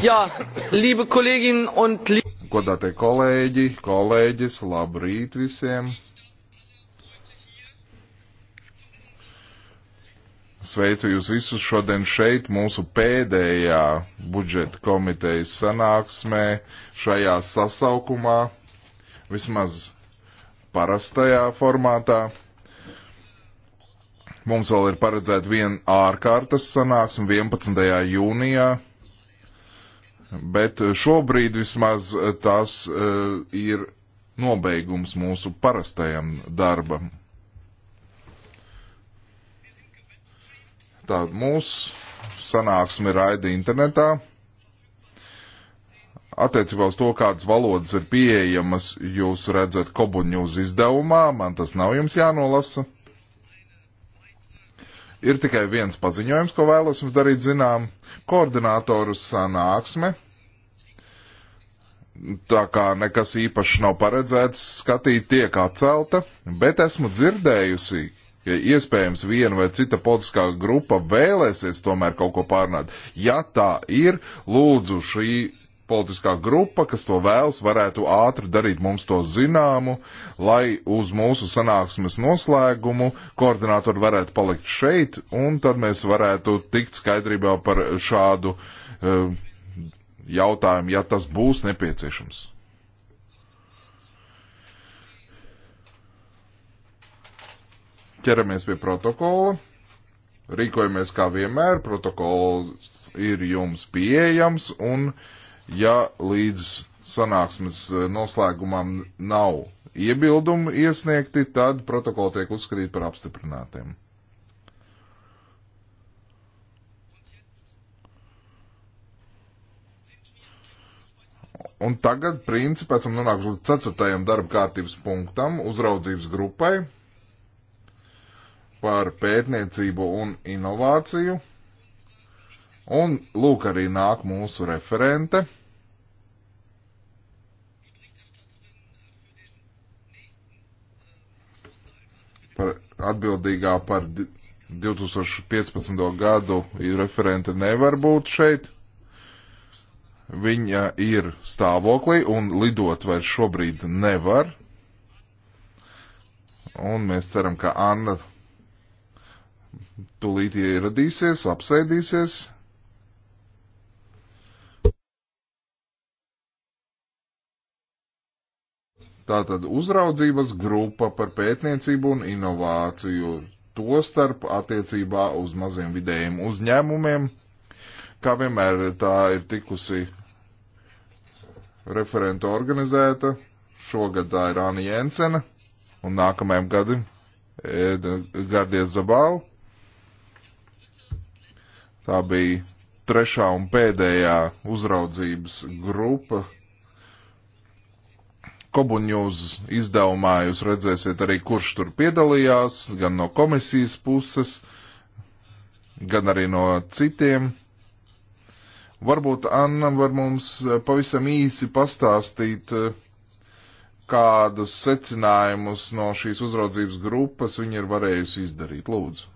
Jā, liebe kolēģin un... Godātie kolēģi, kolēģis, labrīt visiem. Sveicu jūs visus šodien šeit, mūsu pēdējā budžeta komitejas sanāksmē, šajā sasaukumā, vismaz parastajā formātā. Mums vēl ir paredzēta viena ārkārtas sanāksme 11. jūnijā bet eh, šobrīd vismaz eh, tas eh, ir nobeigums mūsu parastajam darbam. Tā mūsu sanāksme raida internetā. Attiecībā uz to, kādas valodas ir pieejamas, jūs redzat kobuņūz izdevumā, man tas nav jums jānolasa. Ir tikai viens paziņojums, ko vēlos jums darīt zinām. Koordinātoru sanāksme tā kā nekas īpaši nav paredzēts, skatīt tiek atcelta, bet esmu dzirdējusi, ja iespējams viena vai cita politiskā grupa vēlēsies tomēr kaut ko pārnāt. Ja tā ir, lūdzu šī politiskā grupa, kas to vēlas, varētu ātri darīt mums to zināmu, lai uz mūsu sanāksmes noslēgumu koordinātori varētu palikt šeit, un tad mēs varētu tikt skaidrībā par šādu uh, jautājumu, ja tas būs nepieciešams. Ķeramies pie protokola. Rīkojamies kā vienmēr. Protokols ir jums pieejams un, ja līdz sanāksmes noslēgumam nav iebildumi iesniegti, tad protokoli tiek uzskatīt par apstiprinātiem. Un tagad, principā, esam nonākuši līdz ceturtajam darba kārtības punktam, uzraudzības grupai par pētniecību un inovāciju. Un lūk arī nāk mūsu referente. Par atbildīgā par 2015. gadu referente nevar būt šeit viņa ir stāvoklī un lidot vairs šobrīd nevar. Un mēs ceram, ka Anna tūlīt ieradīsies, apsēdīsies. Tātad uzraudzības grupa par pētniecību un inovāciju, to starp attiecībā uz maziem vidējiem uzņēmumiem, kā vienmēr tā ir tikusi uh, referentu organizēta. Šogad tā ir Anna Jensena un nākamajam gadam Gardies Zabāla. Tā bija trešā un pēdējā uzraudzības grupa. Kobuņūz izdevumā jūs redzēsiet arī, kurš tur piedalījās, gan no komisijas puses, gan arī no citiem Varbūt Anna var mums eh, pavisam īsi pastāstīt, eh, kādus secinājumus no šīs uzraudzības grupas viņa ir varējusi izdarīt. Lūdzu.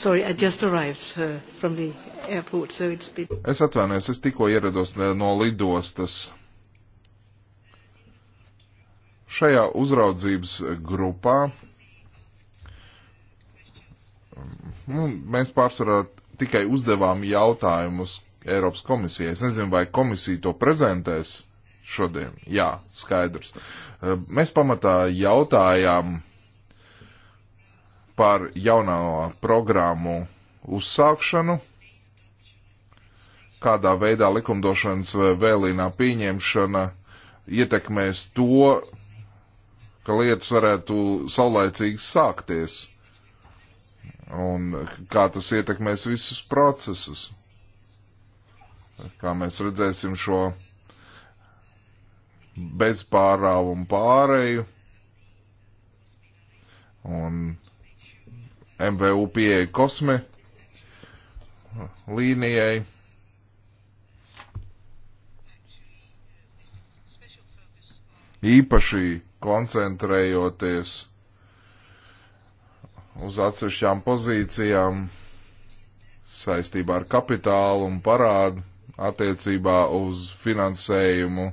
Sorry, I just arrived uh, from the airport, so it's been... Es atvainojos, es tikko ierados eh, no lidostas. Šajā uzraudzības grupā nu, mēs pārsvarā tikai uzdevām jautājumus Eiropas komisijai. Es nezinu, vai komisija to prezentēs šodien. Jā, skaidrs. Eh, mēs pamatā jautājām par jaunā programmu uzsākšanu, kādā veidā likumdošanas vēlīnā pieņemšana ietekmēs to, ka lietas varētu saulēcīgi sākties un kā tas ietekmēs visus procesus. Kā mēs redzēsim šo bezpārāvumu pāreju un MVU pieeja kosme līnijai. Īpaši koncentrējoties uz atsevišķām pozīcijām saistībā ar kapitālu un parādu attiecībā uz finansējumu,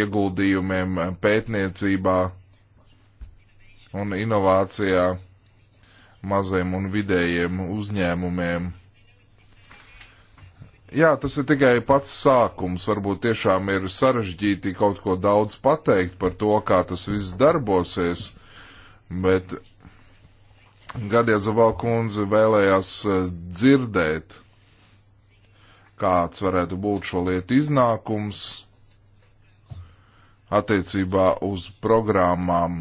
ieguldījumiem pētniecībā un inovācijā maziem un vidējiem uzņēmumiem. Jā, tas ir tikai pats sākums. Varbūt tiešām ir sarežģīti kaut ko daudz pateikt par to, kā tas viss darbosies, bet Gadie Zavalkundze vēlējās eh, dzirdēt, kāds varētu būt šo lietu iznākums attiecībā uz programmām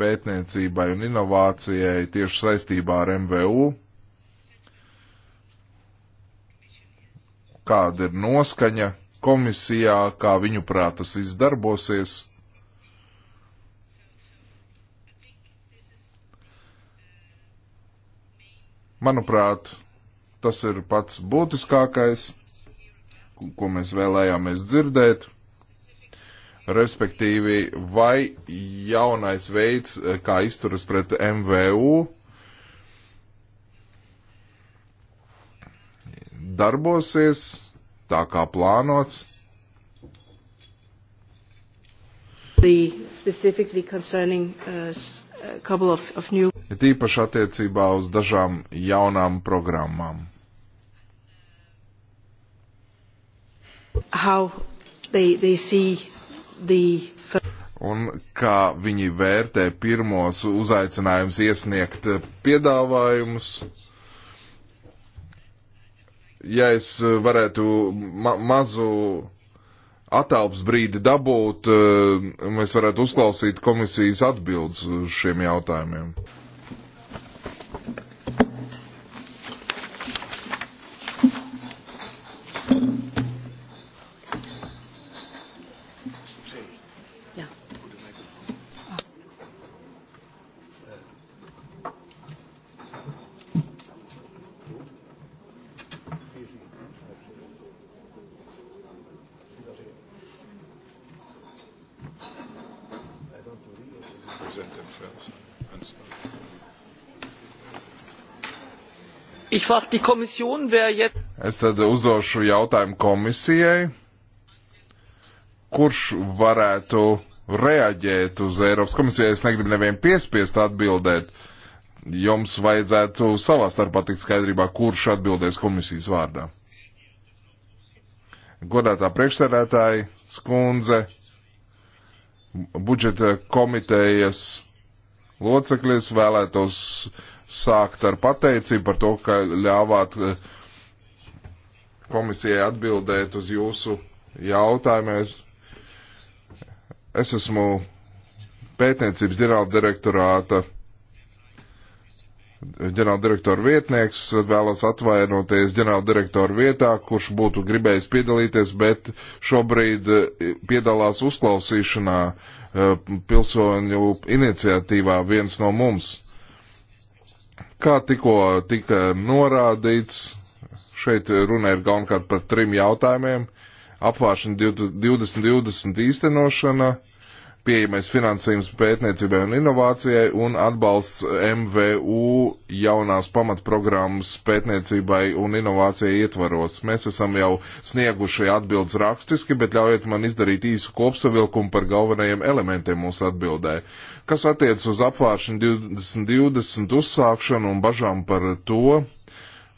pētniecībai un inovācijai tieši saistībā ar MVU. Kāda ir noskaņa komisijā, kā viņu prāt tas viss darbosies? Manuprāt, tas ir pats būtiskākais, ko mēs vēlējāmies dzirdēt. Respektīvi, vai jaunais veids, kā izturas pret MVU, darbosies tā kā plānots. Specifically concerning uh, a couple of, of new ir tīpaši attiecībā uz dažām jaunām programmām. They, they the... Un kā viņi vērtē pirmos uzaicinājumus iesniegt piedāvājumus, ja es varētu ma mazu atālps brīdi dabūt, eh, mēs varētu uzklausīt komisijas atbildes uz šiem jautājumiem. Es tad uzdošu jautājumu komisijai, kurš varētu reaģēt uz Eiropas komisiju. Es negribu nevienu piespiest atbildēt. Jums vajadzētu savā starpā tikt skaidrībā, kurš atbildēs komisijas vārdā. Godātā priekšsēdētāji, skundze, budžeta komitejas locekļies vēlētos uh, sākt ar pateicību par to, ka ļāvāt eh, komisijai atbildēt uz jūsu jautājumiem. Es esmu pētniecības ģenerāla direktorāta ģenerāla direktora vietnieks, vēlas atvainoties ģenerāla direktora vietā, kurš būtu gribējis piedalīties, bet šobrīd eh, piedalās uzklausīšanā eh, pilsoņu iniciatīvā viens no mums. Kā tikko tika norādīts, šeit runa ir galvenokārt par trim jautājumiem - apvāršana 2020 īstenošana, pieejamais finansējums pētniecībai un inovācijai un atbalsts MVU jaunās pamatprogrammas pētniecībai un inovācijai ietvaros. Mēs esam jau snieguši atbildes rakstiski, bet ļaujiet man izdarīt īsu kopsavilkumu par galvenajiem elementiem mūsu atbildē. Kas attiec uz apvāršanu 2020 uzsākšanu un bažām par to,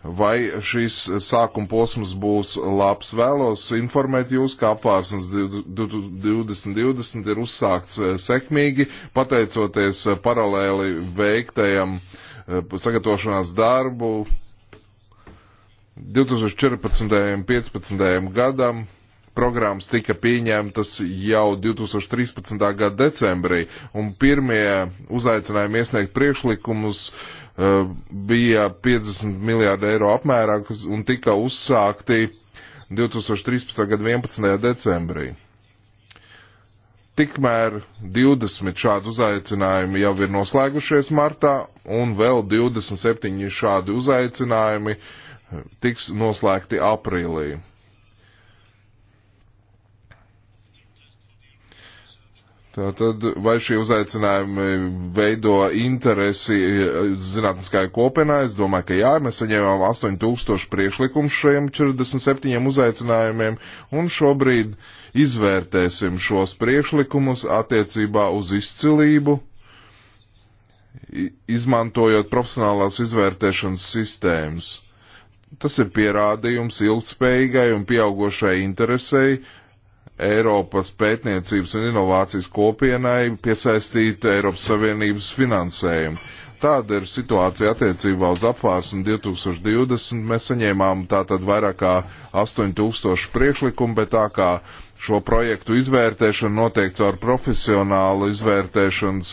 Vai šis sākuma posms būs labs? Vēlos informēt jūs, ka apvārsnes 2020 ir uzsākts eh, sekmīgi, pateicoties eh, paralēli veiktajam eh, sagatavošanās darbu 2014. un 2015. gadam programmas tika pieņemtas jau 2013. gada decembrī, un pirmie uzaicinājumi iesniegt priekšlikumus Eh, bija 50 miljārdi eiro apmērā un tika uzsākti 2013. gada 11. decembrī. Tikmēr 20 šādu uzaicinājumu jau ir noslēgušies martā, un vēl 27 šādi uzaicinājumi tiks noslēgti aprīlī. Tātad, vai šie uzaicinājumi veido interesi eh, zinātniskajā kopienā? Es domāju, ka jā, mēs saņēmām 8000 priekšlikumu šiem 47 uzaicinājumiem, un šobrīd izvērtēsim šos priekšlikumus attiecībā uz izcilību, izmantojot profesionālās izvērtēšanas sistēmas. Tas ir pierādījums ilgspējīgai un pieaugošai interesei Eiropas pētniecības un inovācijas kopienai piesaistīt Eiropas Savienības finansējumu. Tāda ir situācija attiecībā uz apvārsni 2020. Mēs saņēmām tātad vairāk kā 8000 priekšlikumu, bet tā kā šo projektu izvērtēšana notiek caur profesionālu izvērtēšanas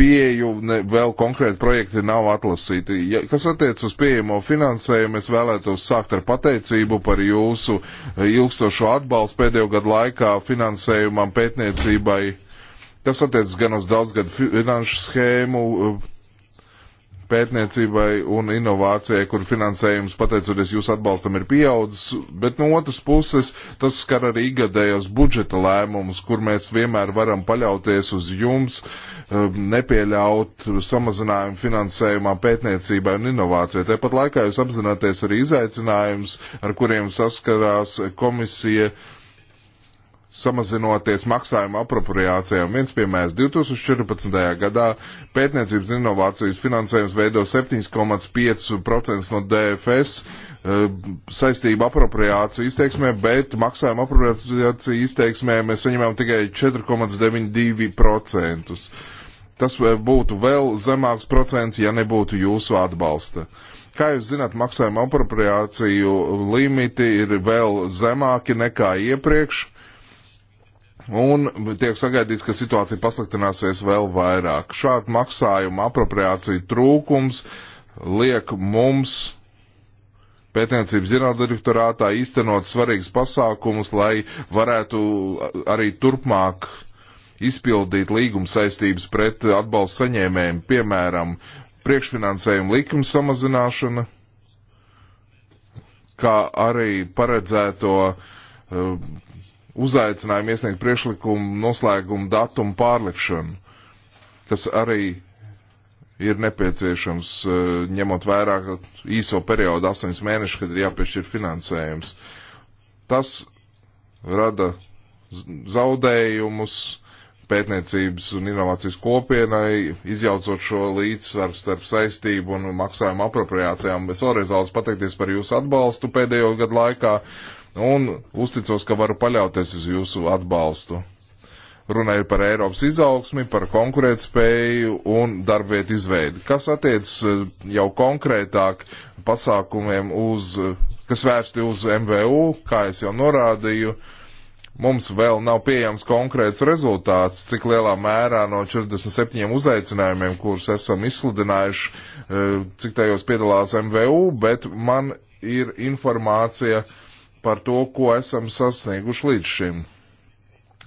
pieeju, ne, vēl konkrēti projekti nav atlasīti. Ja, kas attiec uz pieejamo finansējumu, es vēlētos sākt ar pateicību par jūsu ilgstošo atbalstu pēdējo gadu laikā finansējumam pētniecībai. Tas attiec gan uz daudzgadu finanšu schēmu, pētniecībai un inovācijai, kur finansējums, pateicoties jūsu atbalstam, ir pieaudzis, bet no otras puses tas skar arī igadējos budžeta lēmumus, kur mēs vienmēr varam paļauties uz jums, um, nepieļaut samazinājumu finansējumā pētniecībai un inovācijai. Tāpat laikā jūs apzināties arī izaicinājumus, ar kuriem saskarās komisija samazinoties maksājuma apropriācijām. Viens piemērs - 2014. gadā pētniecības inovācijas finansējums veido 7,5% no DFS eh, saistību apropriāciju izteiksmē, bet maksājuma apropriāciju izteiksmē mēs saņemam tikai 4,92%. Tas eh, būtu vēl zemāks procents, ja nebūtu jūsu atbalsta. Kā jūs zināt, maksājuma apropriāciju limiti ir vēl zemāki nekā iepriekš un tiek sagaidīts, ka situācija pasliktināsies vēl vairāk. Šāda maksājuma apropriācija trūkums liek mums pētniecības ģenerāldirektorātā īstenot svarīgus pasākumus, lai varētu arī turpmāk izpildīt līguma saistības pret atbalstu saņēmējiem, piemēram, priekšfinansējuma likuma samazināšana, kā arī paredzēto uh, uzaicinājumu iesniegt priekšlikumu noslēgumu datumu pārlikšanu, kas arī ir nepieciešams, e, ņemot vērā īso periodu, 8 mēnešu, kad ir jāpiešķir finansējums. Tas rada zaudējumus pētniecības un inovācijas kopienai, izjaucot šo līdzsvaru starp saistību un maksājumu apropriācijām. Es vēlreiz vēlos pateikties par jūsu atbalstu pēdējo gadu laikā un uzticos, ka varu paļauties uz jūsu atbalstu. Runa ir par Eiropas izaugsmi, par konkurētspēju un darbvietu izveidi. Kas attiecas eh, jau konkrētāk pasākumiem, uz, eh, kas vērsti uz MVU, kā es jau norādīju, mums vēl nav pieejams konkrēts rezultāts, cik lielā mērā no 47 uzaicinājumiem, kurus esam izsludinājuši, eh, cik tajos piedalās MVU, bet man ir informācija, uh, par to, ko esam sasnieguši līdz šim.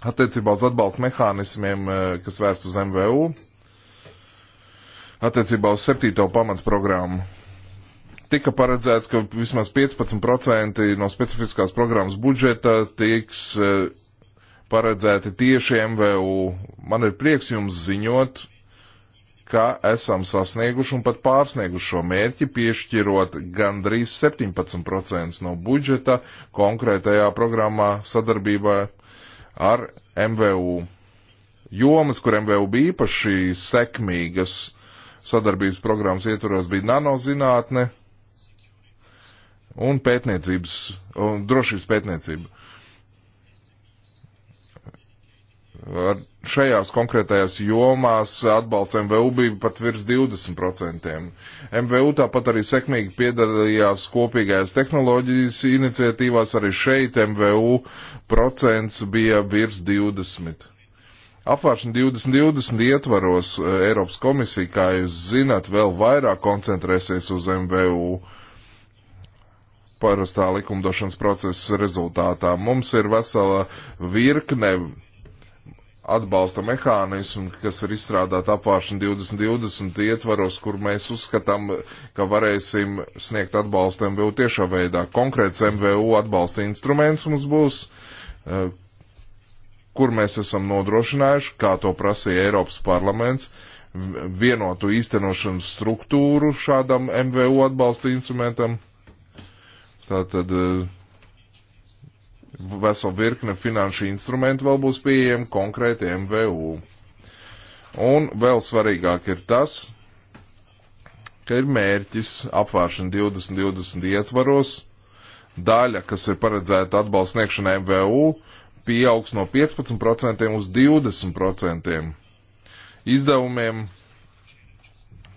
Attiecībā uz atbalsta mehānismiem, eh, kas vērst uz MVU, attiecībā uz septīto pamatprogrammu. Tika paredzēts, ka vismaz 15% no specifiskās programmas budžeta tiks eh, paredzēti tieši MVU. Man ir prieks jums ziņot, ka esam sasnieguši un pat pārsnieguši šo mērķi, piešķirot gandrīz 17% no budžeta konkrētajā programmā sadarbībā ar MVU. Jomas, kur MVU bija īpaši sekmīgas sadarbības programmas ietvaros, bija nanozinātne un pētniecības, un drošības pētniecība. Ar šajās konkrētajās jomās atbalsts MVU bija pat virs 20%. MVU tāpat arī sekmīgi piedalījās kopīgajās tehnoloģijas iniciatīvās, arī šeit MVU procents bija virs 20. Apvāršana 2020 ietvaros e, Eiropas komisija, kā jūs zināt, vēl vairāk koncentrēsies uz MVU parastā likumdošanas procesa rezultātā. Mums ir vesela virkne atbalsta mehānismu, kas ir izstrādāta apvāršana 2020 ietvaros, kur mēs uzskatām, ka varēsim sniegt atbalstu MVU tiešā veidā. Konkrēts MVU atbalsta instruments mums būs, eh, kur mēs esam nodrošinājuši, kā to prasīja Eiropas parlaments, vienotu īstenošanas struktūru šādam MVU atbalsta instrumentam. Tātad uh, vesela virkne finanšu instrumentu vēl būs pieejama konkrēti MVU. Un vēl svarīgāk ir tas, ka ir mērķis apvāršana 2020 ietvaros, daļa, kas ir paredzēta atbalsts sniegšanai MVU, pieaugs no 15% uz 20% izdevumiem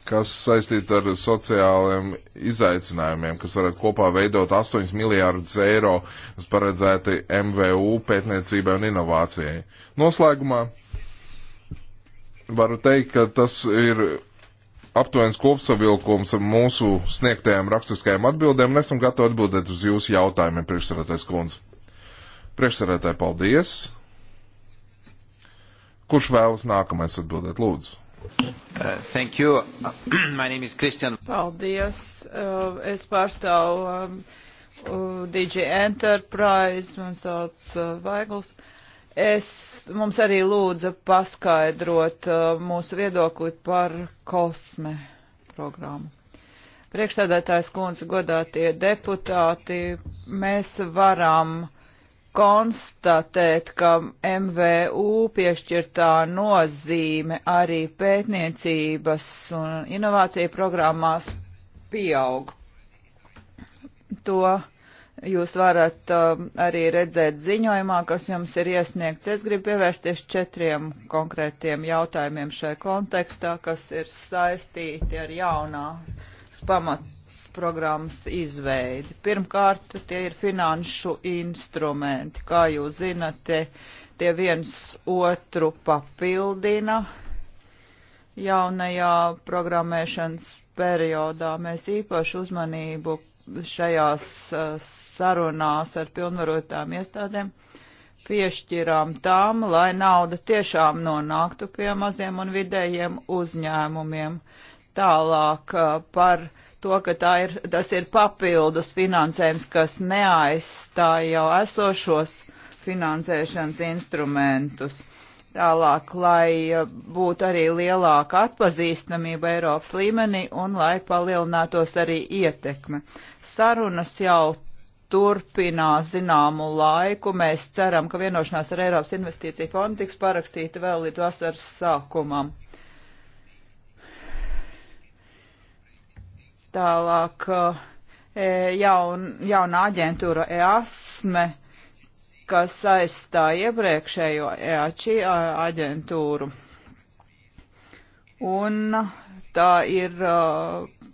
kas saistīta ar sociālajiem izaicinājumiem, kas varētu kopā veidot 8 miljārdus eiro, kas paredzēti MVU pētniecībai un inovācijai. Noslēgumā varu teikt, ka tas ir aptuvens kopsavilkums mūsu sniegtajām rakstiskajām atbildēm. Nesam gatavi atbildēt uz jūsu jautājumiem, priekšsarētais kundze. Priekšsarētāji, paldies! Kurš vēlas nākamais atbildēt, lūdzu? Uh, thank you. My name is Christian. Paldies. Uh, es pārstāvu um, uh, DG Enterprise, man sauc uh, Vaigls. Es, mums arī lūdza paskaidrot uh, mūsu viedokli par kosme programmu. Priekšsēdētājs kundze, godātie deputāti, mēs varam uh, konstatēt, ka MVU piešķirtā nozīme arī pētniecības un inovācija programmās pieaug. To jūs varat um, arī redzēt ziņojumā, kas jums ir iesniegts. Es gribu pievērsties četriem konkrētiem jautājumiem šai kontekstā, kas ir saistīti ar jaunās pamat programmas izveidi. Pirmkārt, tie ir finanšu instrumenti. Kā jūs zinat, tie, tie viens otru papildina jaunajā programmēšanas periodā. Mēs īpašu uzmanību šajās eh, sarunās ar pilnvarotām iestādēm piešķirām tām, lai nauda tiešām nonāktu pie maziem un vidējiem uzņēmumiem. Tālāk eh, par to, ka tā ir, tas ir papildus finansējums, kas neaizstāja jau esošos finansēšanas instrumentus. Tālāk, lai būtu arī lielāka atpazīstamība Eiropas līmenī un lai palielinātos arī ietekme. Sarunas jau turpinās zināmu laiku. Mēs ceram, ka vienošanās ar Eiropas investīciju fondu tiks parakstīta vēl līdz vasaras sākumam. Tālāk eh, jaun, jauna aģentūra EASME, e, kas aizstāja iepriekšējo EAČI aģentūru. Un tā ir eh,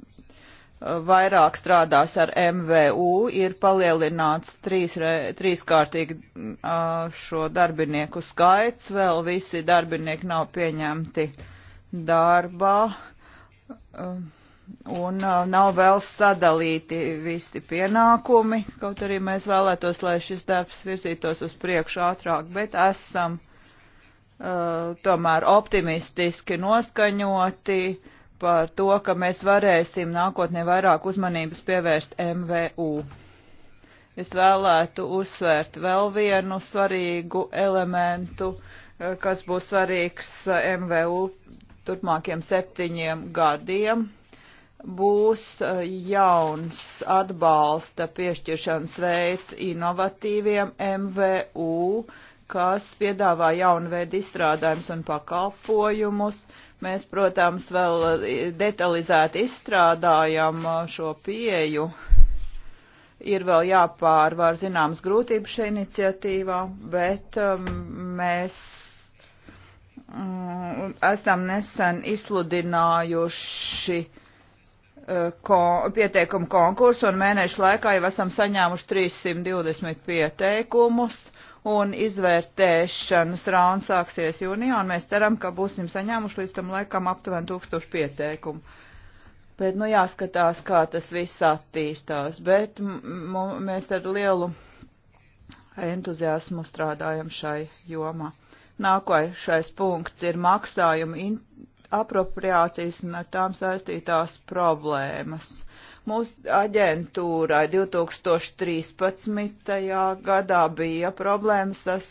vairāk strādās ar MVU, ir palielināts trīs, trīskārtīgi šo darbinieku skaits, vēl visi darbinieki nav pieņemti darbā. Um, un uh, nav vēl sadalīti visi pienākumi, kaut arī mēs vēlētos, lai šis darbs virzītos uz priekšu ātrāk, bet esam uh, tomēr optimistiski noskaņoti par to, ka mēs varēsim nākotnē vairāk uzmanības pievērst MVU. Es vēlētu uzsvērt vēl vienu svarīgu elementu, uh, kas būs svarīgs uh, MVU turpmākiem septiņiem gadiem būs eh, jauns atbalsta piešķiršanas veids inovatīviem MVU, kas piedāvā jaunu veidu izstrādājumus un pakalpojumus. Mēs, protams, vēl eh, detalizēti izstrādājam eh, šo pieju. Ir vēl jāpārvar zināmas grūtības šai iniciatīvā, bet ehm, mēs mm, esam nesen izsludinājuši uh, Eh, ko, pieteikumu konkursu, un mēnešu laikā jau esam saņēmuši 320 pieteikumus, un izvērtēšanas rauns sāksies jūnijā, un mēs ceram, ka būsim saņēmuši līdz tam laikam aptuveni 1000 pieteikumu. Bet, nu, jāskatās, kā tas viss attīstās, bet mēs ar lielu entuziasmu strādājam šai jomā. Nākošais punkts ir maksājuma in apropriācijas un ar tām saistītās problēmas. Mūsu aģentūrai 2013. gadā bija problēmas,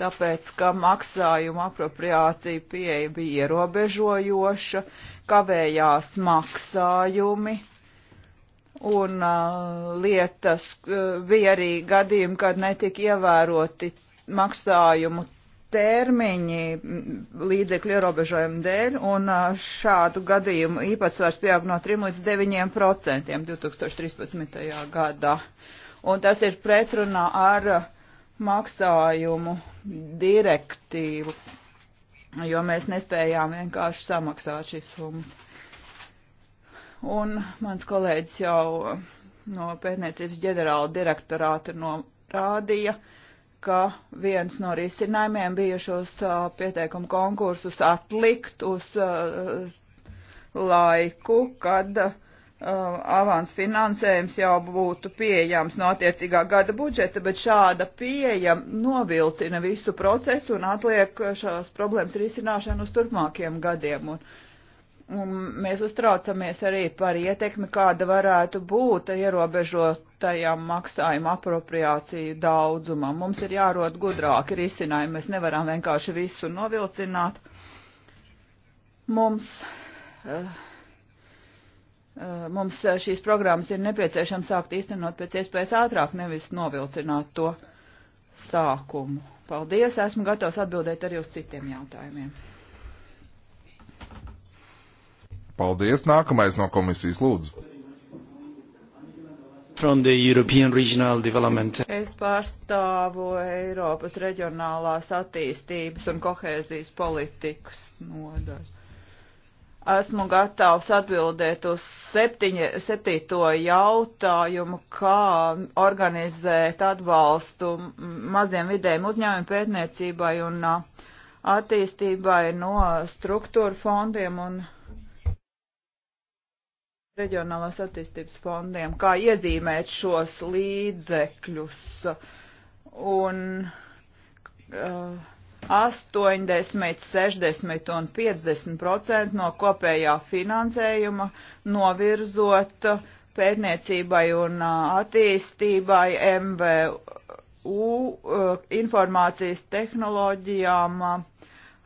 tāpēc, ka maksājuma apropriācija pieeja bija ierobežojoša, kavējās maksājumi. Un uh, lietas uh, bija arī gadījumi, kad netika ievēroti maksājumu termiņi līdzekļu ierobežojumu dēļ, un šādu gadījumu īpatsvars pieaug no 3 līdz 9 procentiem 2013. gadā. Un tas ir pretrunā ar maksājumu direktīvu, jo mēs nespējām vienkārši samaksāt šīs summas. Un mans kolēģis jau no pētniecības ģenerāla direktorāta norādīja, uh, ka viens no risinājumiem bija šos uh, pieteikumu konkursus atlikt uz uh, laiku, kad uh, avans finansējums jau būtu pieejams no attiecīgā gada budžeta, bet šāda pieeja novilcina visu procesu un atliek šās problēmas risināšanu uz turpmākiem gadiem. Un, un mēs uztraucamies arī par ietekmi, kāda varētu būt ierobežot noteiktajam maksājuma apropriāciju daudzumam. Mums ir jārod gudrāki risinājumi, mēs nevaram vienkārši visu novilcināt. Mums, eh, eh, mums šīs programmas ir nepieciešams sākt īstenot pēc iespējas ātrāk, nevis novilcināt to sākumu. Paldies, esmu gatavs atbildēt arī uz citiem jautājumiem. Paldies, nākamais no komisijas lūdzu. Es pārstāvu Eiropas reģionālās attīstības un kohēzijas politikas nodaļu. Esmu gatavs atbildēt uz septiņa, septīto jautājumu, kā organizēt atbalstu maziem vidējiem uzņēmumiem pētniecībai un uh, attīstībai no struktūra fondiem un reģionālās attīstības fondiem, kā iezīmēt šos līdzekļus. Un uh, 80, 60 un 50 procenti no kopējā finansējuma novirzot pētniecībai un uh, attīstībai MVU uh, informācijas tehnoloģijām. Uh,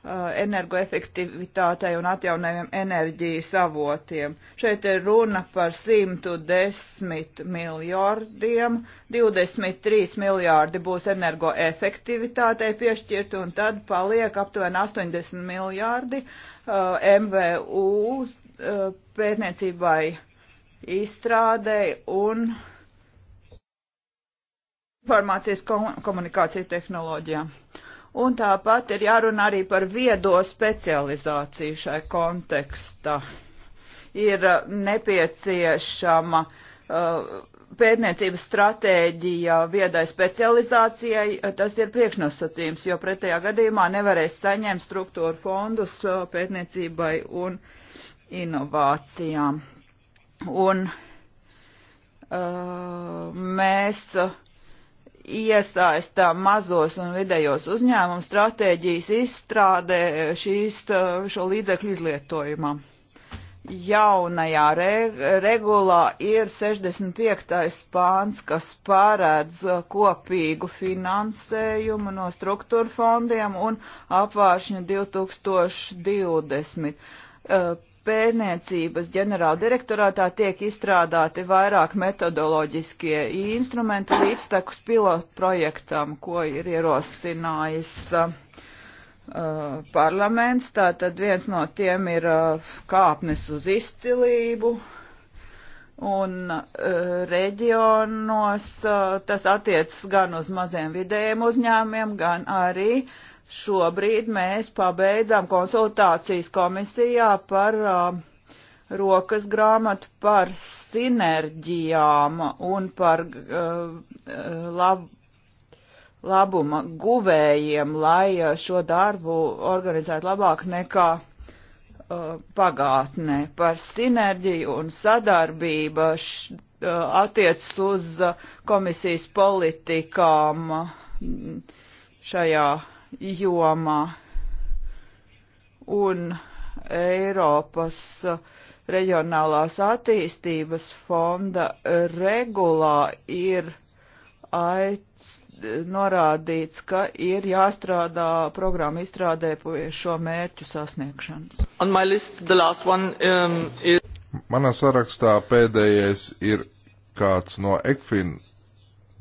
Uh, energoefektivitātei un atjaunējumiem enerģijas avotiem. Šeit ir runa par 110 miljārdiem, 23 miljārdi būs energoefektivitātei piešķirt un tad paliek aptuveni 80 miljārdi uh, MVU uh, pētniecībai izstrādei un informācijas komunikāciju tehnoloģijām. Uh, Un tāpat ir jārunā arī par viedo specializāciju šai kontekstā. Ir uh, nepieciešama uh, pētniecības stratēģija viedai specializācijai, uh, tas ir priekšnosacījums, jo pretējā gadījumā nevarēs saņemt struktūru fondus uh, pētniecībai un inovācijām. Un uh, mēs uh, iesaistām mazos un vidējos uzņēmumu stratēģijas izstrādē šīs, šo līdzekļu izlietojumā. Jaunajā re regulā ir 65. pāns, kas pārēdz kopīgu finansējumu no struktūra fondiem un apvāršņa 2020 pērniecības ģenerāldirektorātā tiek izstrādāti vairāk metodoloģiskie instrumenti līdztekus pilotu projektam, ko ir ierosinājis uh, uh, parlaments. Tātad viens no tiem ir uh, kāpnes uz izcilību. Un uh, reģionos uh, tas attiecas gan uz maziem vidējiem uzņēmiem, gan arī uh, Šobrīd mēs pabeidzam konsultācijas komisijā par uh, rokas grāmatu par sinerģijām un par uh, uh lab, labuma guvējiem, lai uh, šo darbu organizētu labāk nekā uh, pagātnē. Par sinerģiju un sadarbību uh, attiec uz uh, komisijas politikām mm, šajā jomā. Un Eiropas reģionālās attīstības fonda regulā ir aic, norādīts, ka ir jāstrādā programma izstrādē pie šo mērķu sasniegšanas. List, one, um, is... Manā sarakstā pēdējais ir kāds no ECFIN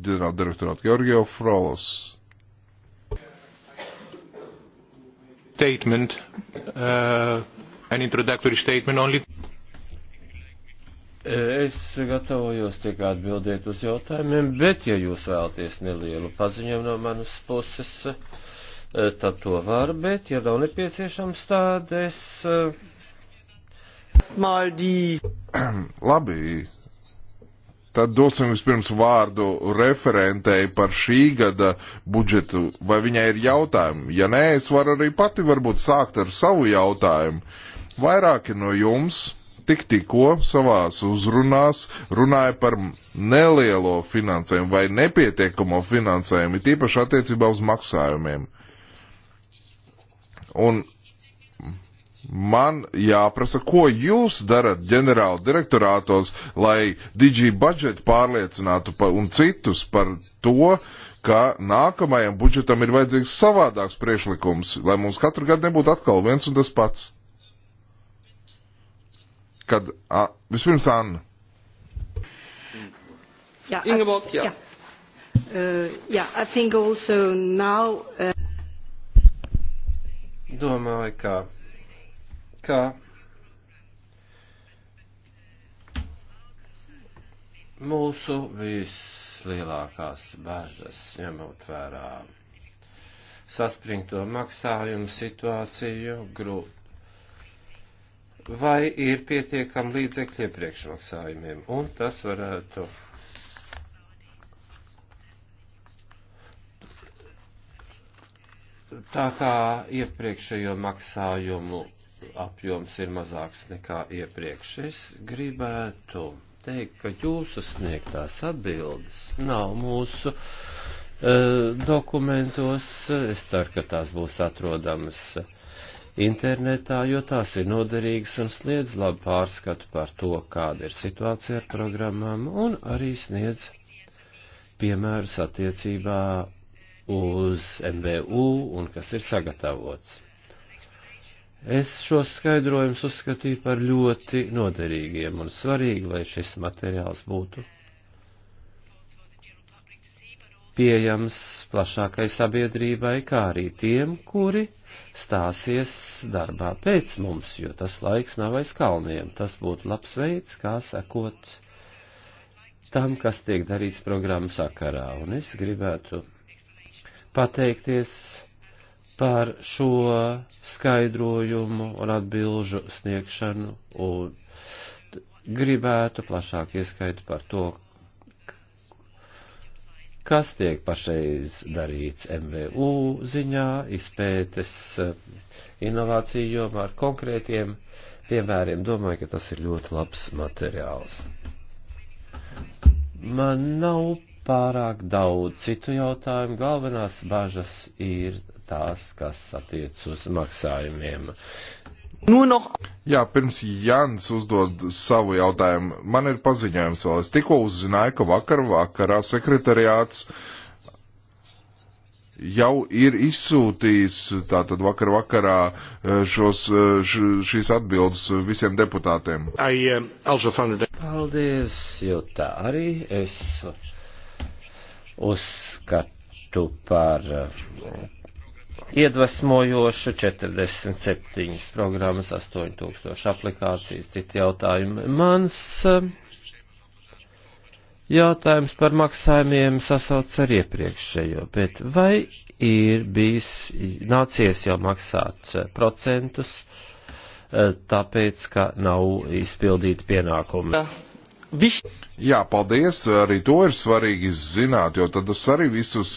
ģenerāldirektorāta Georgio Frolos. statement, uh, an introductory statement only. Es gatavojos tiek atbildēt uz jautājumiem, bet ja jūs vēlaties nelielu paziņojumu no manas puses, uh, tad to var, bet ja nav nepieciešams tād, es. Uh, Labi, Tad dosim vispirms vārdu referentei par šī gada budžetu, vai viņai ir jautājumi. Ja nē, es varu arī pati varbūt sākt ar savu jautājumu. Vairāki no jums tik tikko savās uzrunās runāja par nelielo finansējumu vai nepietiekamo finansējumu, tīpaši attiecībā uz maksājumiem. Un Man jāprasa, ko jūs darat ģenerāla direktorātos, lai DG budžetu pārliecinātu pa, un citus par to, ka nākamajam budžetam ir vajadzīgs savādāks priešlikums, lai mums katru gadu nebūtu atkal viens un tas pats. Kad, a, vispirms Anna. Jā, Ingeborg, jā. Jā, uh, jā I think also now. Uh... Domāju, ka. Kā ka mūsu vislielākās bažas, ņemot vērā saspringto maksājumu situāciju, grūti. Vai ir pietiekami līdzekļi priekšmaksājumiem? Un tas varētu tā kā iepriekšējo maksājumu apjoms ir mazāks nekā iepriekš. Es gribētu teikt, ka jūsu sniegtās atbildes nav mūsu uh, dokumentos. Es ceru, ka tās būs atrodamas internetā, jo tās ir noderīgas un sniedz labu pārskatu par to, kāda ir situācija ar programmām un arī sniedz piemērus attiecībā uz MVU un kas ir sagatavots. Es šos skaidrojumus uzskatīju par ļoti noderīgiem un svarīgi, lai šis materiāls būtu pieejams plašākai sabiedrībai, kā arī tiem, kuri stāsies darbā pēc mums, jo tas laiks nav aiz kalniem. Tas būtu labs veids, kā sekot tam, kas tiek darīts programmu sakarā. Un es gribētu pateikties par šo skaidrojumu un atbilžu sniegšanu un gribētu plašāk ieskaitu par to, kas tiek pašreiz darīts MVU ziņā, izpētes inovāciju jomā ar konkrētiem piemēriem. Domāju, ka tas ir ļoti labs materiāls. Man nav pārāk daudz citu jautājumu. Galvenās bažas ir tās, kas attiec uz maksājumiem. Nu, no. Jā, pirms Jans uzdod savu jautājumu, man ir paziņojums vēl. Es tikko uzzināju, ka vakar vakarā sekretariāts jau ir izsūtījis, tātad vakar vakarā, eh, šos, eh, š, šīs atbildes visiem deputātiem. Um, Paldies, Jūtā. Arī es uzskatu par eh, iedvesmojošu, 47 programmas, 8000 aplikācijas, citi jautājumi. Mans eh, jautājums par maksājumiem sasauc ar iepriekšējo, bet vai ir bijis, nācies jau maksāt eh, procentus, eh, tāpēc, ka nav izpildīti pienākumi? Jā, paldies, arī to ir svarīgi zināt, jo tad tas arī visus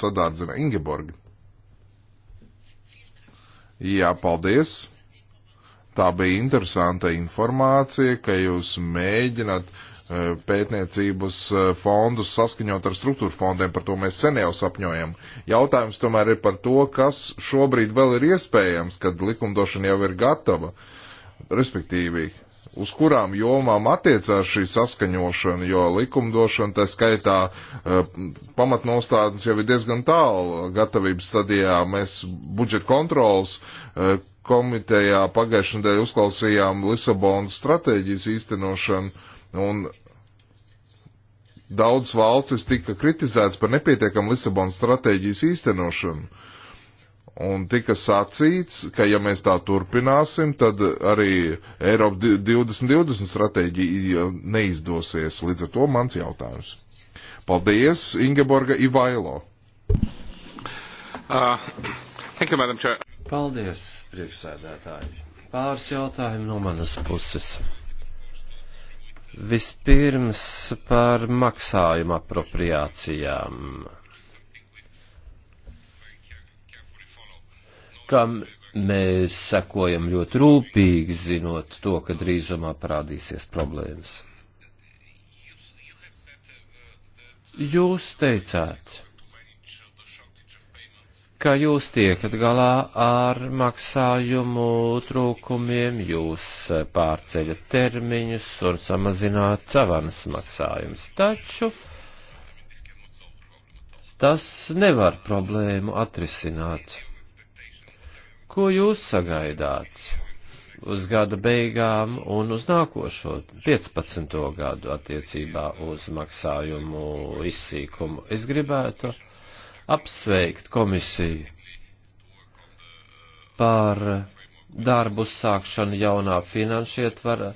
sadārdzina Ingeborgi. Jā, paldies. Tā bija interesanta informācija, ka jūs mēģināt e, pētniecības e, fondus saskaņot ar struktūra fondiem, par to mēs sen jau sapņojam. Jautājums tomēr ir par to, kas šobrīd vēl ir iespējams, kad likumdošana jau ir gatava. Respektīvi, uz kurām jomām attiecās šī saskaņošana, jo likumdošana, tā skaitā eh, pamatnostādnes jau ir diezgan tālu gatavības stadijā. Mēs budžeta kontrols eh, komitejā pagājušajā nedēļā uzklausījām Lisabonas stratēģijas īstenošanu un daudz valstis tika kritizēts par nepietiekamu Lisabonas stratēģijas īstenošanu. Un tika sacīts, ka ja mēs tā turpināsim, tad arī Eiropa 2020 stratēģija neizdosies. Līdz ar to mans jautājums. Paldies, Ingeborga Ivailo. Uh, thank you, Madam Chair. Paldies, priekšsēdētāji. Pāris jautājumi no manas puses. Vispirms par maksājuma apropriācijām kam mēs sekojam ļoti rūpīgi, zinot to, ka drīzumā parādīsies problēmas. Jūs teicāt, ka jūs tiekat galā ar maksājumu trūkumiem, jūs pārceļat termiņus un samazināt savanas maksājumus, taču tas nevar problēmu atrisināt. Ko jūs sagaidāt uz gada beigām un uz nākošo 15. gadu attiecībā uz maksājumu izsīkumu? Es gribētu apsveikt komisiju par darbu sākšanu jaunā finanšu ietvara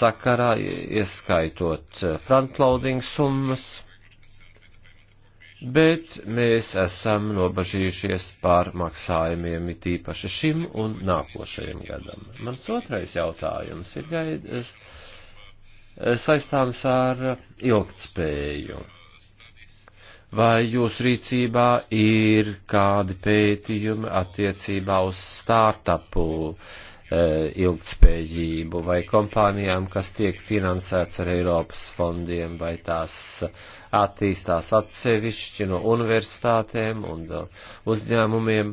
sakarā, ieskaitot frontloading summas bet mēs esam nobažījušies pār maksājumiem it īpaši šim un nākošajam gadam. Mans otrais jautājums ir gaidas saistāms ar ilgtspēju. Vai jūsu rīcībā ir kādi pētījumi attiecībā uz startupu uh, E, ilgtspējību vai kompānijām, kas tiek finansēts ar Eiropas fondiem, vai tās attīstās atsevišķi no universitātēm un uzņēmumiem,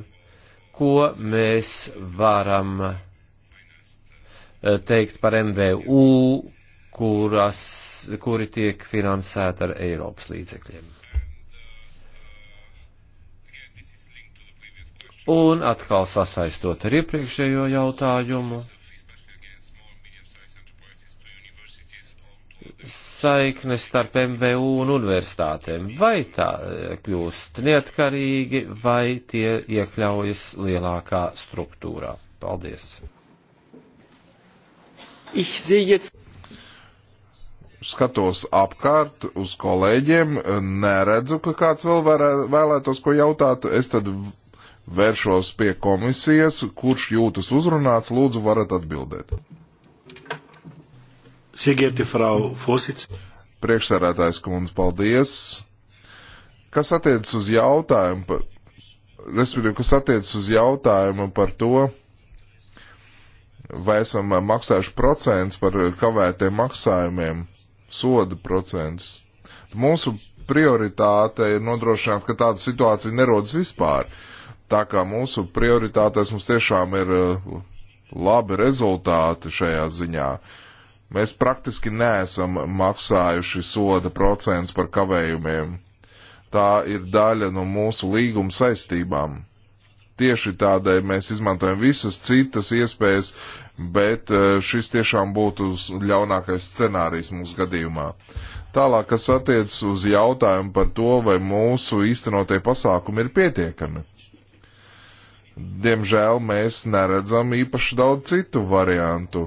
ko mēs varam e, teikt par MVU, kuras, kuri tiek finansēti ar Eiropas līdzekļiem. Un atkal sasaistot ar iepriekšējo jautājumu, saikne starp MVU un universitātēm, vai tā kļūst neatkarīgi, vai tie iekļaujas lielākā struktūrā. Paldies! Skatos apkārt uz kolēģiem, neredzu, ka kāds vēl varē, vēlētos ko jautāt. Es tad vēršos pie komisijas, kurš jūtas uzrunāts, lūdzu, varat atbildēt. Siegieti, frau Fosits. Priekšsērētājs kundze, paldies. Kas attiecas uz jautājumu, par, respektīvi, kas attiecas uz jautājumu par to, vai esam maksājuši procents par kavētiem maksājumiem, soda procents. Mūsu prioritāte ir nodrošināt, ka tāda situācija nerodas vispār. Uh, tā kā mūsu prioritātēs mums tiešām ir uh, labi rezultāti šajā ziņā. Mēs praktiski neesam maksājuši soda procents par kavējumiem. Tā ir daļa no mūsu līguma saistībām. Tieši tādēļ mēs izmantojam visas citas iespējas, bet uh, šis tiešām būtu ļaunākais scenārijs mūsu gadījumā. Tālāk, kas attiecas uz jautājumu par to, vai mūsu īstenotie pasākumi ir pietiekami Diemžēl mēs neredzam īpaši daudz citu variantu,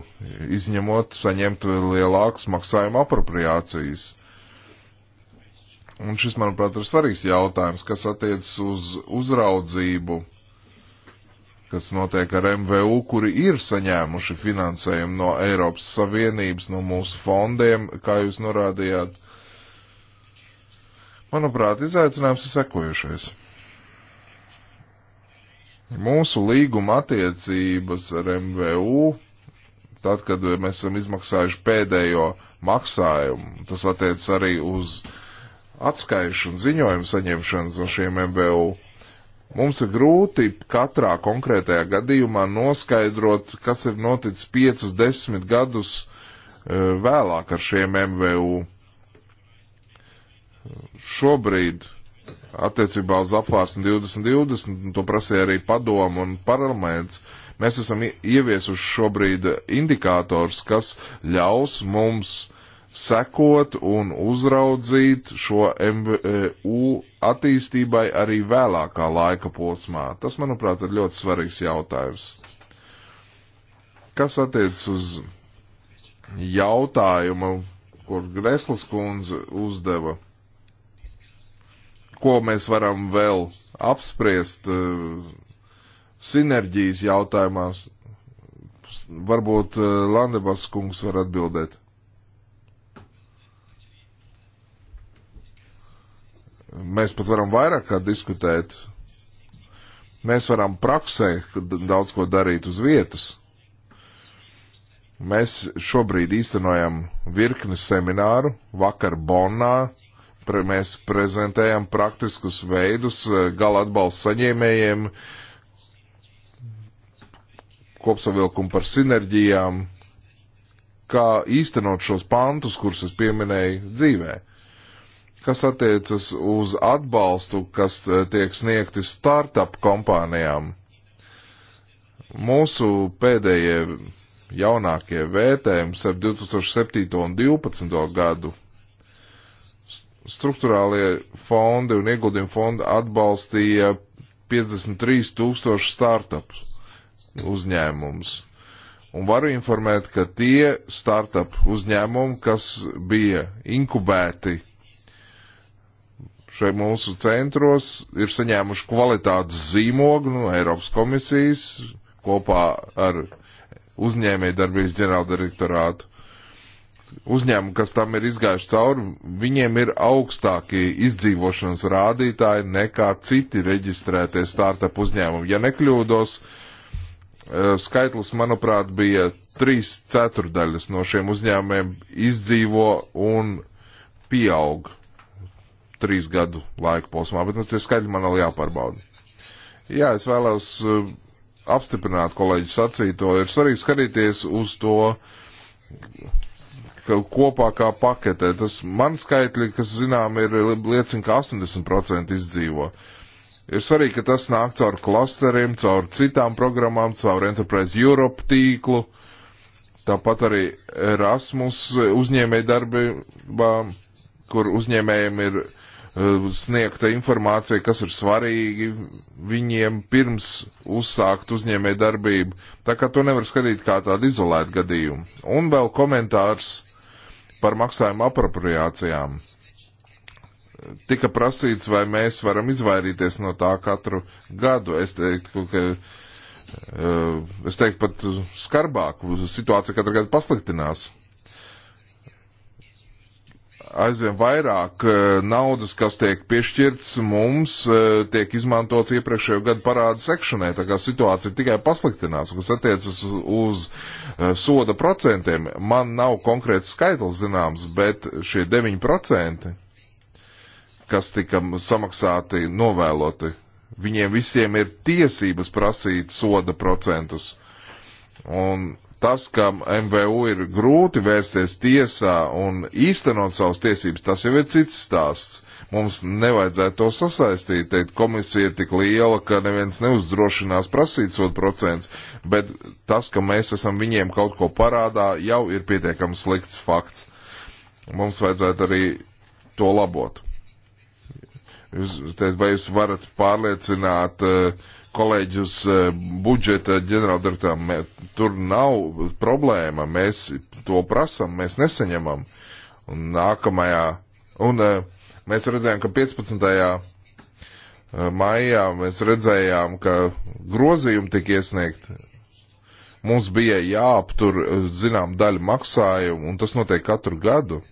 izņemot saņemt lielākas maksājuma apropriācijas. Un šis, manuprāt, ir svarīgs jautājums, kas attiecas uz uzraudzību, kas notiek ar MVU, kuri ir saņēmuši finansējumu no Eiropas Savienības, no mūsu fondiem, kā jūs norādījāt. Manuprāt, izaicinājums ir sekojušais. Mūsu līguma attiecības ar MVU, tad, kad mēs esam izmaksājuši pēdējo maksājumu, tas attiec arī uz atskaišu un ziņojumu saņemšanas no šiem MVU. Mums ir grūti katrā konkrētajā gadījumā noskaidrot, kas ir noticis 5, 10 gadus e, vēlāk ar šiem MVU. Šobrīd attiecībā uz apvārsni 2020, un to prasīja arī padomu un parlaments, mēs esam ieviesuši šobrīd indikātors, kas ļaus mums sekot un uzraudzīt šo MVU attīstībai arī vēlākā laika posmā. Tas, manuprāt, ir ļoti svarīgs jautājums. Kas attiec uz jautājumu, kur Greslas kundze uzdeva? ko mēs varam vēl apspriest eh, sinerģijas jautājumās. Varbūt eh, Landebas kungs var atbildēt. Mēs pat varam vairāk kā diskutēt. Mēs varam praksē daudz ko darīt uz vietas. Mēs šobrīd īstenojam virkni semināru, vakar Bonnā, Pre, mēs prezentējam praktiskus veidus e, gala atbalsta saņēmējiem, kopsavilkumu par sinerģijām, kā īstenot šos pantus, kurus es pieminēju dzīvē. Kas attiecas uz atbalstu, kas e, tiek sniegti startup kompānijām? Mūsu pēdējie jaunākie vērtējums ar 2007. un 2012. gadu struktūrālie fondi un ieguldījumu fondi atbalstīja 53 tūkstošu startups uzņēmumus. Un varu informēt, ka tie startup uzņēmumi, kas bija inkubēti šeit mūsu centros, ir saņēmuši kvalitātes zīmogu no Eiropas komisijas kopā ar uzņēmējdarbības ģenerāldirektorātu uzņēmumi, kas tam ir izgājuši cauri, viņiem ir augstāki izdzīvošanas rādītāji nekā citi reģistrētie startup uzņēmumi. Ja nekļūdos, eh, skaitlis, manuprāt, bija 3 ceturdaļas no šiem uzņēmumiem izdzīvo un pieaug trīs gadu laika posmā, bet nu, tie skaitļi man vēl jāpārbauda. Jā, es vēlos eh, apstiprināt kolēģi sacīto, ir svarīgi skatīties uz to, kopā kā paketē. Tas man skaitļi, kas zinām, ir liecina, ka 80% izdzīvo. Ir svarīgi, ka tas nāk caur klasteriem, caur citām programmām, caur Enterprise Europe tīklu, tāpat arī Erasmus uzņēmēju darbībā, kur uzņēmējiem ir eh, sniegta informācija, kas ir svarīgi viņiem pirms uzsākt uzņēmē darbību. Tā kā to nevar skatīt kā tādu izolētu gadījumu. Un vēl komentārs par maksājumu apropriācijām. Tika prasīts, vai mēs varam izvairīties no tā katru gadu. Es teiktu, ka eh, es teiktu pat skarbāk, situācija katru gadu pasliktinās aizvien vairāk eh, naudas, kas tiek piešķirts mums, eh, tiek izmantots iepriekšējo gadu parādu sekšanai, tā kā situācija tikai pasliktinās, kas attiecas uz eh, soda procentiem. Man nav konkrēts skaitlis zināms, bet šie 9%, kas tika samaksāti novēloti, viņiem visiem ir tiesības prasīt soda procentus. Un Tas, ka MVU ir grūti vērsties tiesā un īstenot savas tiesības, tas jau ir cits stāsts. Mums nevajadzētu to sasaistīt, teikt, komisija ir tik liela, ka neviens neuzdrošinās prasīt sodu procents, bet tas, ka mēs esam viņiem kaut ko parādā, jau ir pietiekami slikts fakts. Mums vajadzētu arī to labot. Jūs, teikt, vai jūs varat pārliecināt uh, kolēģi uz e, budžeta ģenerāldirektoram, tur nav problēma, mēs to prasam, mēs nesaņemam. Un nākamajā, un e, mēs redzējām, ka 15. E, maijā mēs redzējām, ka grozījumi tika iesniegti. Mums bija jāaptur, zinām, daļa maksājumu, un tas notiek katru gadu.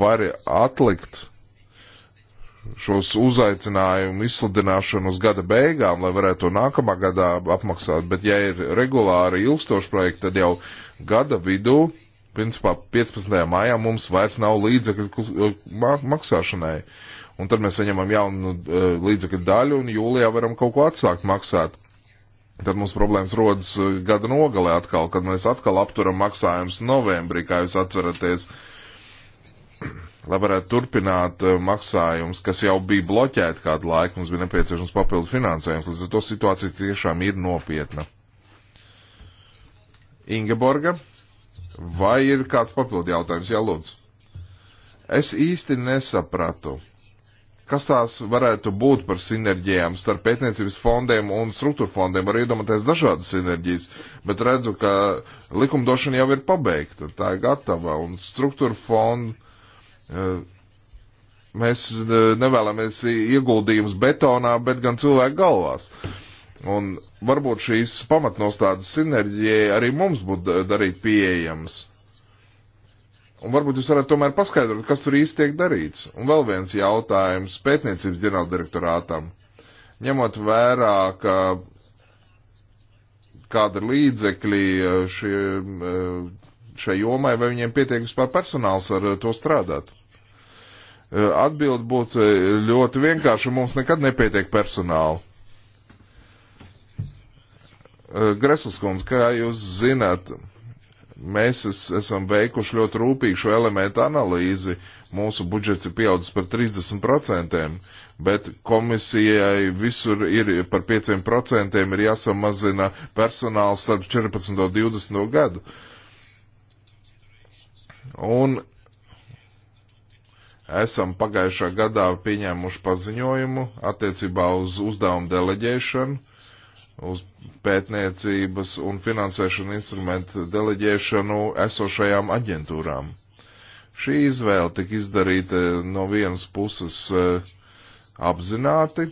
Var atlikt šos uzaicinājumu izsludināšanu uz gada beigām, lai varētu to nākamā gadā apmaksāt, bet ja ir regulāri ilgstoši projekti, tad jau gada vidū, principā 15. maijā mums vairs nav līdzekļu eh, maksāšanai. Un tad mēs saņemam jaunu eh, līdzekļu daļu un jūlijā varam kaut ko atsākt maksāt. Tad mums problēmas rodas eh, gada nogalē atkal, kad mēs atkal apturam maksājumus novembrī, kā jūs atceraties lai varētu turpināt eh, maksājums, kas jau bija bloķēti kādu laiku, mums bija nepieciešams papildu finansējums, līdz ar to situācija tiešām ir nopietna. Ingeborga, vai ir kāds papildu jautājums? Jā, lūdzu. Es īsti nesapratu, kas tās varētu būt par sinerģijām starp pētniecības fondiem un struktūra fondiem. Var iedomāties dažādas sinerģijas, bet redzu, ka likumdošana jau ir pabeigta, tā ir gatava, un struktūra fonda Eh, mēs eh, nevēlamies ieguldījumus betonā, bet gan cilvēku galvās. Un varbūt šīs pamatnostādes sinerģija arī mums būtu darīt pieejams. Un varbūt jūs varat tomēr paskaidrot, kas tur īsti tiek darīts. Un vēl viens jautājums pētniecības ģenerāldirektorātam. Ņemot vērā, ka kāda ir līdzekļi eh, šiem šai jomai, vai viņiem pietiek vispār personāls ar eh, to strādāt? Eh, Atbildi būtu eh, ļoti vienkārši, mums nekad nepietiek personāla. Gresuskundze, kā jūs zināt, mēs es, esam veikuši ļoti rūpīgu šo elementu analīzi. Mūsu budžets ir pieaudzis par 30%, bet komisijai visur ir par 5% ir jāsamazina personāls starp 14. un 20. gadu. Un esam pagājušā gadā pieņēmuši paziņojumu attiecībā uz uzdevumu deleģēšanu, uz pētniecības un finansēšanu instrumentu deleģēšanu esošajām aģentūrām. Šī izvēle tika izdarīta no vienas puses eh, apzināti,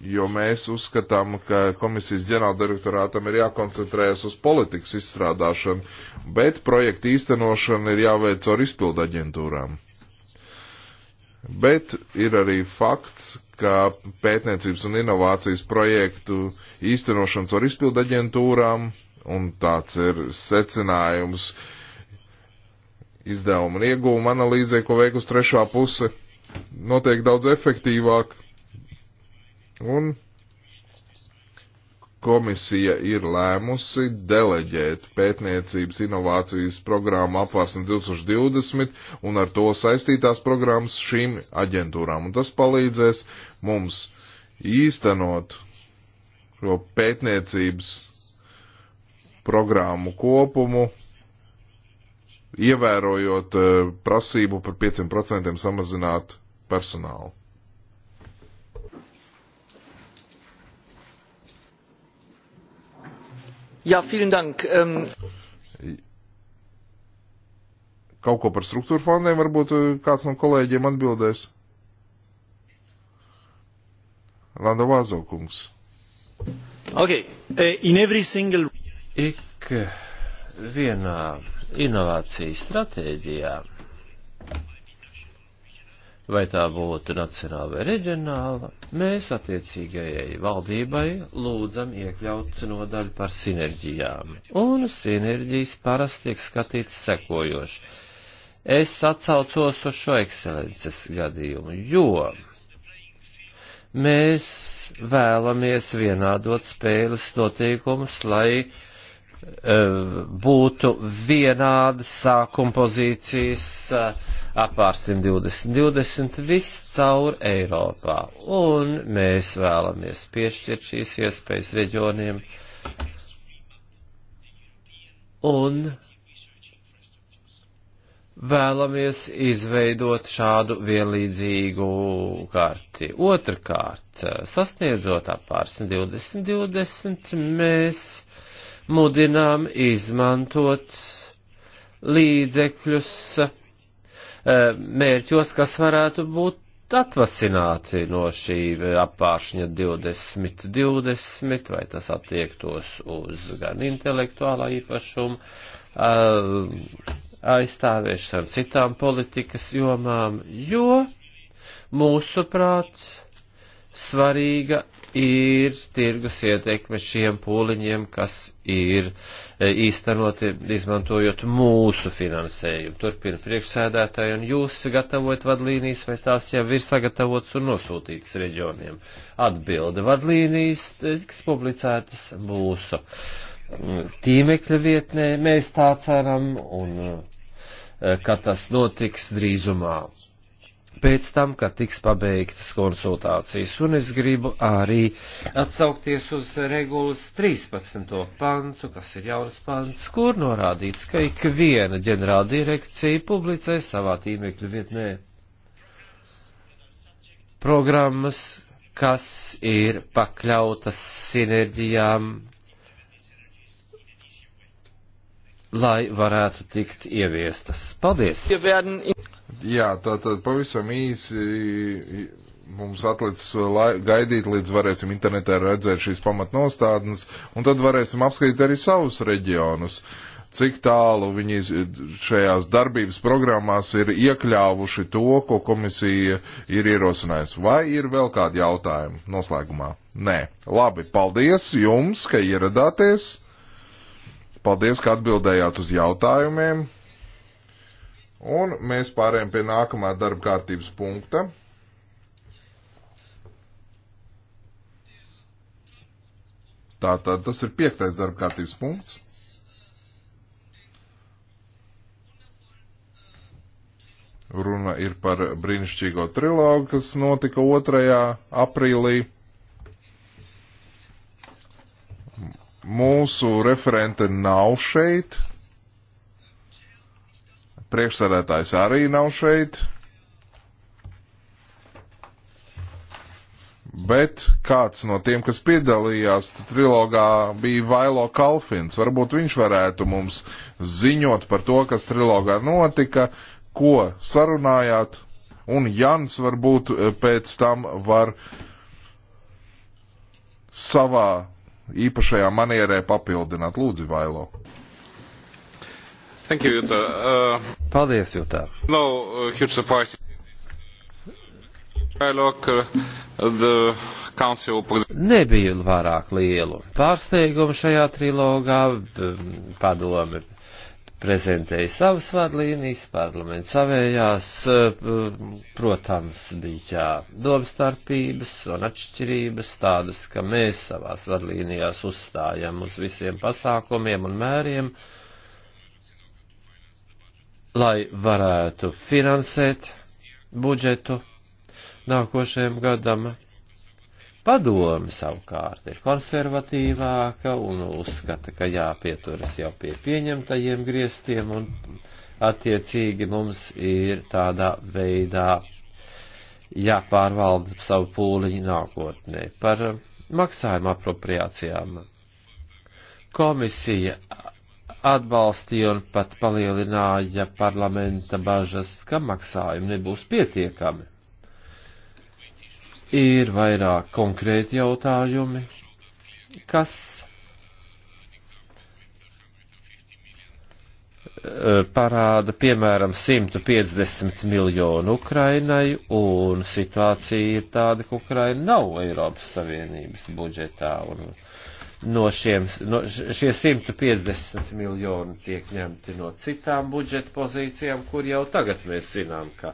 jo mēs uzskatām, ka komisijas ģenerāldirektorātam ir jākoncentrējas uz politikas izstrādāšanu, bet projektu īstenošana ir jāveic ar izpildu aģentūrām. Bet ir arī fakts, ka pētniecības un inovācijas projektu īstenošanas var izpildu aģentūrām, un tāds ir secinājums izdevuma un ieguvuma analīzē, ko veikusi trešā puse, notiek daudz efektīvāk Un komisija ir lēmusi deleģēt pētniecības inovācijas programmu apvārsni 2020 un ar to saistītās programmas šīm aģentūrām. Un tas palīdzēs mums īstenot šo pētniecības programmu kopumu, ievērojot eh, prasību par 5% samazināt personālu. Jā, vielen dank. Um... Kaut ko par struktūra fondiem varbūt eh, kāds no kolēģiem atbildēs. Landa Vāzokungs. Ok, eh, in every single. Ik vienā inovācijas stratēģijā vai tā būtu nacionāla vai reģionāla, mēs attiecīgajai valdībai lūdzam iekļaut nodaļu par sinerģijām. Un sinerģijas parasti tiek skatītas sekojoši. Es atsaucos uz šo ekscelences gadījumu, jo mēs vēlamies vienādot spēles noteikumus, lai Eh, būtu vienādas sākuma pozīcijas eh, apārstiem 2020 viss caur Eiropā. Un mēs vēlamies piešķirt šīs iespējas reģioniem. Un vēlamies izveidot šādu vienlīdzīgu karti. Otrkārt, eh, sasniedzot apārsni 2020, mēs mudinām izmantot līdzekļus eh, mērķos, kas varētu būt atvasināti no šī apāršņa 2020, vai tas attiektos uz gan intelektuālā īpašumu, eh, aizstāvēšanu citām politikas jomām, jo mūsuprāt svarīga ir tirgus ietekme šiem pūliņiem, kas ir e, īstenoti izmantojot mūsu finansējumu. Turpina priekšsēdētāji, un jūs gatavojat vadlīnijas, vai tās jau ir sagatavotas un nosūtītas reģioniem? Atbilde vadlīnijas tiks e, publicētas mūsu mm, tīmekļa vietnē, mēs tā ceram, un e, ka tas notiks drīzumā pēc tam, kad tiks pabeigtas konsultācijas. Un es gribu arī atsaukties uz regulas 13. pantu, kas ir jauns pants, kur norādīts, ka ikviena ģenerāla direkcija publicē savā tīmekļu vietnē programmas, kas ir pakļautas sinerģijām, lai varētu tikt ieviestas. Paldies! Jā, tātad pavisam īsi mums atlicis lai, gaidīt, līdz varēsim internetā redzēt šīs pamatnostādnes, un tad varēsim apskatīt arī savus reģionus, cik tālu viņi šajās darbības programmās ir iekļāvuši to, ko komisija ir ierosinājusi. Vai ir vēl kādi jautājumi noslēgumā? Nē. Labi, paldies jums, ka ieradāties. Paldies, ka atbildējāt uz jautājumiem. Un mēs pārējām pie nākamā darba kārtības punkta. Tātad tas ir piektais darba kārtības punkts. Runa ir par brīnišķīgo trilogu, kas notika 2. aprīlī. Mūsu referente nav šeit, Priekšsarētājs arī nav šeit. Bet kāds no tiem, kas piedalījās trilogā, bija Vailo Kalfins. Varbūt viņš varētu mums ziņot par to, kas trilogā notika, ko sarunājāt, un Jans varbūt eh, pēc tam var savā īpašajā manierē papildināt. Lūdzu, Vailo. Thank you, Jutta. Uh, Paldies, Jutta. No uh, huge surprise. Dialogue, uh, the council... Nebija pārāk lielu pārsteigumu šajā trilogā. Um, padome prezentēja savas vadlīnijas, parlaments savējās. Uh, um, protams, bija domstarpības un atšķirības tādas, ka mēs savās vadlīnijās uzstājam uz visiem pasākumiem un mēriem. Uh, lai varētu finansēt budžetu nākošajam gadam. Padomi savukārt ir konservatīvāka un uzskata, ka jāpieturas jau pie pieņemtajiem griestiem un attiecīgi mums ir tādā veidā jāpārvalda savu pūliņu nākotnē. Par maksājuma apropriācijām komisija atbalstīja un pat palielināja parlamenta bažas, ka maksājumi nebūs pietiekami. Ir vairāk konkrēti jautājumi, kas e, parāda piemēram 150 miljonu Ukrainai, un situācija ir tāda, ka Ukraina nav Eiropas Savienības budžetā. Un, uh, no šiem, no šie 150 miljoni tiek ņemti no citām budžeta pozīcijām, kur jau tagad mēs zinām, ka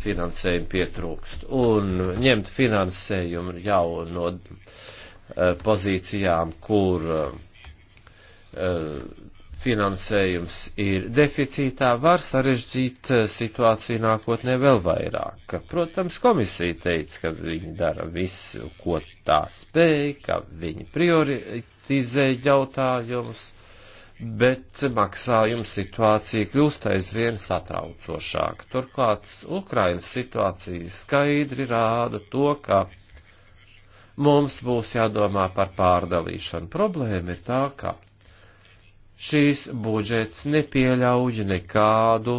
finansējumu pietrūkst. Un ņemt finansējumu jau no eh, pozīcijām, kur eh, finansējums ir deficītā, var sarežģīt eh, situāciju nākotnē vēl vairāk. Protams, komisija teica, ka viņi dara visu, ko tā spēj, ka viņi prioritizē jautājumus, bet maksājuma situācija kļūst aizvien satraucošāka. Turklāt Ukrainas situācija skaidri rāda to, ka mums būs jādomā par pārdalīšanu. Problēma ir tā, ka šīs budžets nepieļauj nekādu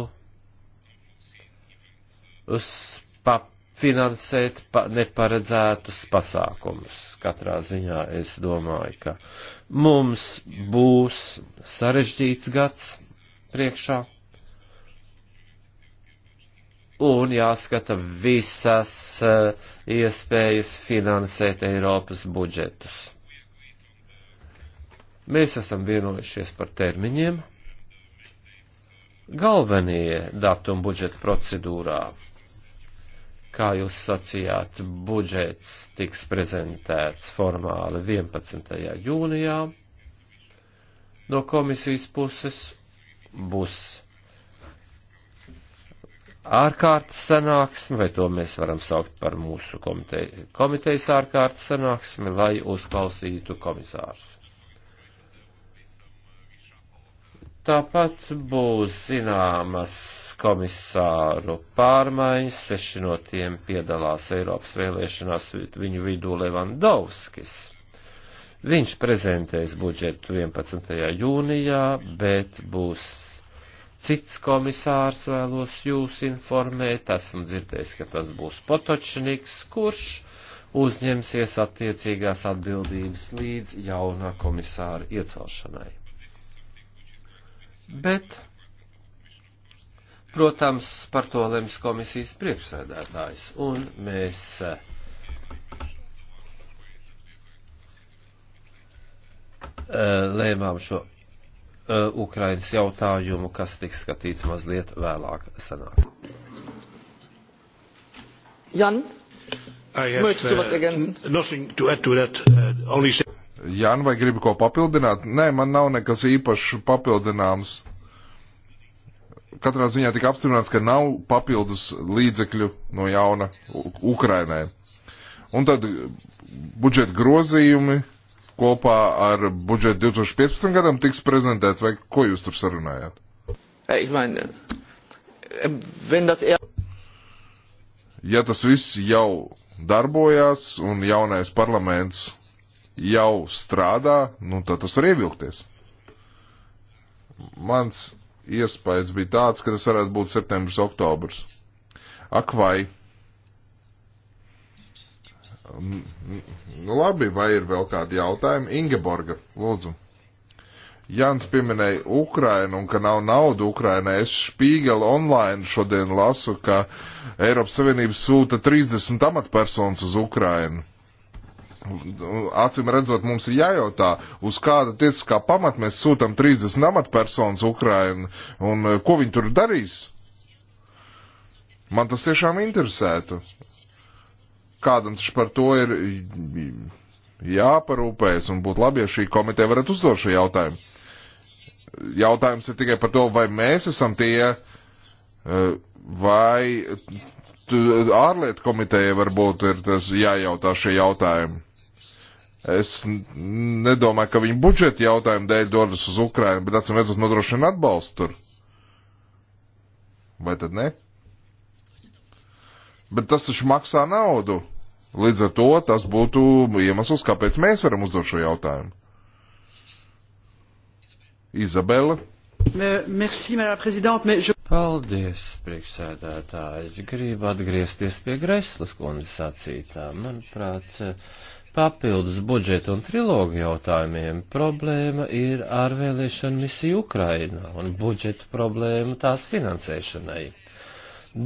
uz finansēt pa, neparedzētus pasākumus. Katrā ziņā es domāju, ka mums būs sarežģīts gads priekšā un jāskata visas eh, iespējas finansēt Eiropas budžetus. Mēs esam vienojušies par termiņiem. Galvenie datumi budžeta procedūrā, kā jūs sacījāt, budžets tiks prezentēts formāli 11. jūnijā. No komisijas puses būs ārkārtas sanāksmi, vai to mēs varam saukt par mūsu komite komitejas ārkārtas sanāksmi, lai uzklausītu komisārus. Tāpat būs zināmas komisāru pārmaiņas, seši no tiem piedalās Eiropas vēlēšanās viņu vidū Levandovskis. Viņš prezentēs budžetu 11. jūnijā, bet būs cits komisārs vēlos jūs informēt, esmu dzirdējis, ka tas būs Potočniks, kurš uzņemsies attiecīgās atbildības līdz jaunā komisāra iecelšanai bet, protams, par to lems komisijas priekšsēdētājs, un mēs eh, lēmām šo eh, Ukrainas jautājumu, kas tiks skatīts mazliet vēlāk sanāks. Jan, möchtest du was uh, ergänzen? Nothing to add to that. Uh, only say Jāni, nu vai gribi ko papildināt? Nē, man nav nekas īpašs papildināms. Katrā ziņā tika apstiprināts, ka nav papildus līdzekļu no jauna Ukrainai. Un tad budžeta grozījumi kopā ar budžetu 2015 gadam tiks prezentēts, vai ko jūs tur sarunājāt? Hey, ich meine, wenn das er ja tas viss jau darbojās un jaunais parlaments jau strādā, nu tad tas var ievilkties. Mans iespējas bija tāds, ka tas varētu būt septembris, oktobrs. Ak vai. Mm, mm, nu, labi, vai ir vēl kādi jautājumi? Ingeborga, lūdzu. Jans pieminēja Ukrainu un ka nav naudu Ukrainai. Es špīgeli online šodien lasu, ka Eiropas Savienība sūta 30 amatpersonas uz Ukrainu. Acim redzot, mums ir jājautā, uz kāda tiesiskā pamata mēs sūtam 30 amatpersonas Ukrainu un e, ko viņi tur darīs. Man tas tiešām interesētu. Kādam taču par to ir jāparūpējas un būtu labi, ja šī komiteja varētu uzdot šo jautājumu. Jautājums ir tikai par to, vai mēs esam tie, e, vai ārlietu komiteja varbūt ir tas jājautā šie jautājumi. Es nedomāju, ka viņi budžeta jautājumu dēļ dodas uz Ukrainu, bet acīm redzot, nodrošina atbalstu tur. Vai tad ne? Bet tas taču maksā naudu. Līdz ar to tas būtu iemesls, kāpēc mēs varam uzdot šo jautājumu. Izabela. Merci, madame présidente, mais je... Paldies, priekšsēdētāji. Gribu atgriezties pie Greslas kundzes sacītā. Manuprāt, uh, Papildus budžetu un trilogu jautājumiem problēma ir ar vēlēšanu misiju Ukrainā un budžetu problēmu tās finansēšanai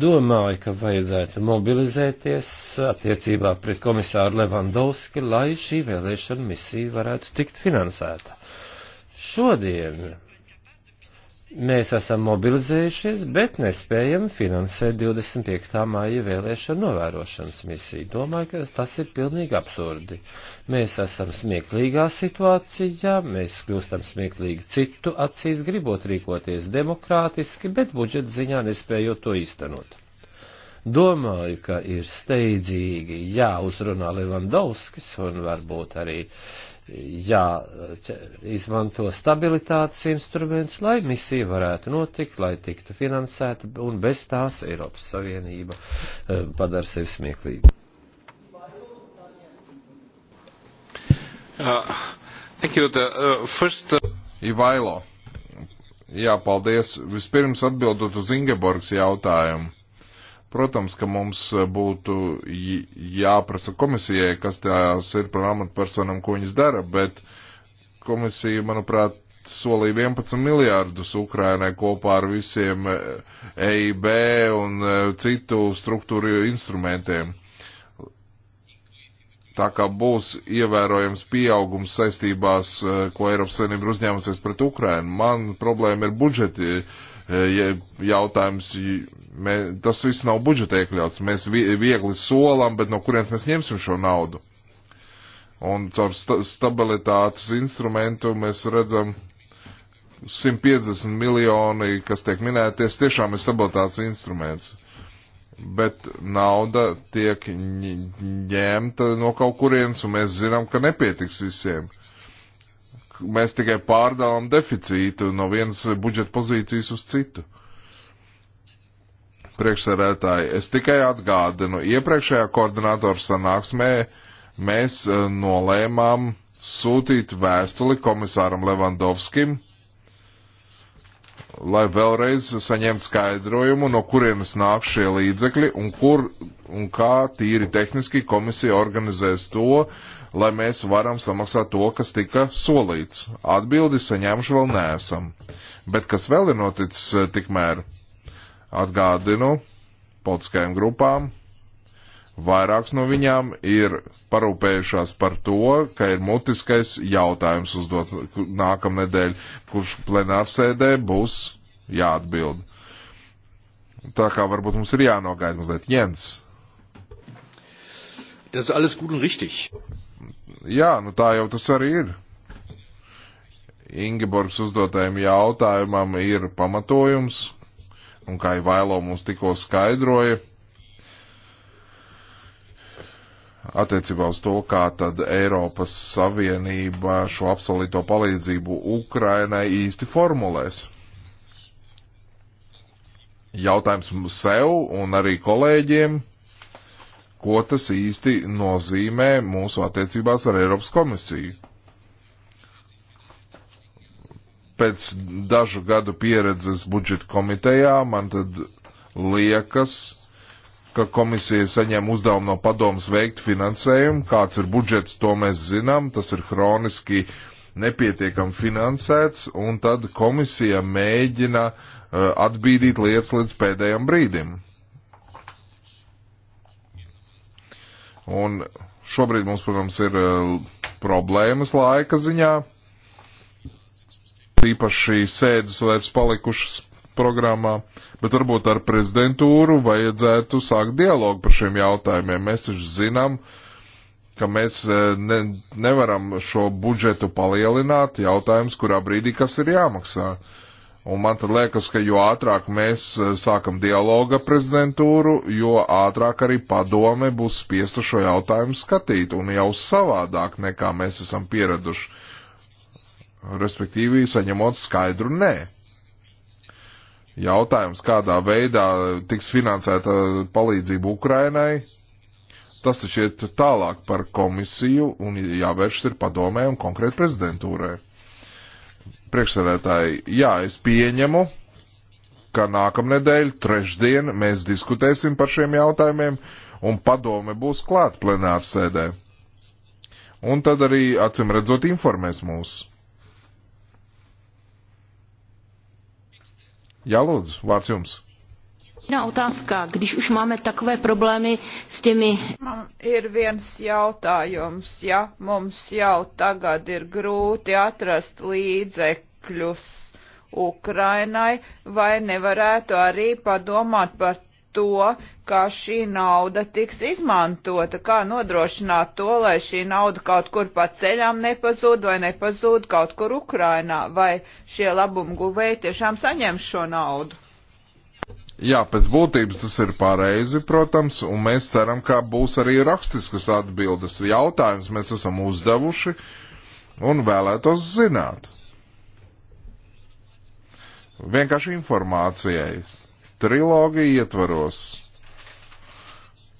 domāju, ka vajadzētu mobilizēties attiecībā pret komisāru Levandovski, lai šī vēlēšana misija varētu tikt finansēta. Šodien Mēs esam mobilizējušies, bet nespējam finansēt 25. māja vēlēšanu novērošanas misiju. Domāju, ka tas ir pilnīgi absurdi. Mēs esam smieklīgā situācijā, mēs kļūstam smieklīgi citu acīs, gribot rīkoties demokrātiski, bet budžeta ziņā nespējot to īstenot. Domāju, ka ir steidzīgi jāuzrunā Levandovskis un varbūt arī uh, jā, izmanto stabilitātes instruments, lai misija varētu notikt, lai tiktu finansēta, un bez tās Eiropas Savienība eh, padara sevi smieklīgu. Uh, thank you. The, uh, first, uh... Ivailo. Jā, paldies. Vispirms atbildot uz Ingeborgs jautājumu. Protams, ka mums eh, būtu jāprasa komisijai, kas tās ir par amatpersonām, ko viņas dara, bet komisija, manuprāt, solīja 11 miljārdus Ukrainai kopā ar visiem EIB eh, e un eh, citu struktūru instrumentiem. Tā kā būs ievērojams pieaugums saistībās, ko Eiropas Savienība ir uzņēmusies pret Ukrainu, man problēma ir budžeti E, jautājums. Mē, tas viss nav budžeta iekļauts. Mēs viegli solam, bet no kurienes mēs ņemsim šo naudu? Un caur sta stabilitātes instrumentu mēs redzam 150 miljoni, kas tiek minēties, tiešām ir stabilitātes instruments. Bet nauda tiek ņemta no kaut kurienes, un mēs zinām, ka nepietiks visiem mēs tikai pārdalām deficītu no vienas budžeta pozīcijas uz citu. Priekšsēdētāji, es tikai atgādinu, iepriekšējā koordinātora sanāksmē mēs eh, nolēmām sūtīt vēstuli komisāram Levandovskim, lai vēlreiz saņemtu skaidrojumu, no kurienes nāk šie līdzekļi un, kur, un kā tīri tehniski komisija organizēs to, uh, lai mēs varam samaksāt to, kas tika solīts. Atbildi saņēmuši vēl neesam. Bet kas vēl ir noticis eh, tikmēr? Atgādinu politiskajām grupām. Vairākas no viņām ir parūpējušās par to, ka ir mutiskais jautājums uzdots nākamnedēļ, kurš plenārsēdē būs jāatbild. Tā kā varbūt mums ir jānogaida mazliet Jens. Tas alles gut un richtig. Jā, nu tā jau tas arī ir. Ingeborgs uzdotajam jautājumam ir pamatojums, un kā Ivailo mums tikko skaidroja, attiecībā uz to, kā tad Eiropas Savienība šo apsolīto palīdzību Ukrainai īsti formulēs. Jautājums sev un arī kolēģiem ko tas īsti nozīmē mūsu attiecībās ar Eiropas komisiju. Pēc dažu gadu pieredzes budžeta komitejā man tad liekas, ka komisija saņem uzdevumu no padomas veikt finansējumu, kāds ir budžets, to mēs zinām, tas ir hroniski nepietiekam finansēts, un tad komisija mēģina uh, atbīdīt lietas līdz pēdējam brīdim. Un šobrīd mums, protams, ir eh, problēmas laika ziņā. Tīpaši sēdes vairs palikušas programmā, bet varbūt ar prezidentūru vajadzētu sākt dialogu par šiem jautājumiem. Mēs taču zinām, ka mēs eh, ne, nevaram šo budžetu palielināt. Jautājums, kurā brīdī kas ir jāmaksā. Uh, Un man tad liekas, ka jo ātrāk mēs eh, sākam dialoga prezidentūru, jo ātrāk arī padome būs spiesta šo jautājumu skatīt un jau savādāk nekā mēs esam pieraduši. Respektīvi, saņemot skaidru nē. Jautājums, kādā veidā tiks finansēta palīdzība Ukrainai, tas taču iet tālāk par komisiju un jāvēršas ir padomē un konkrēt prezidentūrai. Priekšsēdētāji, jā, es pieņemu, ka nākamnedēļ, trešdien, mēs diskutēsim par šiem jautājumiem, un padome būs klāt plenārs sēdē. Un tad arī, acim redzot, informēs mūs. Jā, lūdzu, vārds jums. Jedna otázka, když už máme takové problémy s těmi. Man ir viens jautājums, ja mums jau tagad ir grūti atrast līdzekļus Ukrainai, vai nevarētu arī padomāt par to, kā šī nauda tiks izmantota, kā nodrošināt to, lai šī nauda kaut kur pa ceļām nepazūd vai nepazūd kaut kur Ukrainā, vai šie labumu guvēji tiešām saņem šo naudu. Jā, pēc būtības tas ir pareizi, protams, un mēs ceram, ka būs arī rakstiskas atbildes. Jautājums mēs esam uzdevuši un vēlētos zināt. Vienkārši informācijai. Trilogija ietvaros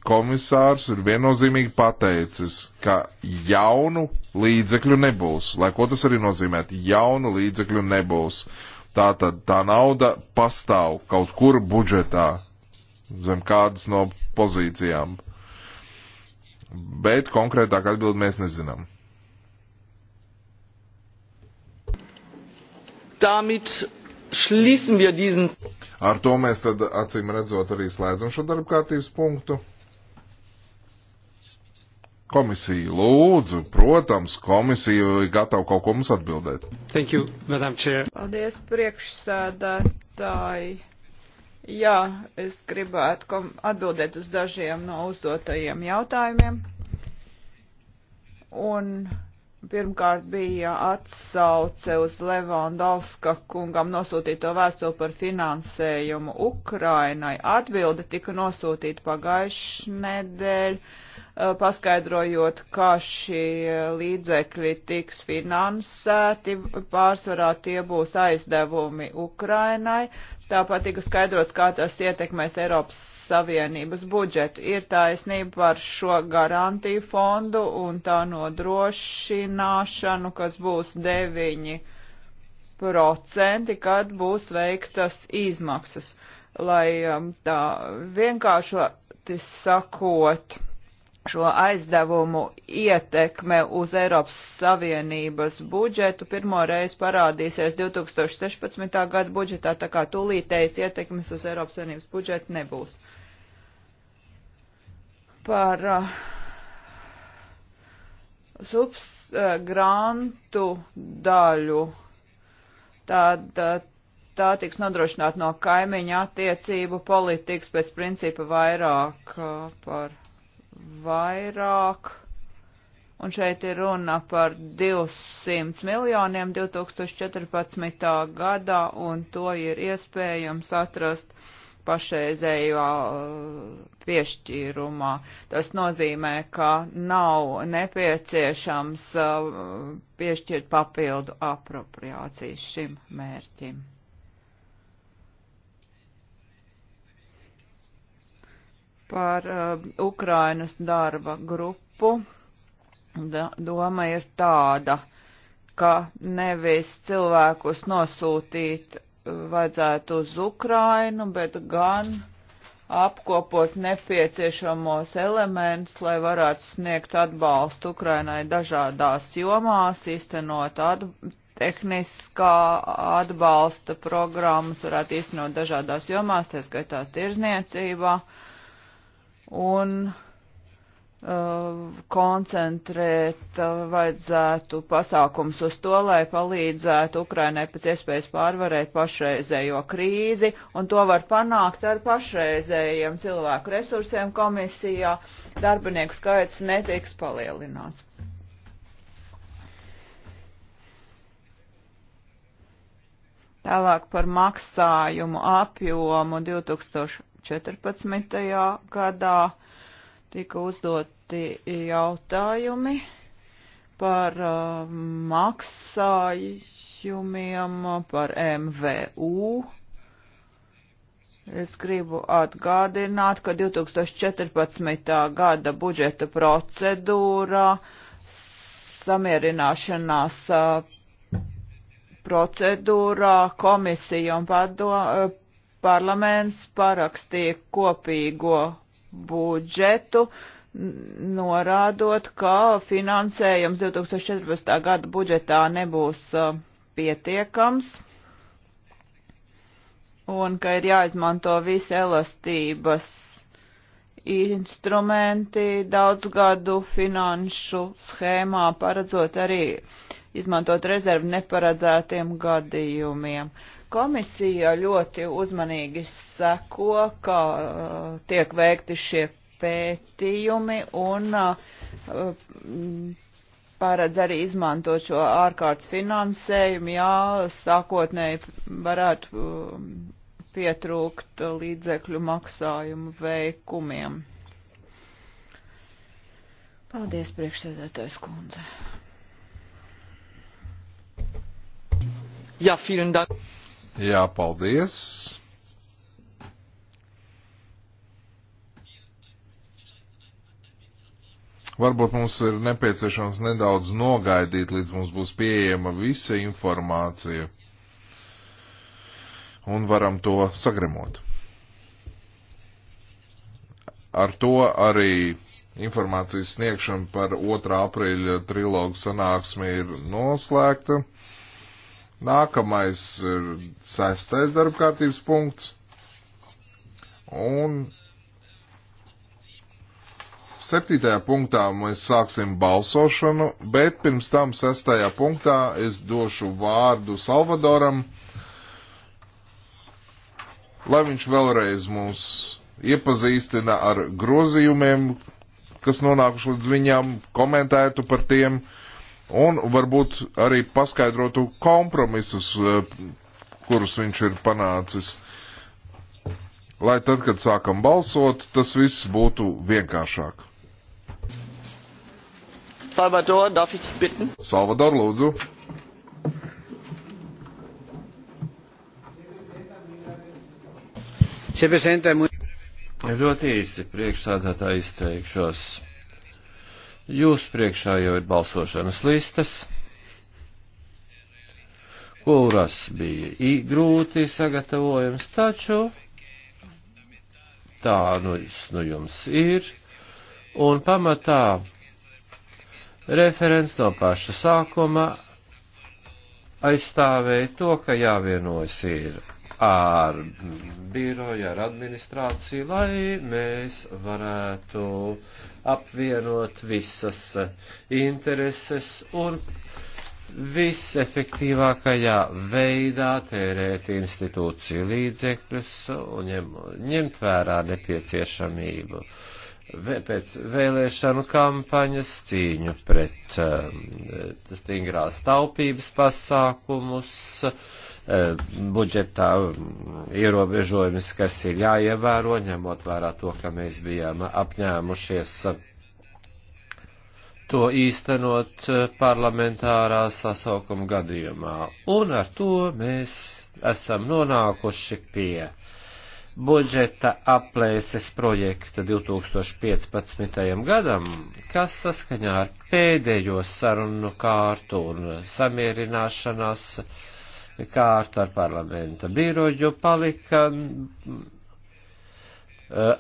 komisārs ir viennozīmīgi pateicis, ka jaunu līdzekļu nebūs. Lai ko tas arī nozīmētu, jaunu līdzekļu nebūs. Uh, Tā tad tā nauda pastāv kaut kur budžetā, zem kādas no pozīcijām. Bet konkrētāk atbildi mēs nezinām. Damit schließen wir diesen. Ar to mēs tad acīm redzot arī slēdzam šo darbkārtības punktu. Komisija, lūdzu, protams, komisija ir gatava kaut ko mums atbildēt. Thank you, Madam Chair. Paldies, priekšsēdētāji. Jā, es gribētu atbildēt uz dažiem no uzdotajiem jautājumiem. Un pirmkārt bija atsauce uz Levandovska kungam nosūtīto vēstuli par finansējumu Ukrainai. Atbilde tika nosūtīta pagājušajā nedēļā Eh, paskaidrojot, kā šie līdzekļi tiks finansēti. Pārsvarā tie būs aizdevumi Ukrainai. Tāpat tika skaidrots, kā tas ietekmēs Eiropas Savienības budžetu. Ir taisnība par šo garantiju fondu un tā nodrošināšanu, kas būs 9%, kad būs veiktas izmaksas. Lai um, tā vienkāršoti sakot, šo aizdevumu ietekme uz Eiropas Savienības budžetu pirmo reizi parādīsies 2016. gada budžetā, tā kā tūlītējas ietekmes uz Eiropas Savienības budžetu nebūs. Par uh, subgrantu uh, daļu tad tā, uh, tā tiks nodrošināta no kaimiņa attiecību politikas pēc principa vairāk uh, par vairāk. Un šeit ir runa par 200 miljoniem 2014. gadā, un to ir iespējams atrast pašreizējā uh, piešķīrumā. Tas nozīmē, ka nav nepieciešams uh, piešķirt papildu apropriācijas šim mērķim. par uh, Ukrainas darba grupu. Da, doma ir tāda, ka nevis cilvēkus nosūtīt vajadzētu uz Ukrainu, bet gan apkopot nepieciešamos elementus, lai varētu sniegt atbalstu Ukrainai dažādās jomās, iztenot atb tehniskā atbalsta programmas, varētu iztenot dažādās jomās, tā skaitā tirzniecībā. Uh, un uh, koncentrēt uh, vajadzētu pasākums uz to, lai palīdzētu Ukrainai pēc iespējas pārvarēt pašreizējo krīzi, un to var panākt ar pašreizējiem cilvēku resursiem komisijā. Darbinieku skaits netiks palielināts. Tālāk par maksājumu apjomu 2000 2014. gadā tika uzdoti jautājumi par uh, maksājumiem, par MVU. Es gribu atgādināt, ka 2014. gada budžeta procedūrā samierināšanās uh, procedūrā komisija un pado, parlaments parakstīja kopīgo budžetu, norādot, ka finansējums 2014. gada budžetā nebūs uh, pietiekams un ka ir jāizmanto visi elastības instrumenti daudzgadu finanšu schēmā, paredzot arī izmantot rezervu neparedzētiem gadījumiem. Uh, Komisija ļoti uzmanīgi seko, kā uh, tiek veikti šie pētījumi un uh, mm, paredz arī izmantot šo ārkārtas finansējumu, ja sākotnēji varētu uh, pietrūkt līdzekļu maksājumu veikumiem. Paldies, priekšsēdētājs kundze. Ja, vielen Dank. Jā, paldies. Varbūt mums ir nepieciešams nedaudz nogaidīt, līdz mums būs pieejama visa informācija un varam to sagremot. Ar to arī informācijas sniegšana par 2. aprīļa trilogu sanāksmi ir noslēgta. Nākamais ir sestais darba kārtības punkts. Un septītajā punktā mēs sāksim balsošanu, bet pirms tam sestajā punktā es došu vārdu Salvadoram, lai viņš vēlreiz mūs iepazīstina ar grozījumiem, kas nonākuši līdz viņam, komentētu par tiem. Uh, Un varbūt arī paskaidrotu kompromisus, eh, kurus viņš ir panācis. Lai tad, kad sākam balsot, tas viss būtu vienkāršāk. Salvador, darf ich dich bitten? Salvador, lūdzu. Ļoti īsi priekšsādātā izteikšos. Jūs priekšā jau ir balsošanas listas, kuras bija grūti sagatavojams, taču tā nu, nu jums ir, un pamatā referents no paša sākuma aizstāvēja to, ka jāvienojas ir ar biroju, ar administrāciju, lai mēs varētu apvienot visas intereses un visefektīvākajā veidā tērēt institūciju līdzekļus un ņem, ņemt vērā nepieciešamību pēc vēlēšanu kampaņas cīņu pret um, stingrās taupības pasākumus, uh, Eh, budžetā mm, ierobežojumus, kas ir jāievēro, ņemot vērā to, ka mēs bijām apņēmušies to īstenot eh, parlamentārā sasaukuma gadījumā. Un ar to mēs esam nonākuši pie budžeta aplēses projekta 2015. gadam, kas saskaņā ar pēdējo sarunu kārtu un samierināšanās uh, kārtu ar parlamenta biroju palika eh,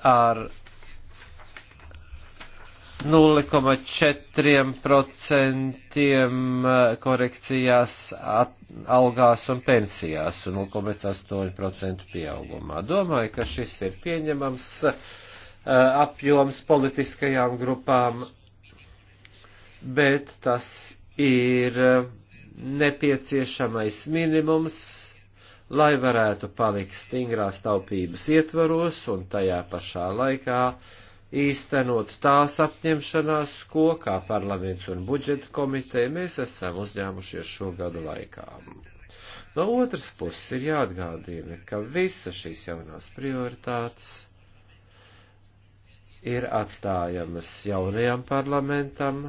ar 0,4% eh, korekcijās algās un pensijās un 0,8% pieaugumā. Domāju, ka šis ir pieņemams eh, apjoms politiskajām grupām, bet tas ir nepieciešamais minimums, lai varētu palikt stingrās taupības ietvaros un tajā pašā laikā īstenot tās apņemšanās, ko kā parlaments un budžeta komiteja mēs esam uzņēmušies šo gadu laikā. No otras puses ir jāatgādina, ka visa šīs jaunās prioritātes ir atstājamas jaunajam parlamentam,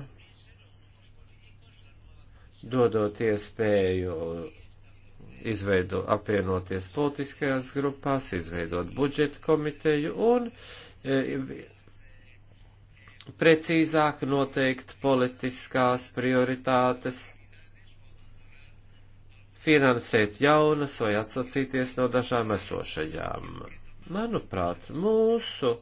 dodot iespēju izveido, apvienoties politiskajās grupās, izveidot budžeta komiteju un e, precīzāk noteikt politiskās prioritātes, finansēt jaunas vai atsacīties no dažām esošajām. Manuprāt, mūsu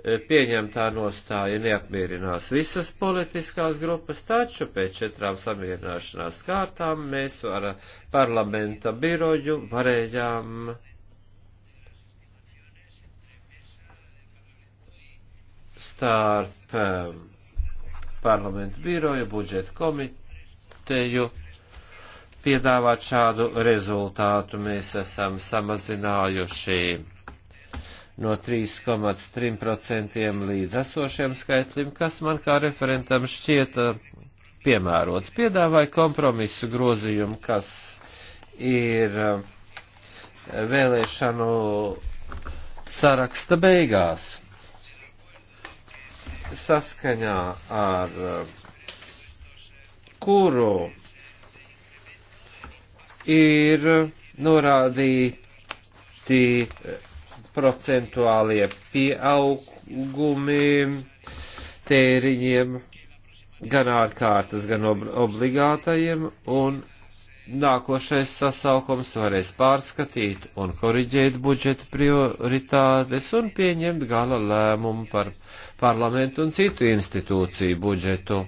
E, pieņemtā nostāja neapmierinās visas politiskās grupas, taču pēc četrām samierināšanās kārtām mēs ar parlamenta biroju varējām starp e, parlamentu biroju, budžeta komiteju piedāvāt šādu rezultātu. Mēs esam samazinājuši no 3,3% līdz esošiem skaitlim, kas man kā referentam šķieta eh, piemērots. Piedāvāja kompromisu grozījumu, kas ir eh, vēlēšanu saraksta beigās. Saskaņā ar eh, kuru ir norādīti procentuālie pieaugumi tēriņiem, gan ārkārtas, gan ob obligātajiem, un nākošais sasaukums varēs pārskatīt un koriģēt budžeta prioritātes un pieņemt gala lēmumu par parlamentu un citu institūciju budžetu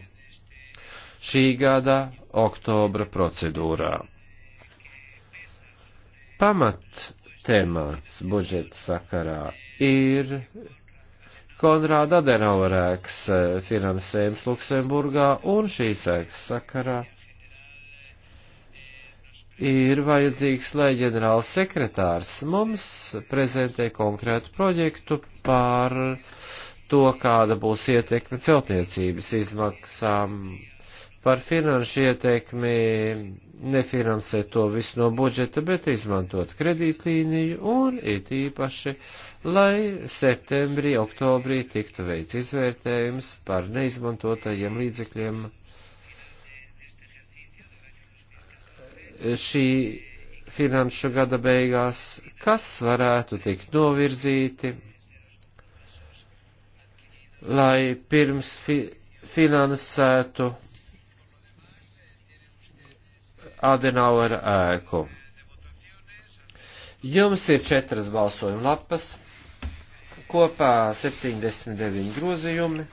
šī gada oktobra procedūrā. Pamat temats budžeta sakarā ir Konrāda Adenauerēks eh, finansējums Luksemburgā un šīs ēkas sakarā ir vajadzīgs, lai ģenerāls sekretārs mums prezentē konkrētu projektu par to, kāda būs ietekme celtniecības izmaksām par finanšu ieteikmi nefinansēt to visu no budžeta, bet izmantot kredītlīniju un it īpaši, lai septembrī, oktobrī tiktu veids izvērtējums par neizmantotajiem līdzekļiem šī finanšu gada beigās, kas varētu tikt novirzīti, lai pirms fi finansētu Adenauer ēku. Jums ir četras balsojuma lapas, kopā 79 grozījumi,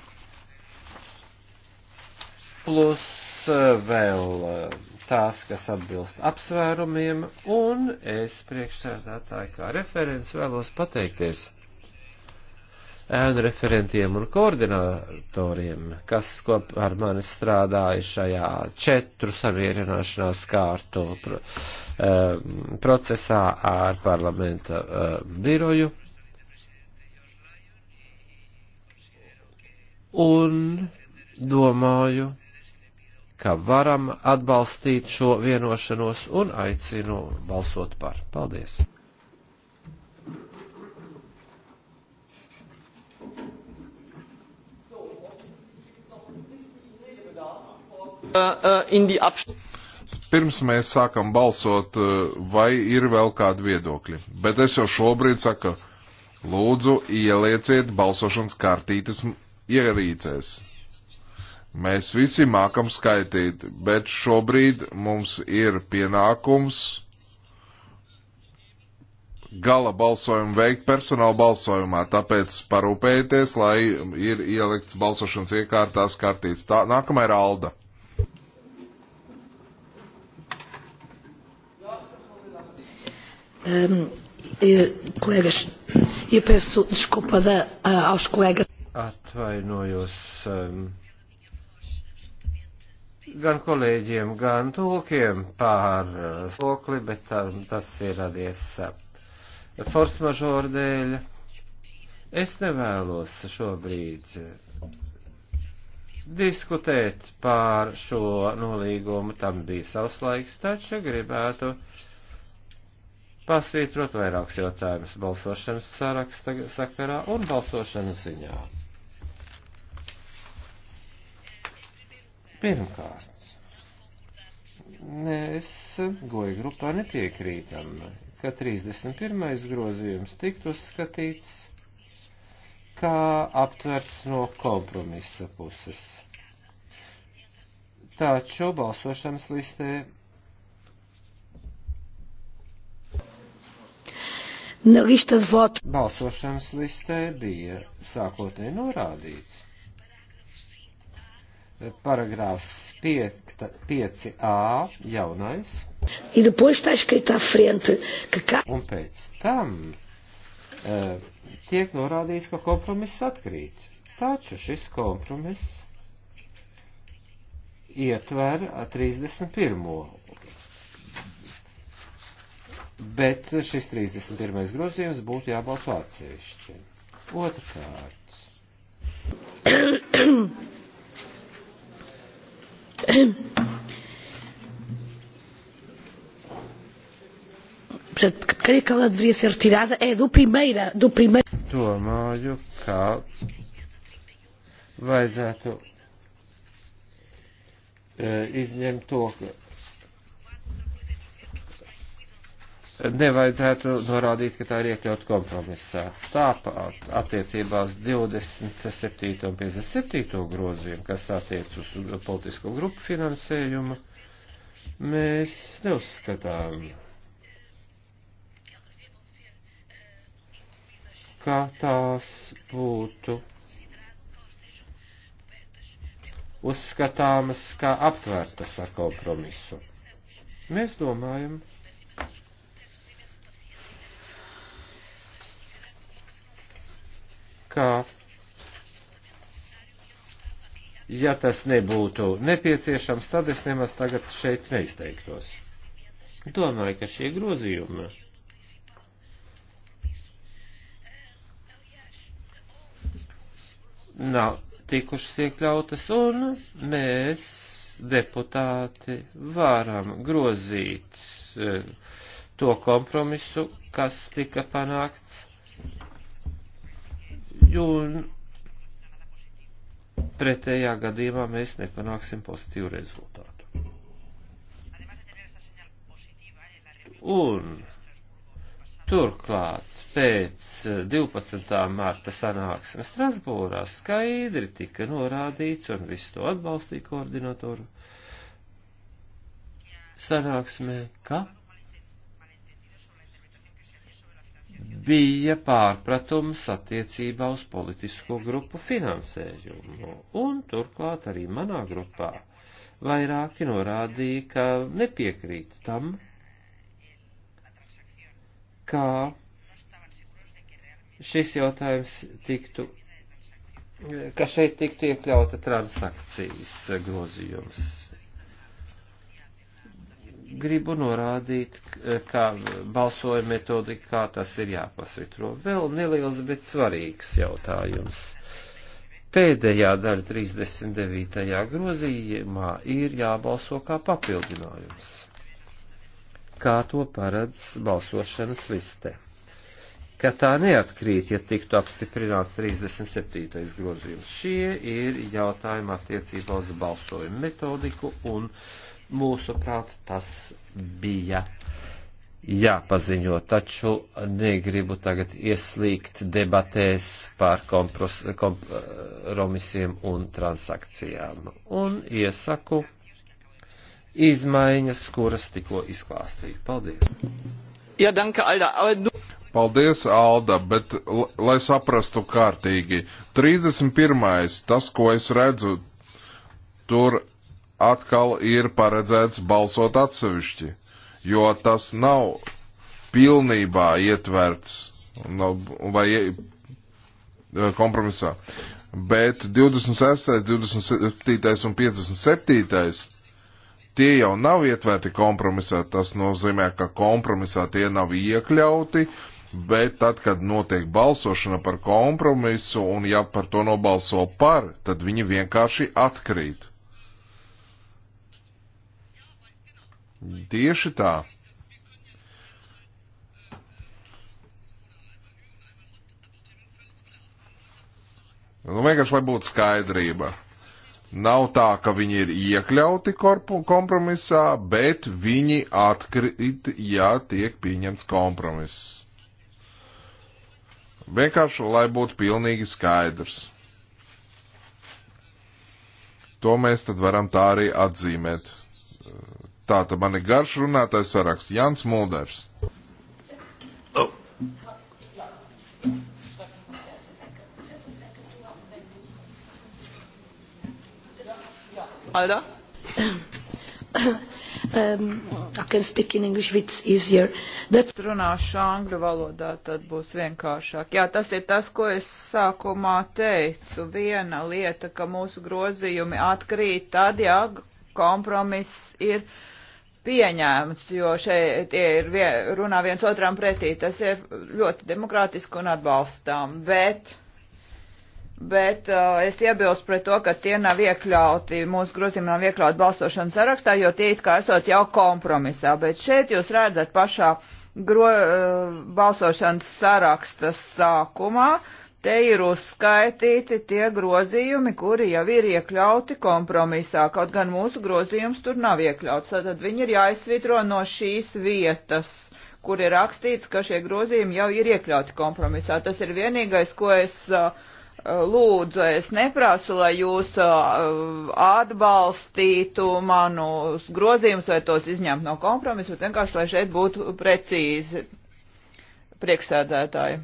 plus eh, vēl eh, tās, kas atbilst apsvērumiem, un es priekšsēdētāju kā referents vēlos pateikties ēnu referentiem un koordinatoriem, kas kopā ar mani strādāja šajā četru samierināšanās kārtu pro, um, procesā ar parlamenta um, biroju. Un domāju, ka varam atbalstīt šo vienošanos un aicinu balsot par. Paldies! Uh, uh, Pirms mēs sākam balsot, uh, vai ir vēl kādi viedokļi, bet es jau šobrīd saku, lūdzu ielieciet balsošanas kartītes ierīcēs. Mēs visi mākam skaitīt, bet šobrīd mums ir pienākums gala balsojumu veikt personāla balsojumā, tāpēc parūpējieties, lai ir ielikts balsošanas iekārtās kartītes. Tā, nākamā ir Alda. Um, e, colegas, eu peço desculpa da, aos colegas. Atvainojos um, gan kolēģiem, gan tūkiem par eh, sokli, bet tā, ehm, tas ir radies eh, force majeure dēļ. Es nevēlos šobrīd diskutēt pār šo nolīgumu, tam bija savs laiks, taču gribētu uh, pasvītrot vairākus jautājumus balsošanas saraksta sakarā un balsošanas ziņā. Pirmkārt, mēs goja grupā nepiekrītam, ka 31. grozījums tiktu uzskatīts kā aptverts no kompromisa puses. Taču balsošanas listē listas votu. Balsošanas listē bija sākotnēji norādīts. Paragrāfs 5a jaunais. E depois está escrito à frente ka kā... Un pēc tam uh, tiek norādīts, ka kompromiss atkrīt. Taču šis kompromiss ietver 31. Bet šis 31. grozījums būtu jābalso atsevišķi. Otrkārt. Creio que ela deveria ser retirada. É do primeira, do primeiro. Domāju, ka vajadzētu e, izņemt to, ka nevajadzētu norādīt, ka tā ir iekļaut kompromisā. Tāpat attiecībās 27. un 57. grozījumu, kas attiec uz politisko grupu finansējumu, mēs neuzskatām, ka tās būtu uzskatāmas kā aptvērtas ar kompromisu. Mēs domājam, ka ka, ja tas nebūtu nepieciešams, tad es nemaz tagad šeit neizteiktos. Domāju, ka šie grozījumi nav tikušas iekļautas, un mēs, deputāti, varam grozīt eh, to kompromisu, kas tika panākts un pretējā gadījumā mēs nepanāksim pozitīvu rezultātu. Un turklāt pēc 12. mārta sanāksmes Strasbūrā skaidri tika norādīts un visu to atbalstīja koordinatoru sanāksmē, ka bija pārpratums attiecībā uz politisko grupu finansējumu, un turklāt arī manā grupā vairāki norādīja, ka nepiekrīt tam, kā šis jautājums tiktu, ka šeit tiktu iekļauta transakcijas grozījums gribu norādīt, kā balsojuma metodika, kā tas ir jāpasvitro. Vēl neliels, bet svarīgs jautājums. Pēdējā daļa 39. grozījumā ir jābalso kā papildinājums, kā to paredz balsošanas liste, ka tā neatkrīt, ja tiktu apstiprināts 37. grozījums. Šie ir jautājumi attiecībā uz balsojumu metodiku un uh, mūsuprāt, tas bija jāpaziņo, taču negribu tagad ieslīgt debatēs par kompromisiem un transakcijām. Un iesaku izmaiņas, kuras tikko izklāstīju. Paldies! Ja, danke, Alda. Aber nu... Paldies, Alda, bet lai saprastu kārtīgi, 31. tas, ko es redzu, tur atkal ir paredzēts balsot atsevišķi, jo tas nav pilnībā ietverts vai kompromisā. Bet 26., 27. un 57. tie jau nav ietverti kompromisā. Tas nozīmē, ka kompromisā tie nav iekļauti, bet tad, kad notiek balsošana par kompromisu un ja par to nobalso par, tad viņi vienkārši atkrīt. Tieši tā. Nu, vienkārši, lai būtu skaidrība. Nav tā, ka viņi ir iekļauti korpu, kompromisā, bet viņi atkrīt, ja tiek pieņemts kompromiss. Vienkārši, lai būtu pilnīgi skaidrs. To mēs tad varam tā arī atzīmēt. Tātad man ir garš runātais saraksts Jans Mulders. Oh. Alda? um, I can speak in English, it's easier. That's... Runāšu angļu valodā, tad būs vienkāršāk. Jā, tas ir tas, ko es sākumā teicu. Viena lieta, ka mūsu grozījumi atkrīt tad, ja kompromiss ir pieņēmts, jo šeit tie ir vien, runā viens otram pretī. Tas ir ļoti demokrātiski un atbalstām, bet, bet uh, es iebilstu pret to, ka tie nav iekļauti, mūsu grozījumi nav iekļauti balsošanas sarakstā, jo tie it kā esot jau kompromisā, bet šeit jūs redzat pašā gro, uh, balsošanas saraksta sākumā Te ir uzskaitīti tie grozījumi, kuri jau ir iekļauti kompromisā, kaut gan mūsu grozījums tur nav iekļauts. Tātad viņi ir jāizsvitro no šīs vietas, kur ir rakstīts, ka šie grozījumi jau ir iekļauti kompromisā. Tas ir vienīgais, ko es uh, uh lūdzu, es neprasu, lai jūs uh, atbalstītu manus grozījumus vai tos izņemt no kompromisa, bet vienkārši, lai šeit būtu precīzi priekšsēdētāji.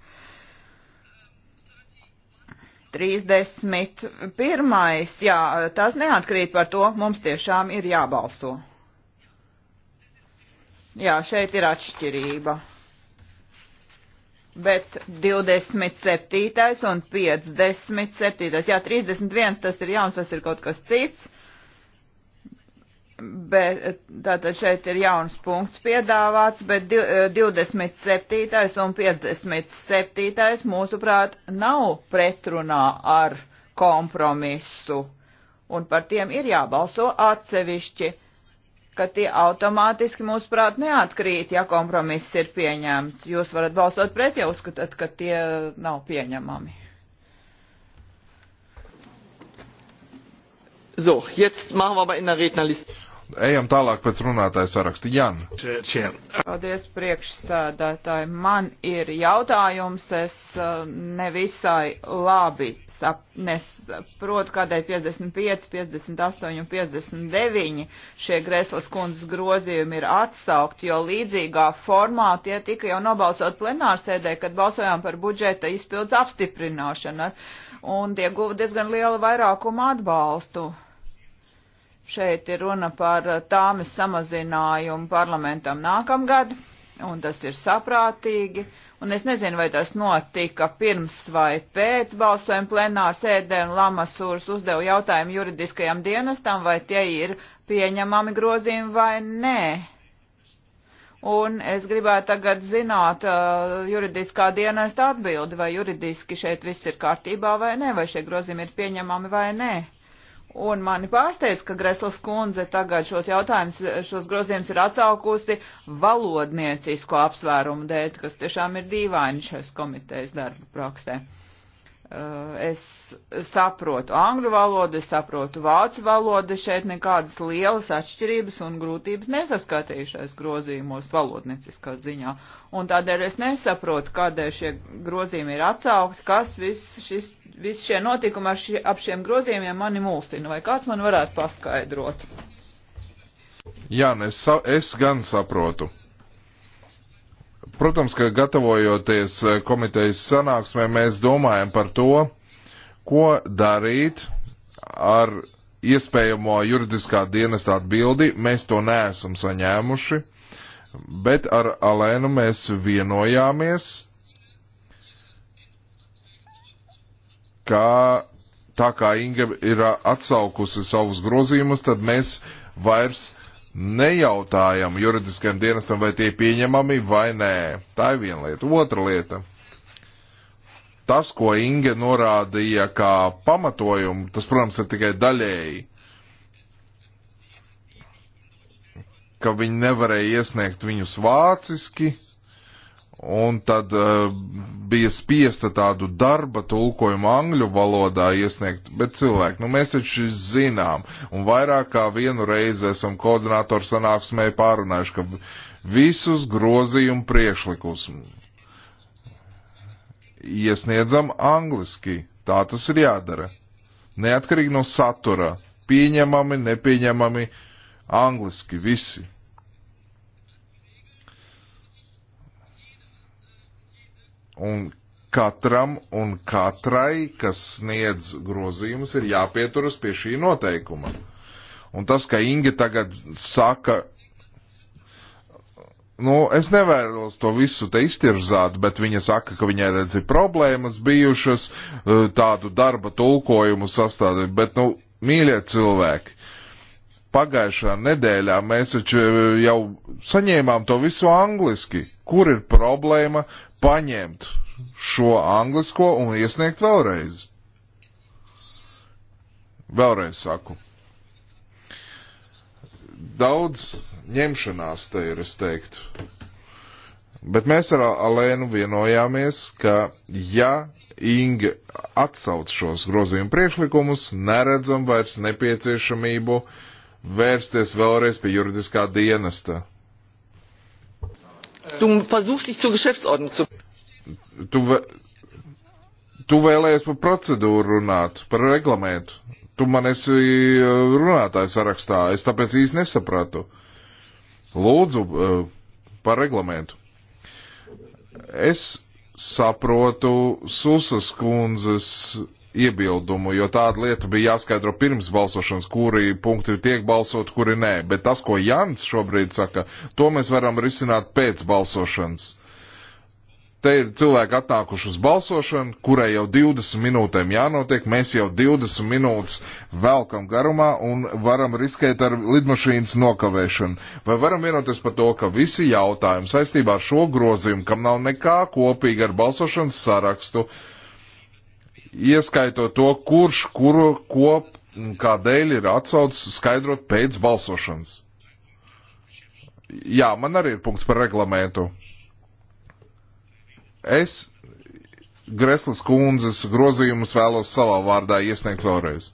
31. Jā, tas neatkrīt par to, mums tiešām ir jābalso. Jā, šeit ir atšķirība. Bet 27. un 57. Jā, 31. tas ir jauns, tas ir kaut kas cits. Bet, eh, tātad šeit ir jauns punkts piedāvāts, bet 27. Eh, un 57. mūsuprāt nav pretrunā ar kompromisu, un par tiem ir jābalso atsevišķi, ka tie automātiski mūsuprāt neatkrīt, ja kompromiss ir pieņemts. Jūs varat balsot pret, ja uzskatāt, ka tie nav pieņemami. So, jetzt machen wir aber in der Rednerliste. Ejam tālāk pēc runātāja saraksta. Jan. Paldies priekšsēdētāji. Man ir jautājums, es uh, nevisai labi nesaprotu, kādēļ 55, 58 un 59 šie Greslas kundzes grozījumi ir atsaukt, jo līdzīgā formā tie tika jau nobalsot plenārsēdē, kad balsojām par budžeta izpildus apstiprināšanu, un tie guva diezgan lielu vairākumu atbalstu. Šeit ir runa par eh, tāmes samazinājumu parlamentam nākamgad, un tas ir saprātīgi. Un es nezinu, vai tas notika pirms vai pēc balsojuma plenāra sēdē, un Lamasūrs uzdeva jautājumu juridiskajam dienestam, vai tie ir pieņemami grozījumi vai nē. Un es gribētu tagad zināt uh, juridiskā dienesta atbildi, vai juridiski šeit viss ir kārtībā vai nē, vai šie grozījumi ir pieņemami vai nē. Un mani pārsteidz, ka Greslas kundze tagad šos jautājumus, šos grozījumus ir atsaukusi valodniecisko apsvērumu dēļ, kas tiešām ir dīvaini šais komitejas darba praksē. Eh, es saprotu angļu valodu, es saprotu vācu valodu, šeit nekādas lielas atšķirības un grūtības nesaskatījušais grozījumos valodnieciskā ziņā. Un tādēļ es nesaprotu, kādēļ šie grozījumi ir atsaukti, kas viss šis, vis šie notikumi ar šie, ap šiem grozījumiem mani mulstina, vai kāds man varētu paskaidrot? Jā, nu es, es gan saprotu. Protams, ka gatavojoties eh, komitejas sanāksmē, mēs domājam par to, ko darīt ar iespējamo juridiskā dienesta atbildi. Mēs to neesam saņēmuši, bet ar Alēnu mēs vienojāmies, ka tā kā Inga ir atsaukusi savus grozījumus, tad mēs vairs nejautājam juridiskajam dienestam, vai tie pieņemami vai nē. Tā ir viena lieta. Otra lieta. Tas, ko Inge norādīja kā pamatojumu, tas, protams, ir tikai daļēji, ka viņi nevarēja iesniegt viņus vāciski, un tad uh, bija spiesta tādu darba tulkojumu angļu valodā iesniegt, bet cilvēki, nu mēs taču zinām, un vairāk kā vienu reizi esam koordinātoru sanāksmē pārunājuši, ka visus grozījumu priekšlikus iesniedzam angliski, tā tas ir jādara, neatkarīgi no satura, pieņemami, nepieņemami, angliski visi. Un katram un katrai, kas sniedz grozījumus, ir jāpieturas pie šī noteikuma. Un tas, ka Inga tagad saka, nu, es nevēlos to visu te iztirzāt, bet viņa saka, ka viņai redz ir problēmas bijušas, e, tādu darba tulkojumu sastādīt, bet, nu, mīļie cilvēki, pagājušā nedēļā mēs taču jau saņēmām to visu angliski. Kur ir problēma? paņemt šo anglisko un iesniegt vēlreiz. Vēlreiz saku. Daudz ņemšanās te ir, es teiktu. Bet mēs ar Alēnu vienojāmies, ka ja Inga atsauc šos grozījumu priekšlikumus, neredzam vairs nepieciešamību vērsties vēlreiz pie juridiskā dienesta Du versuchst dich zur Geschäftsordnung zu. Tu, tu vēlējies par procedūru runāt, par reglamentu. Tu man esi eh, runātājs sarakstā, es tāpēc īsti nesapratu. Lūdzu, eh, par reglamentu. Es saprotu Susas kundzes iebildumu, jo tāda lieta bija jāskaidro pirms balsošanas, kuri punkti tiek balsot, kuri nē. Bet tas, ko Jans šobrīd saka, to mēs varam risināt pēc balsošanas. Te ir cilvēki atnākuši uz balsošanu, kurai jau 20 minūtēm jānotiek. Mēs jau 20 minūtes velkam garumā un varam riskēt ar lidmašīnas nokavēšanu. Vai varam vienoties par to, ka visi jautājumi saistībā ar šo grozījumu, kam nav nekā kopīga ar balsošanas sarakstu, uh, ieskaitot to, kurš kuru ko kādēļ ir atsaucis skaidrot pēc balsošanas. Jā, man arī ir punkts par reglamentu. Es Greslas kundzes grozījumus vēlos savā vārdā iesniegt vēlreiz.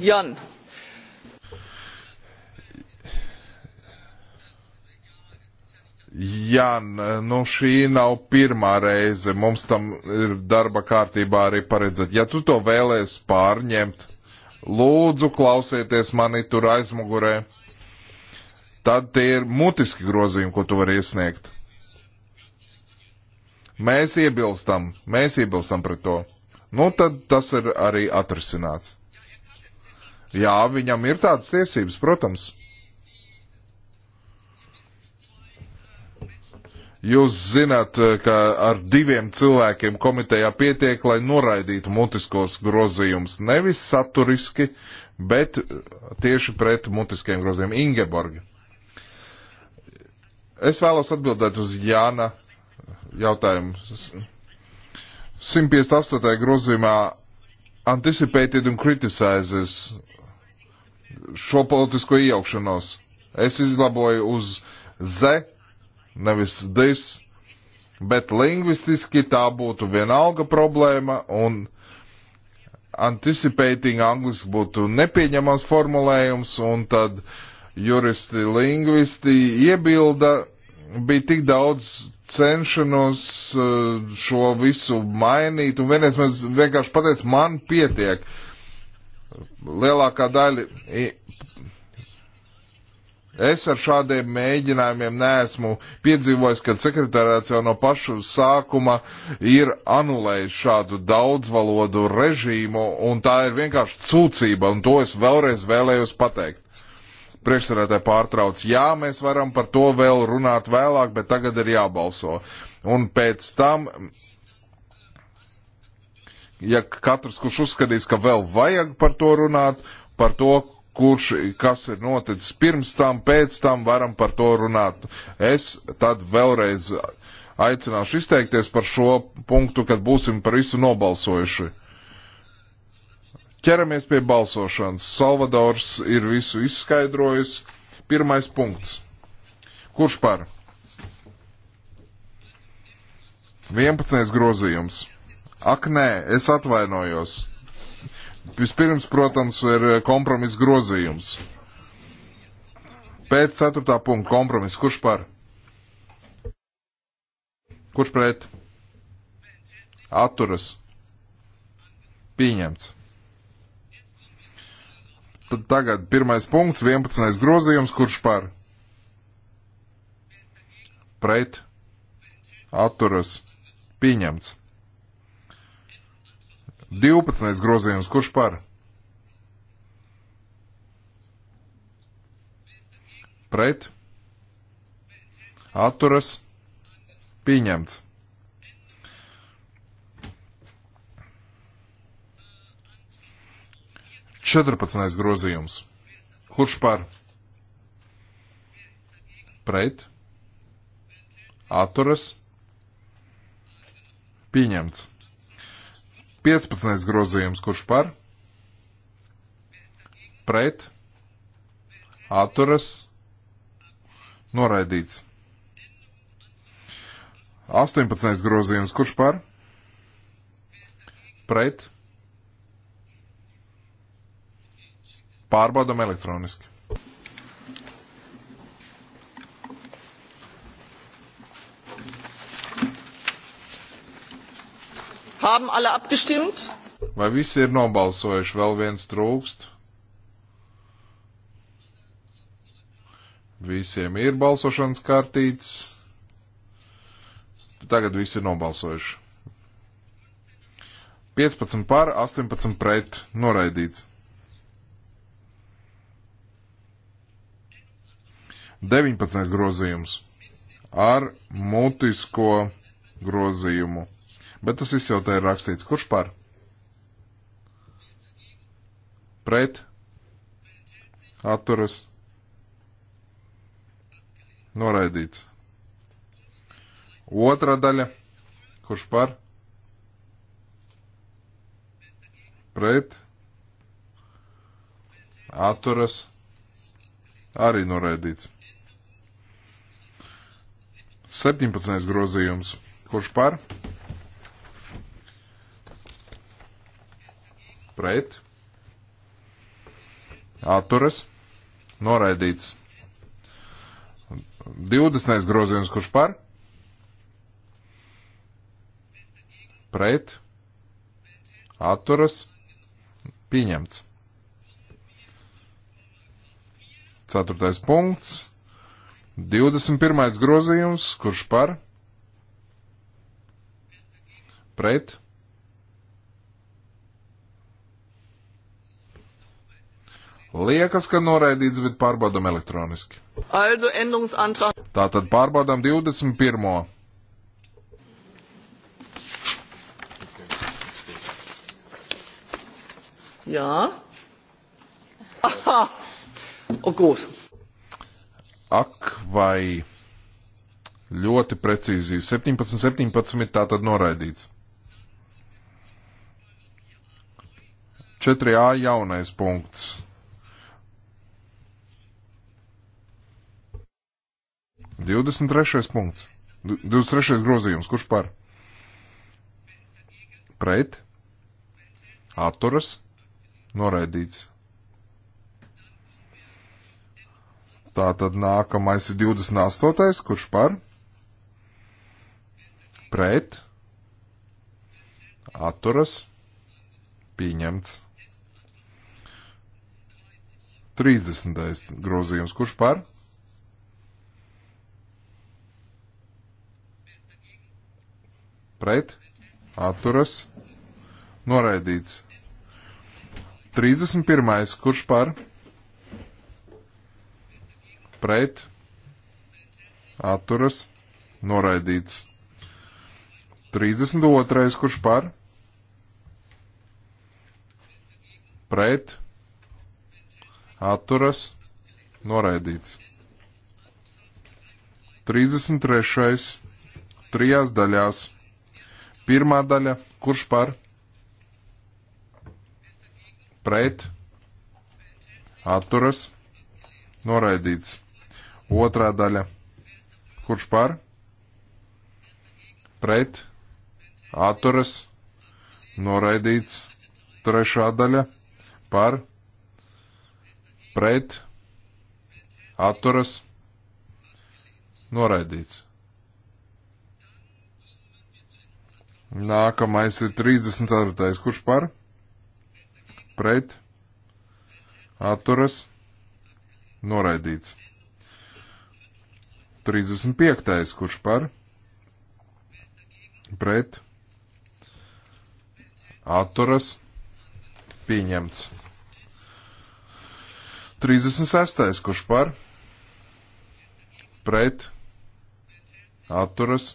Jan, Jā, nu šī nav pirmā reize. Mums tam ir darba kārtībā arī paredzēt. Ja tu to vēlēs pārņemt, lūdzu klausieties mani tur aizmugurē. Tad tie ir mutiski grozījumi, ko tu vari iesniegt. Mēs iebilstam, mēs iebilstam pret to. Nu tad tas ir arī atrisināts. Jā, viņam ir tādas tiesības, protams. Jūs zināt, eh, ka ar diviem cilvēkiem komitejā pietiek, lai noraidītu mutiskos grozījumus. Nevis saturiski, bet eh, tieši pret mutiskiem grozījumiem. Ingeborgi. Es vēlos atbildēt uz Jāna jautājumu. 158. grozījumā anticipated un criticizes šo politisko iejaukšanos. Es izlaboju uz Z nevis dis, bet lingvistiski tā būtu vienalga problēma un anticipating angliski būtu nepieņemams formulējums un tad juristi, lingvisti iebilda, bija tik daudz cenšanos eh, šo visu mainīt un vienreiz mēs vienkārši pateicām, man pietiek. Lielākā daļa Es ar šādiem mēģinājumiem neesmu piedzīvojis, kad sekretārāts jau no pašu sākuma ir anulējis šādu daudzvalodu režīmu, un tā ir vienkārši cūcība, un to es vēlreiz vēlējos pateikt. Priekšsarētāji pārtrauc, jā, mēs varam par to vēl runāt vēlāk, bet tagad ir jābalso. Un pēc tam ja katrs, kurš uzskatīs, ka vēl vajag par to runāt, par to, kurš, kas ir noticis pirms tam, pēc tam varam par to runāt. Es tad vēlreiz aicināšu izteikties par šo punktu, kad būsim par visu nobalsojuši. Ķeramies pie balsošanas. Salvadors ir visu izskaidrojis. Pirmais punkts. Kurš par? 11. grozījums. Ak, nē, es atvainojos. Vispirms, protams, ir eh, kompromiss grozījums. Pēc ceturtā punkta kompromiss. Kurš par? Kurš pret? Atturas. Pieņemts. Tad tagad pirmais punkts, 11. grozījums, kurš par? Pret. Atturas. Pieņemts. 12. grozījums, kurš par? Pret? Atturas? Pieņemts. Četrpadsmitais grozījums. Kurš par? Pret? Atturas? Pieņemts. 15. grozījums, kurš par? Pret? Atturas? Noraidīts. 18. grozījums, kurš par? Pret? Pārbaudam elektroniski. Haben alle abgestimmt? Vai visi ir nobalsojuši? Vēl viens trūkst. Visiem ir balsošanas kartītes. Tagad visi ir nobalsojuši. 15 par, 18 pret, noraidīts. 19. grozījums ar mutisko grozījumu. Bet tas viss jau te ir rakstīts. Kurš par? Pret? Atturas? Noraidīts. Otra daļa. Kurš par? Pret? Atturas? Arī noraidīts. 17. grozījums. Kurš par? pret, atturas, noraidīts. 20. grozījums, kurš par, pret, atturas, pieņemts. 4. punkts. 21. grozījums, kurš par, pret, Liekas, ka noraidīts, bet pārbaudam elektroniski. Also Änderungsantrag. Tātad pārbaudam 21. Jā. Aha. Oh, Un kūs. Ak vai ļoti precīzi 17, 17 tātad noraidīts. 4a jaunais punkts 23. punkts. 23. grozījums. Kurš par? Pret. Atturas. Noraidīts. Tā tad nākamais ir 28. Kurš par? Pret. Atturas. Pieņemts. 30. grozījums. Kurš par? pret, atturas, noraidīts. 31. kurš par, pret, atturas, noraidīts. 32. kurš par, pret, atturas, noraidīts. 33. trijās daļās Pirmā daļa, kurš par? Pret, atturas, noraidīts. Otrā daļa, kurš par? Pret, atturas, noraidīts. Trešā daļa, par? Pret, atturas, noraidīts. Nākamais ir 34. Kurš par? Pret? Atturas? Noraidīts. 35. Kurš par? Pret? Atturas? Pieņemts. 36. kurš par? Pret? Atturas?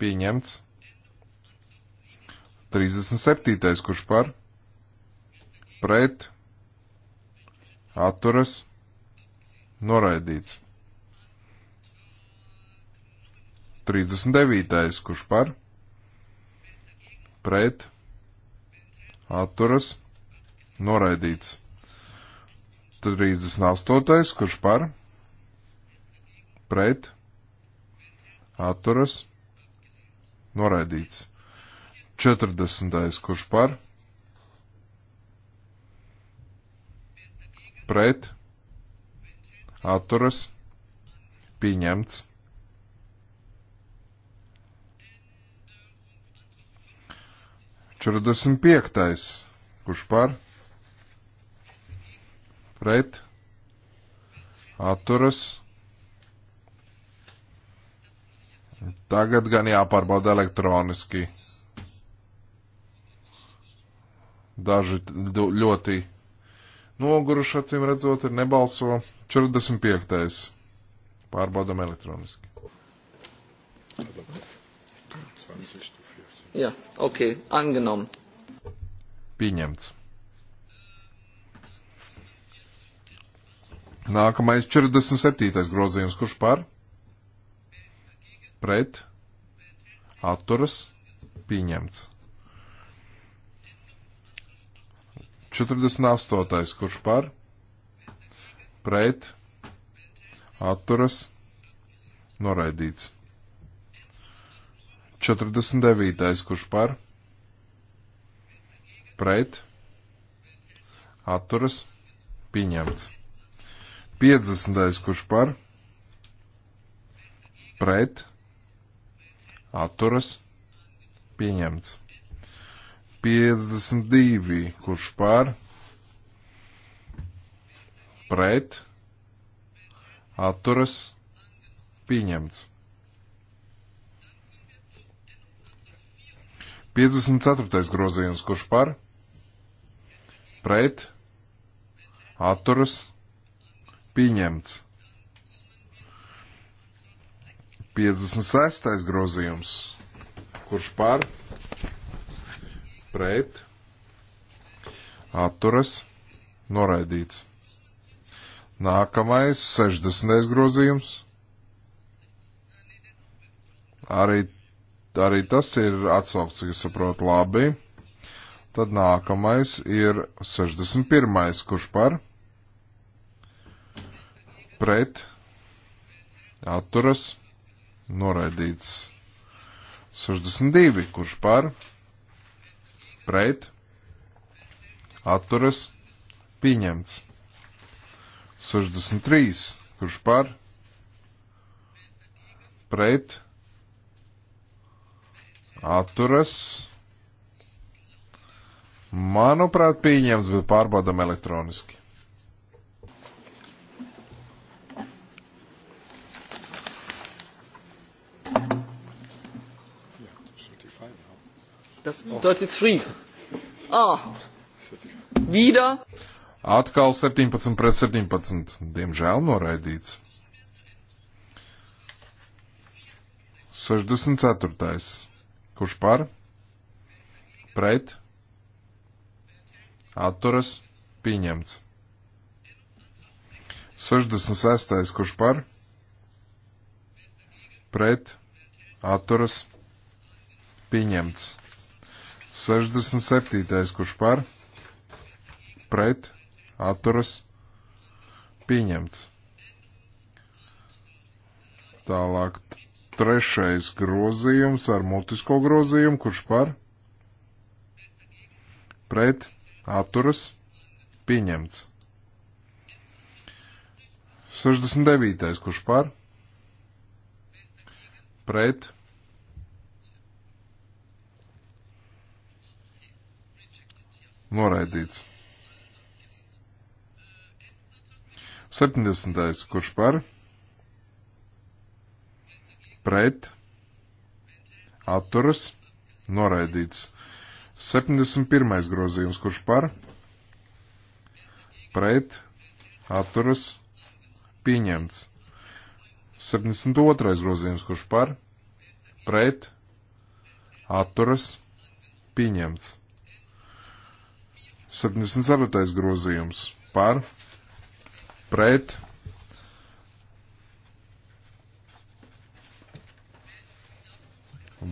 Pieņemts. 37. kurš par? Pret. Atturas. Noraidīts. 39. kurš par? Pret. Atturas. Noraidīts. 38. kurš par? Pret. Atturas. Noraidīts. 40. kurš par? Pret? Atturas? Pieņemts. Četrdesmit piektais. Kurš par? Pret? Atturas? Tagad gan jāpārbauda elektroniski. Daži ļoti noguruši, acīm redzot, ir nebalso. 45. Pārbaudam elektroniski. Jā, ja, ok, angenom. Pieņemts. Nākamais 47. grozījums, kurš par? Pret? Atturas? Pieņemts. 48. kurš par, pret, atturas, noraidīts. 49. kurš par, pret, atturas, pieņemts. 50. kurš par, pret, atturas, pieņemts. 52, kurš pār, pret, atturas, pieņemts. 54. grozījums, kurš par, pret, atturas, pieņemts. 56. grozījums, kurš par, pret, pret, atturas, noraidīts. Nākamais, 60. grozījums. Arī, arī tas ir atsaukts, cik es saprotu, labi. Tad nākamais ir 61. kurš par pret atturas noraidīts. 62. kurš par pret pret, atturas, pieņemts. 63, kurš par, pret, atturas, manuprāt, pieņemts, bet pārbaudam elektroniski. Das 33. Ah. Wieder. Atkal 17 pret 17. Diemžēl noraidīts. 64. Kurš par? Pret? Atturas? Pieņemts. 66. Kurš par? Pret? Atturas? Pieņemts. 67. kurš par, pret, atturas, pieņemts. Tālāk trešais grozījums ar mutisko grozījumu, kurš par, pret, atturas, pieņemts. 69. kurš par, pret, Noraidīts. 70. Kurš par? Pret. Atturas. Noraidīts. 71. grozījums. Kurš par? Pret. Atturas. Pieņemts. 72. grozījums, kurš par, pret, atturas, pieņemts. 74. grozījums par pret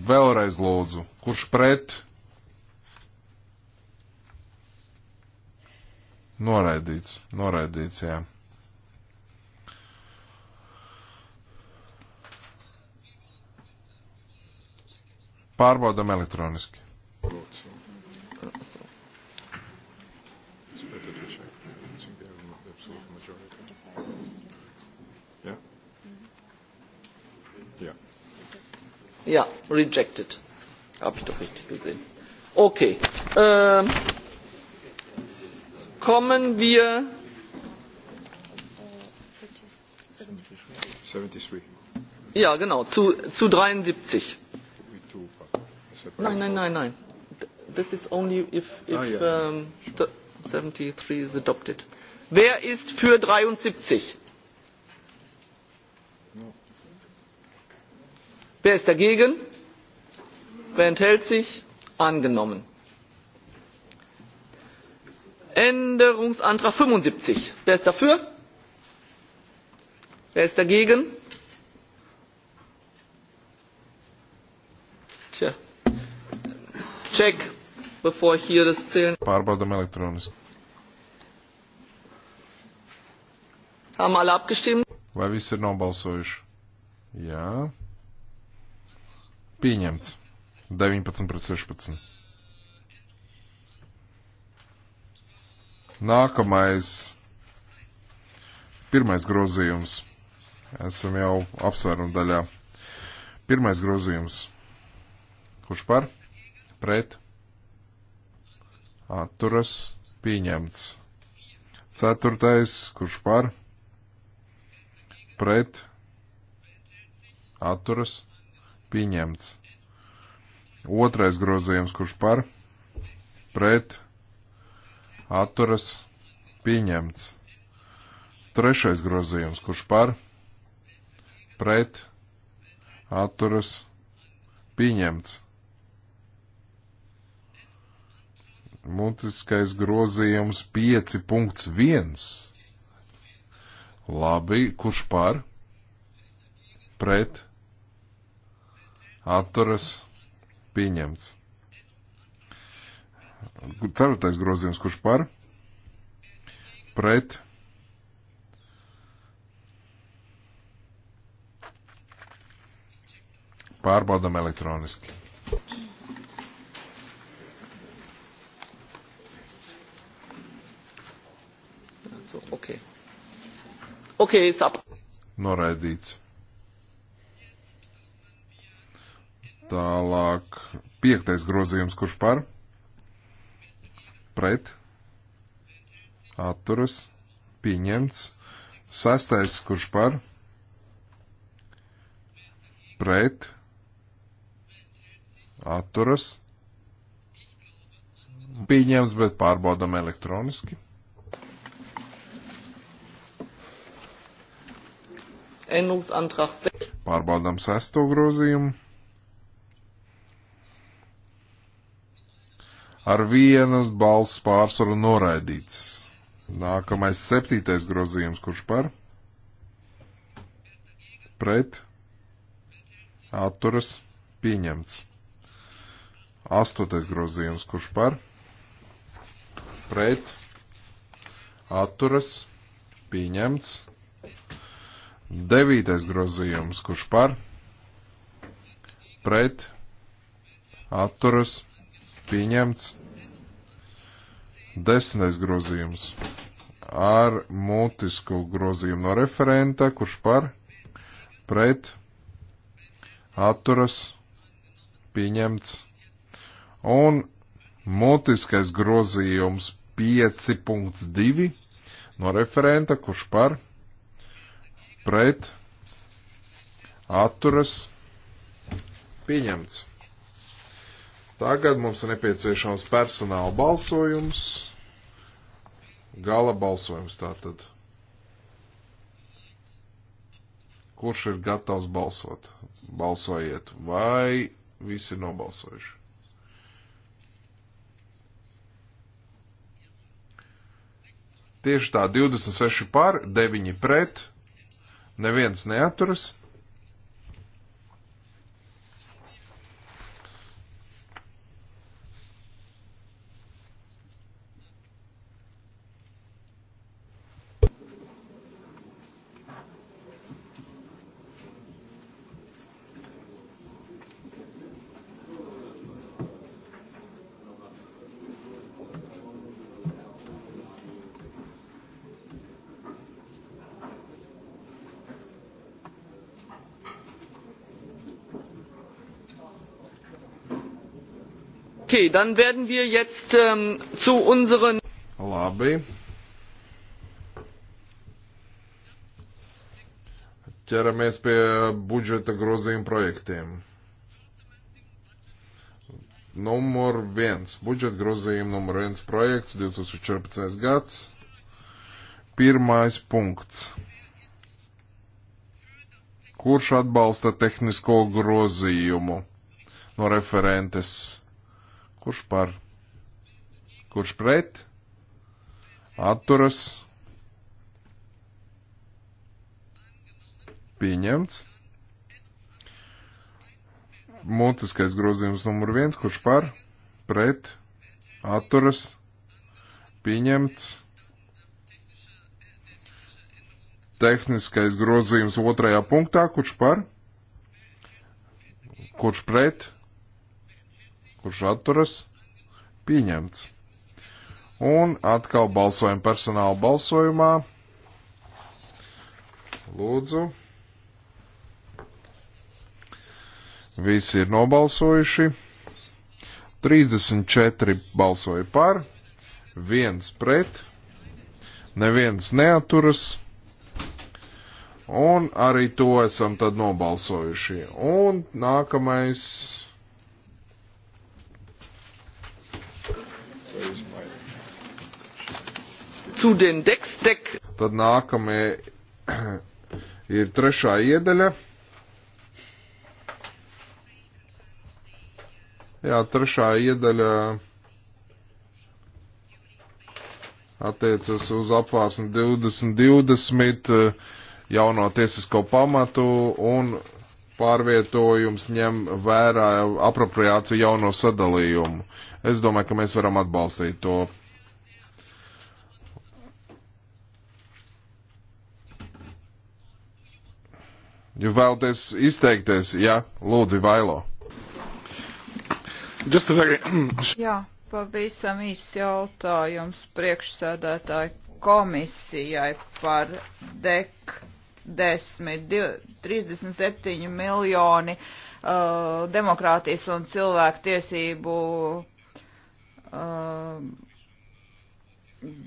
Vēlreiz lūdzu, kurš pret noraidīts, noraidīts, jā. Pārbaudam elektroniski. Ja, rejected. Habe ich doch richtig gesehen. Okay. Ähm, kommen wir. 73. Ja, genau, zu, zu 73. Nein, nein, nein, nein. This is only if, if ah, ja, um, ähm, the 73 is adopted. Wer ist für 73? Wer ist dagegen? Wer enthält sich? Angenommen. Änderungsantrag 75. Wer ist dafür? Wer ist dagegen? Tja. Check, bevor ich hier das zählen. Pārbaudam elektroniski. Haben alle abgestimmt? Vai visi ir nobalsojuši? Jā. Ja. Pieņemts. 19 pret 16. Nākamais. Pirmais grozījums. Esam jau apsvērumu daļā. Pirmais grozījums. Kurš par? Pret. Atturas. Pieņemts. Ceturtais. Kurš par? Pret. Atturas pieņemts. Otrais grozījums, kurš par, pret, atturas, pieņemts. Trešais grozījums, kurš par, pret, atturas, pieņemts. Mutiskais grozījums 5.1. Labi, kurš par, pret, atturas pieņemts. Ceturtais grozījums, kurš par, pret, pārbaudam elektroniski. So, okay. Okay, it's up. Noraidīts. Tālāk piektais grozījums, kurš par? Pret. Atturas. Pieņemts. Sastais, kurš par? Pret. Atturas. Pieņemts, bet pārbaudam elektroniski. Änderungsantrag 6. Pārbaudām sesto grozījumu. ar vienas balss pārsvaru noraidīts. Nākamais septītais grozījums, kurš par? Pret. Atturas. Pieņemts. Astotais grozījums, kurš par? Pret. Atturas. Pieņemts. Devītais grozījums, kurš par? Pret. Atturas. Pieņemts pieņemts. Desmitais grozījums ar mutisku grozījumu no referenta, kurš par pret atturas pieņemts. Un mutiskais grozījums 5.2 no referenta, kurš par pret atturas pieņemts. Tagad mums ir nepieciešams personāla balsojums. Gala balsojums tātad. Kurš ir gatavs balsot? Balsojiet, vai visi ir nobalsojuši? Tieši tā, 26 par, 9 pret, neviens neaturas. Okay, dann werden wir jetzt ähm, zu unseren. Labi. Ķeramies pie budžeta grozījuma projektiem. Numur viens. Budžeta grozījuma numur viens projekts 2014. gads. Pirmais punkts. Kurš atbalsta tehnisko grozījumu no referentes? Kurš par? Kurš pret? Atturas. Pieņemts. Mūtiskais grozījums numur viens. Kurš par? Pret? Atturas. Pieņemts. Tehniskais grozījums otrajā punktā. Kurš par? Kurš pret? kurš atturas, pieņemts. Un atkal balsojam personāla balsojumā. Lūdzu. Visi ir nobalsojuši. 34 balsoja par, viens pret, neviens neaturas. Un arī to esam tad nobalsojuši. Un nākamais zu den Dexdeck. Tad nākamie ir trešā iedaļa. Jā, trešā iedaļa attiecas uz apvārsni 2020 jauno tiesisko pamatu un pārvietojums ņem vērā apropriāciju jauno sadalījumu. Es domāju, ka mēs varam atbalstīt to Ja vēlaties izteikties, jā, lūdzu, Vailo. Very... Jā, pavisam īsts jautājums priekšsēdētāji komisijai par DEK 10, 37 miljoni uh, demokrātijas un cilvēku tiesību uh,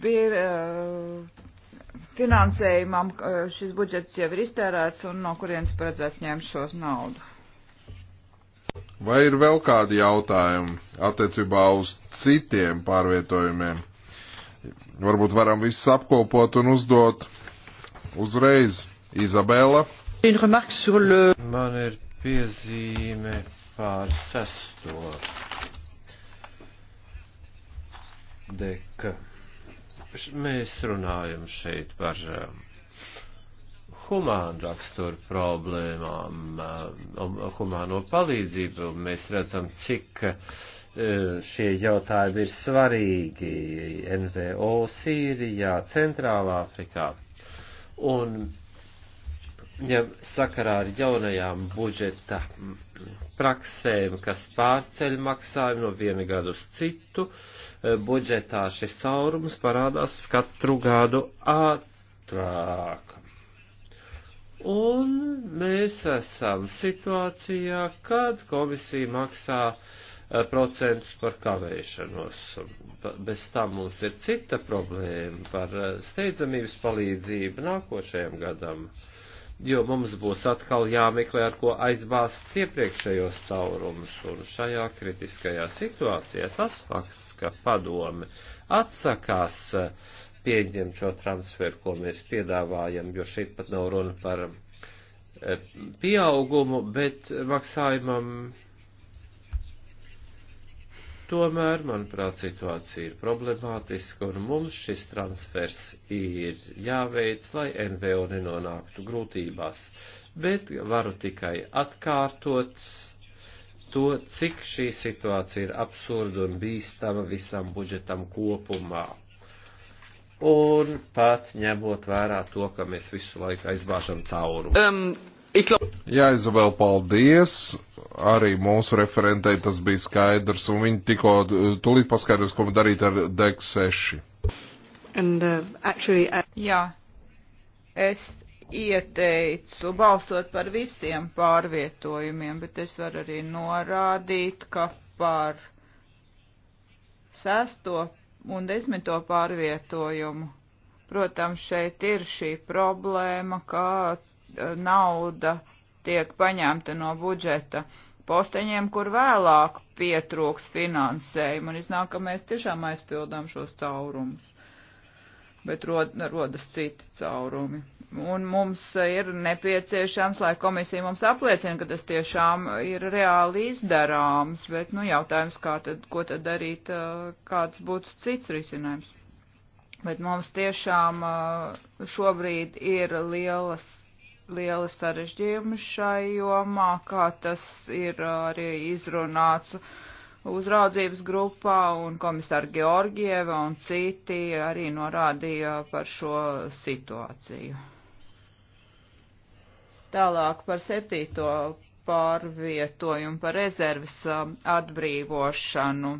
bir, uh, finansējumam eh, šis budžets jau ir iztērēts un no kurienes paredzēts ņemt šos naudu. Vai ir vēl kādi jautājumi attiecībā uz citiem pārvietojumiem? Varbūt varam visus apkopot un uzdot uzreiz. Izabela. Man ir piezīme pār sesto deka mēs runājam šeit par um, humānu raksturu problēmām, um, um, humāno palīdzību. Mēs redzam, cik uh, šie jautājumi ir svarīgi NVO Sīrijā, Centrālā Afrikā. Un, ja sakarā ar jaunajām budžeta praksēm, kas pārceļ maksājumu no viena gada uz citu. Eh, budžetā šis caurums parādās katru gadu ātrāk. Un mēs esam situācijā, kad komisija maksā eh, procentus par kavēšanos. Bez tam mums ir cita problēma par eh, steidzamības palīdzību nākošajam gadam. Uh, jo mums būs atkal jāmeklē, ar ko aizbāzt iepriekšējos caurumus, un šajā kritiskajā situācijā tas fakts, ka padome atsakās eh, pieņemt šo transferu, ko mēs piedāvājam, jo šeit pat nav runa par eh, pieaugumu, bet maksājumam Tomēr, manuprāt, situācija ir problemātiska, un mums šis transfers ir jāveic, lai NVO nenonāktu grūtībās. Bet varu tikai atkārtot to, cik šī situācija ir absurda un bīstama visam budžetam kopumā. Un pat ņemot vērā to, ka mēs visu laiku aizbāžam caurumu. Um. Jā, Izabela, paldies. Arī mūsu referentei tas bija skaidrs, un viņi tikko eh, tulīt paskaidros, ko darīt ar DEG 6. And, uh, actually, I... Uh, Jā, es ieteicu balsot par visiem pārvietojumiem, bet es varu arī norādīt, ka par sesto un desmito pārvietojumu, protams, šeit ir šī problēma, kā nauda tiek paņemta no budžeta posteņiem, kur vēlāk pietrūks finansējumu, un iznāk, ka mēs tiešām aizpildām šos caurumus, bet rod, rodas citi caurumi. Un mums ir nepieciešams, lai komisija mums apliecina, ka tas tiešām ir reāli izdarāms, bet, nu, jautājums, kā tad, ko tad darīt, kāds būtu cits risinājums. Bet mums tiešām šobrīd ir lielas lieli sarežģījumi šai jomā, kā tas ir uh, arī izrunāts uzraudzības grupā, un komisāra Georgieva un citi arī norādīja par šo situāciju. Tālāk par septīto pārvietojumu, par rezerves uh, atbrīvošanu.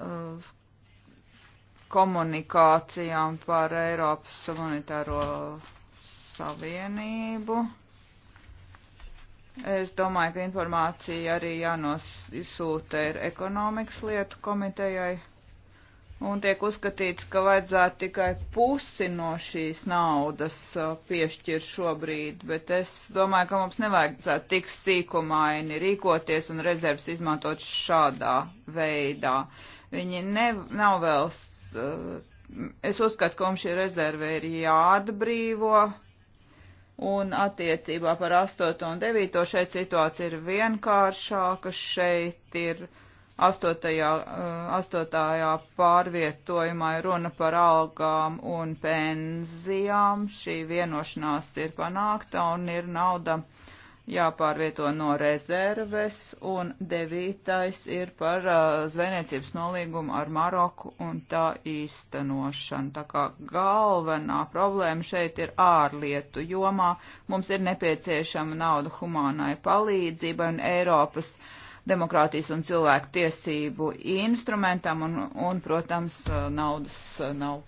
Uh, komunikācijām par Eiropas humanitāro Savienību. Es domāju, ka informācija arī jānosūta ir ekonomikas lietu komitejai. Un tiek uzskatīts, ka vajadzētu tikai pusi no šīs naudas uh, piešķirt šobrīd, bet es domāju, ka mums nevajadzētu tik sīkumaini rīkoties un rezerves izmantot šādā veidā. Viņi ne, nav vēl, uh, es uzskatu, ka mums šī rezerve ir jāatbrīvo Un attiecībā par 8 un 9 šeit situācija ir vienkāršāka, šeit ir 8. 8. Eh, pārvietojumā ir runa par algām un penzijām. Šī vienošanās ir panākta un ir nauda. Uh, jāpārvieto no rezerves, un devītais ir par uh, zvejniecības nolīgumu ar Maroku un tā īstenošanu. Tā kā galvenā problēma šeit ir ārlietu jomā. Mums ir nepieciešama nauda humānai palīdzībai un Eiropas demokrātijas un cilvēku tiesību instrumentam, un, un protams, uh, naudas uh, nav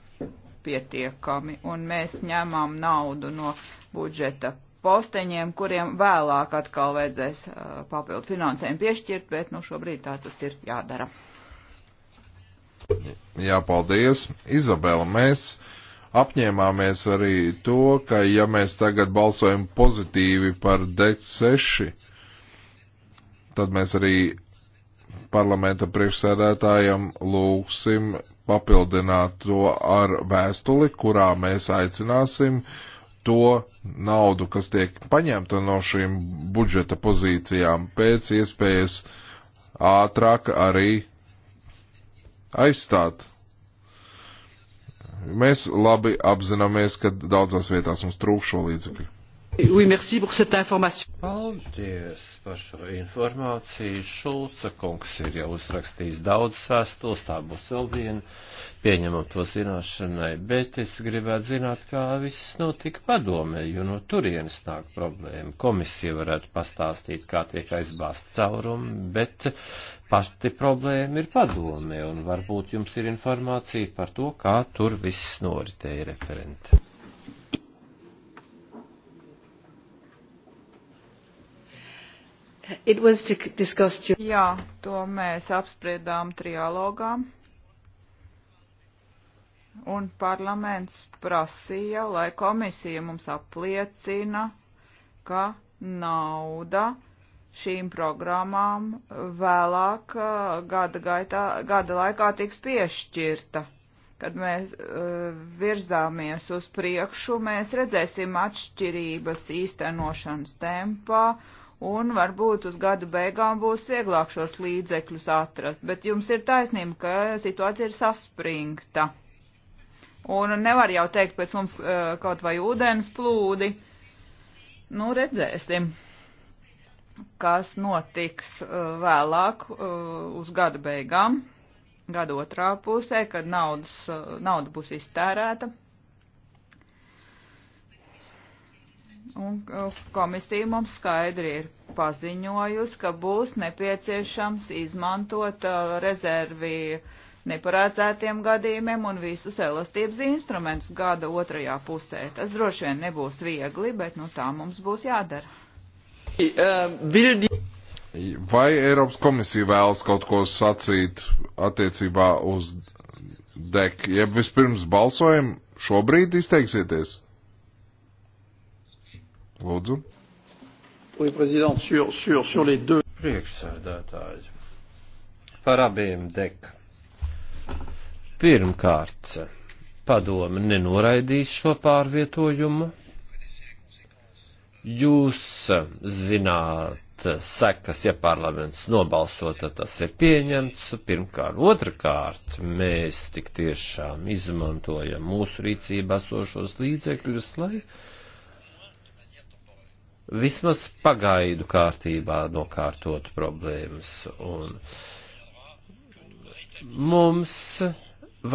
pietiekami, un mēs ņemam naudu no budžeta posteņiem, kuriem vēlāk atkal vajadzēs uh, papildu finansējumu piešķirt, bet nu šobrīd tā tas ir jādara. Jā, paldies. Izabela, mēs apņēmāmies arī to, ka ja mēs tagad balsojam pozitīvi par DEC 6, tad mēs arī parlamenta priekšsēdētājam lūgsim papildināt to ar vēstuli, kurā mēs aicināsim uh, to naudu, kas tiek paņemta no šīm budžeta pozīcijām, pēc iespējas ātrāk arī aizstāt. Mēs labi apzināmies, ka daudzās vietās mums trūkšo līdzekļu. Oui, merci pour cette information. Paldies par šo informāciju. Šulca kungs ir jau uzrakstījis daudz vēstules, tā būs vēl viena, pieņemam to zināšanai, bet es gribētu zināt, kā viss notika padomē, jo no turienes nāk problēma. Komisija varētu pastāstīt, kā tiek aizbāzt caurumu, bet pati problēma ir padomē, un varbūt jums ir informācija par to, kā tur viss noritēja referenti. Discussed... Jā, to mēs apspriedām trialogā. Un parlaments prasīja, lai komisija mums apliecina, ka nauda šīm programmām vēlāk uh, gada, gaitā, gada laikā tiks piešķirta. Kad mēs uh, virzāmies uz priekšu, mēs redzēsim atšķirības īstenošanas tempā un varbūt uz gadu beigām būs vieglāk šos līdzekļus atrast. Bet jums ir taisnība, ka situācija ir saspringta. Un nevar jau teikt pēc mums eh, kaut vai ūdens plūdi. Nu, redzēsim, kas notiks eh, vēlāk eh, uz gada beigām, gada otrā pusē, kad naudas, nauda būs iztērēta. Un uh, komisija mums skaidri ir paziņojusi, ka būs nepieciešams izmantot uh, rezervi neparedzētiem gadījumiem un visus elastības instrumentus gada otrajā pusē. Tas droši vien nebūs viegli, bet nu, tā mums būs jādara. Uh, vai Eiropas komisija vēlas kaut ko sacīt attiecībā uz DEK? Ja vispirms balsojam, šobrīd izteiksieties? Lūdzu. Priekšsēdētāji. Par abiem dek. Pirmkārt, padoma nenoraidīs šo pārvietojumu. Jūs zināt sekas, ja parlaments nobalso, tad tas ir pieņemts. Pirmkārt, otrkārt, mēs tik tiešām izmantojam mūsu rīcībā sošos līdzekļus, lai vismaz pagaidu kārtībā nokārtot problēmas. Un mums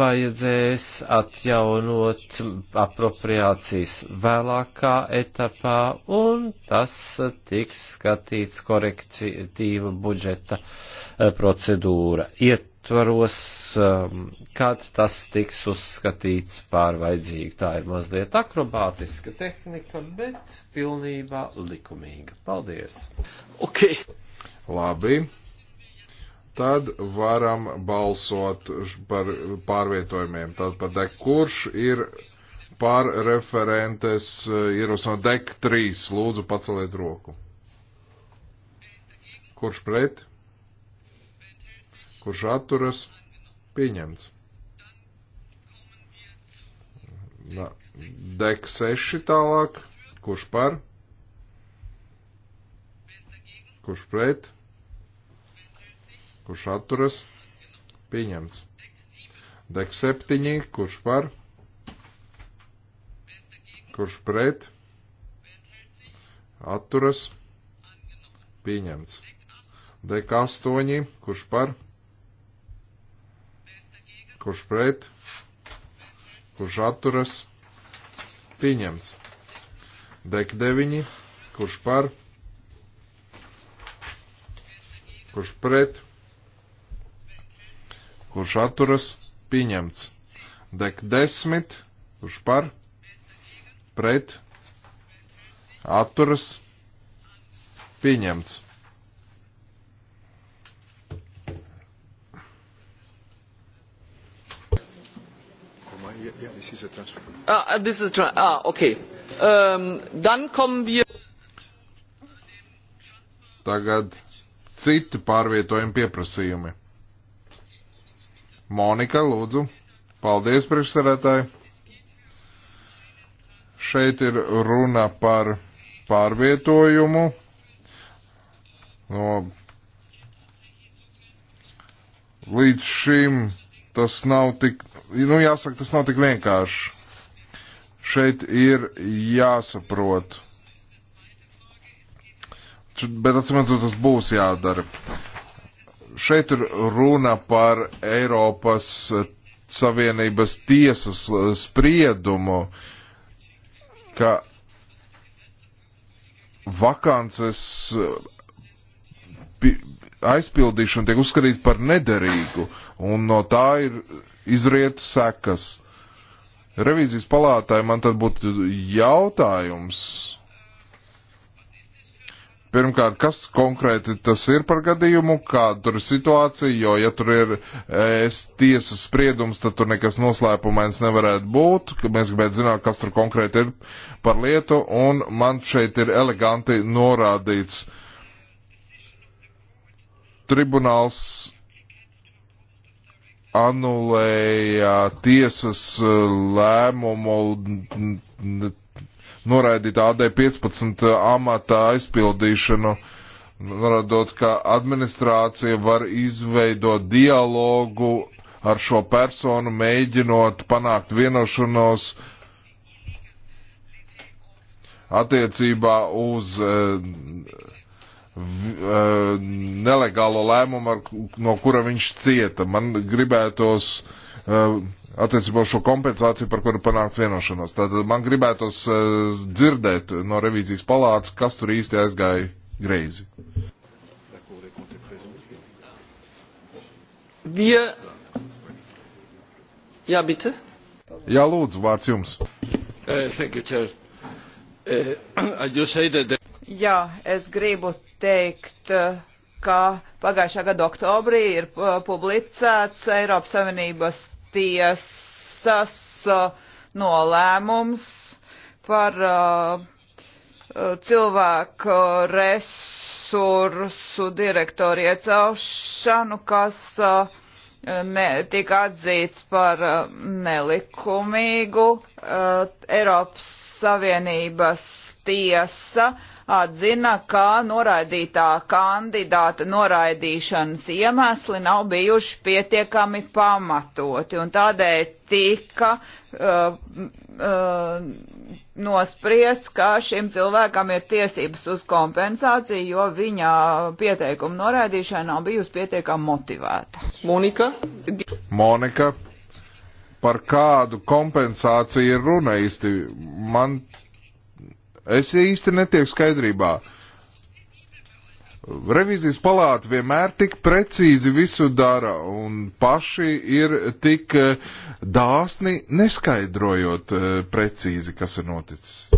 vajadzēs atjaunot apropriācijas vēlākā etapā, un tas tiks skatīts korektīva budžeta eh, procedūra iet ietvaros, um, kad tas tiks uzskatīts par vajadzīgu. Tā ir mazliet akrobātiska tehnika, bet pilnībā likumīga. Paldies! Ok! Labi! Tad varam balsot par pārvietojumiem. Tātad, dek, kurš ir pār referentes eh, ierosināt dek 3? Lūdzu, paceliet roku. Kurš pret? kurš atturas pieņemts. Na, dek 6 tālāk, kurš par, kurš pret, kurš atturas pieņemts. Dek 7, kurš par, kurš pret, atturas pieņemts. Dek 8, kurš par, pret kurš pret, kurš atturas, pieņemts. Dek 9, kurš par, kurš pret, kurš atturas, pieņemts. Dek 10, kurš par, pret, atturas, pieņemts. Yeah, this is a transfer. Ah, this is tra ah, okay. Um, dann kommen wir. Tagad citi pārvietojumi pieprasījumi. Monika, lūdzu. Paldies, priekšsarētāji. Šeit ir runa par pārvietojumu no līdz šim tas nav tik nu, jāsaka, tas nav tik vienkārši. Šeit ir jāsaprot. Bet atcīmredzot, tas būs jādara. Šeit ir runa par Eiropas Savienības tiesas spriedumu, ka vakances aizpildīšana tiek uzskatīta par nederīgu, un no tā ir izriet sekas. Revīzijas palātai man tad būtu jautājums. Pirmkārt, kas konkrēti tas ir par gadījumu, kāda tur ir situācija, jo ja tur ir eh, es tiesas spriedums, tad tur nekas noslēpumains nevarētu būt, ka mēs gribētu zināt, kas tur konkrēti ir par lietu, un man šeit ir eleganti norādīts. Tribunāls anulēja tiesas uh, lēmumu noraidīt AD15 uh, amata aizpildīšanu, norādot, ka administrācija var izveidot dialogu ar šo personu, mēģinot panākt vienošanos attiecībā uz uh, Eh, nelegālo lēmumu, ar, no kura viņš cieta. Man gribētos eh, attiecībā uz šo kompensāciju, par kuru panākt vienošanos. Tad man gribētos eh, dzirdēt no revīzijas palātas, kas tur īsti aizgāja greizi. Wir Jā, bitte. Jā, lūdzu, vārds jums. Uh, thank you, Chair. Uh, you say that the... Jā, es gribu teikt, ka pagājušā gada oktobrī ir uh, publicēts Eiropas Savienības tiesas uh, nolēmums par uh, cilvēku resursu direktoru iecelšanu, kas ne, tika atzīts par nelikumīgu Eiropas Savienības tiesa atzina, ka noraidītā kandidāta noraidīšanas iemesli nav bijuši pietiekami pamatoti, un tādēļ tika uh, uh, nospriests, ka šim cilvēkam ir tiesības uz kompensāciju, jo viņa pieteikuma noraidīšana nav bijusi pietiekami motivēta. Monika? Monika, par kādu kompensāciju ir runa īsti? Man Es īsti netieku skaidrībā. Revizijas palāta vienmēr tik precīzi visu dara un paši ir tik eh, dāsni neskaidrojot eh, precīzi, kas ir noticis.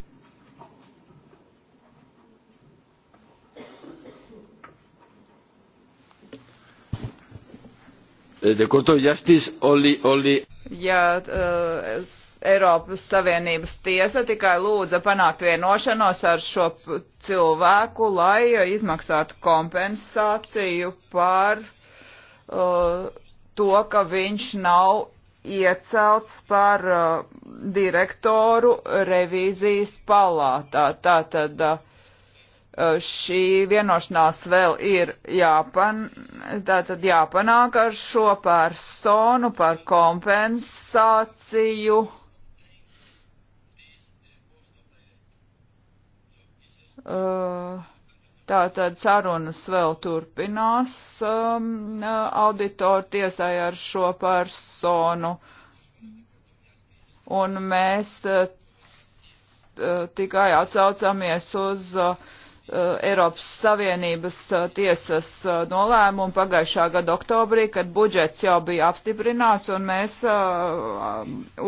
The eh, Court of Justice only, only ja uh, Eiropas Savienības tiesa tikai lūdza panākt vienošanos ar šo cilvēku, lai uh, izmaksātu kompensāciju par uh, to, ka viņš nav iecelts par uh, direktoru revīzijas palātā. Tātad uh, šī vienošanās vēl ir jāpan, tātad jāpanāk ar šo personu par kompensāciju. Tātad sarunas vēl turpinās um, auditoru tiesai ar šo personu, un mēs tikai atsaucamies uz uh, Eh, Eiropas Savienības eh, tiesas eh, nolēmumu pagājušā gada oktobrī, kad budžets jau bija apstiprināts, un mēs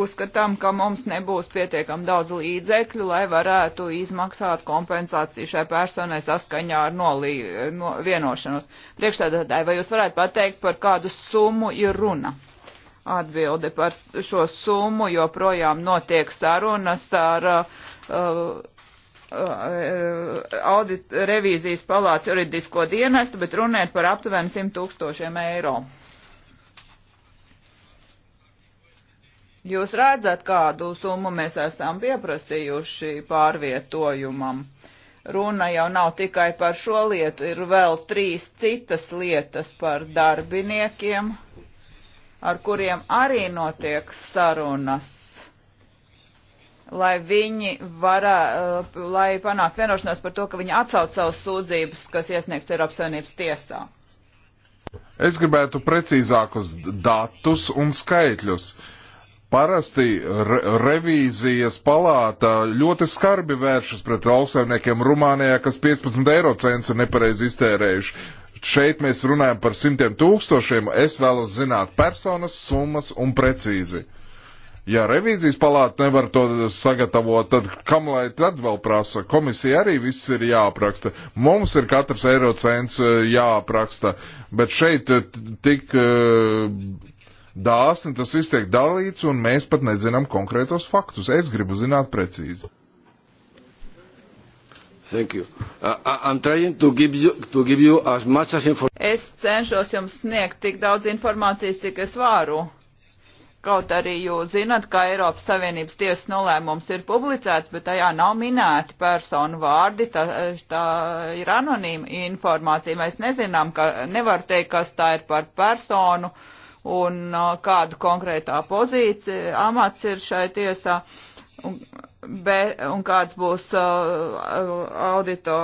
uzskatām, ka mums nebūs pietiekam daudz līdzekļu, lai varētu izmaksāt kompensāciju šai personai saskaņā ar nolī, no, vienošanos. Priekšstādātāji, vai jūs varētu pateikt, par kādu summu ir runa? Atbildi par šo summu joprojām notiek sarunas ar uh, Uh, audit revīzijas palāca juridisko dienestu, bet runēt par aptuveni 100 tūkstošiem eiro. Jūs redzat, kādu summu mēs esam pieprasījuši pārvietojumam. Runa jau nav tikai par šo lietu, ir vēl trīs citas lietas par darbiniekiem, ar kuriem arī notiek sarunas lai viņi varā, uh, lai panāk vienošanos par to, ka viņi atsauc savus sūdzības, kas iesniegts Eiropas Savienības tiesā. Es gribētu precīzākus datus un skaitļus. Parasti re revīzijas palāta ļoti skarbi vēršas pret lauksaimniekiem Rumānijā, kas 15 eiro centus ir nepareizi iztērējuši. Šeit mēs runājam par simtiem tūkstošiem. Es vēlos zināt personas, summas un precīzi. Uh, Ja revīzijas palāta nevar to sagatavot, tad kam lai tad vēl prasa? Komisija arī viss ir jāapraksta. Mums ir katrs eiro cents eh, jāapraksta, bet šeit eh, tik eh, dāsni tas viss tiek dalīts un mēs pat nezinām konkrētos faktus. Es gribu zināt precīzi. You. Uh, uh you, as as es cenšos jums sniegt tik daudz informācijas, cik es varu Kaut arī jūs zinat, ka Eiropas Savienības tiesas nolēmums ir publicēts, bet tajā nav minēti personu vārdi, tā, tā ir anonīma informācija. Mēs nezinām, ka nevar teikt, kas tā ir par personu un uh, kādu konkrētā pozīciju amats ir šai tiesā. Un, bet, un kāds būs uh, audito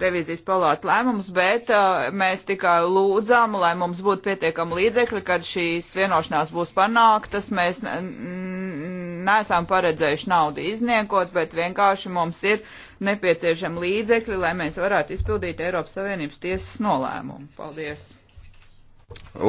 revīzijas palātas lēmums, bet uh, mēs tikai lūdzām, lai mums būtu pietiekami līdzekļi, kad šīs vienošanās būs panāktas. Mēs neesam paredzējuši naudu izniekot, bet vienkārši mums ir nepieciešami līdzekļi, lai mēs varētu izpildīt Eiropas Savienības tiesas nolēmumu. Paldies!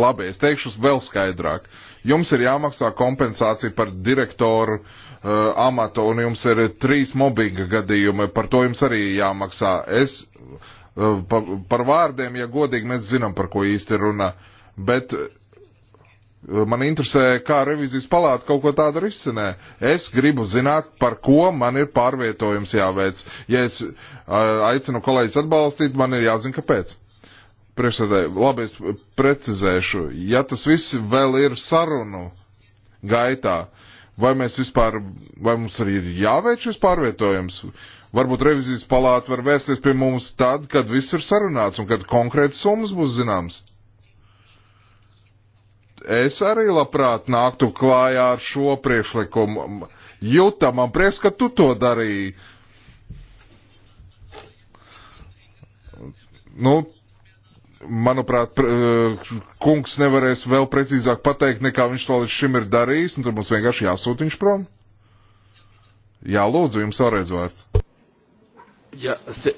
Labi, es teikšu vēl skaidrāk. Jums ir jāmaksā kompensācija par direktoru uh, amatu, un jums ir trīs mobbinga gadījumi. Par to jums arī jāmaksā. Es, uh, pa, par vārdiem, ja godīgi, mēs zinām, par ko īsti runā. Bet uh, man interesē, kā revizijas palāta kaut ko tādu risinē. Es gribu zināt, par ko man ir pārvietojums jāveic. Ja es uh, aicinu kolēģis atbalstīt, man ir jāzina, kāpēc. Priekšsēdētāji, labi, es precizēšu. Ja tas viss vēl ir sarunu gaitā, vai mēs vispār, vai mums arī ir jāveic šis pārvietojums? Varbūt revizijas palāta var vērsties pie mums tad, kad viss ir sarunāts un kad konkrēts summas būs zināms. Es arī labprāt nāktu klājā ar šo priekšlikumu. Jūta, man prieks, ka tu to darīji. Nu, manuprāt, eh, kungs nevarēs vēl precīzāk pateikt, nekā viņš to līdz šim ir darījis, un tad mums vienkārši jāsūt viņš prom. Jā, lūdzu, jums vēlreiz vārds. Jā, yeah, th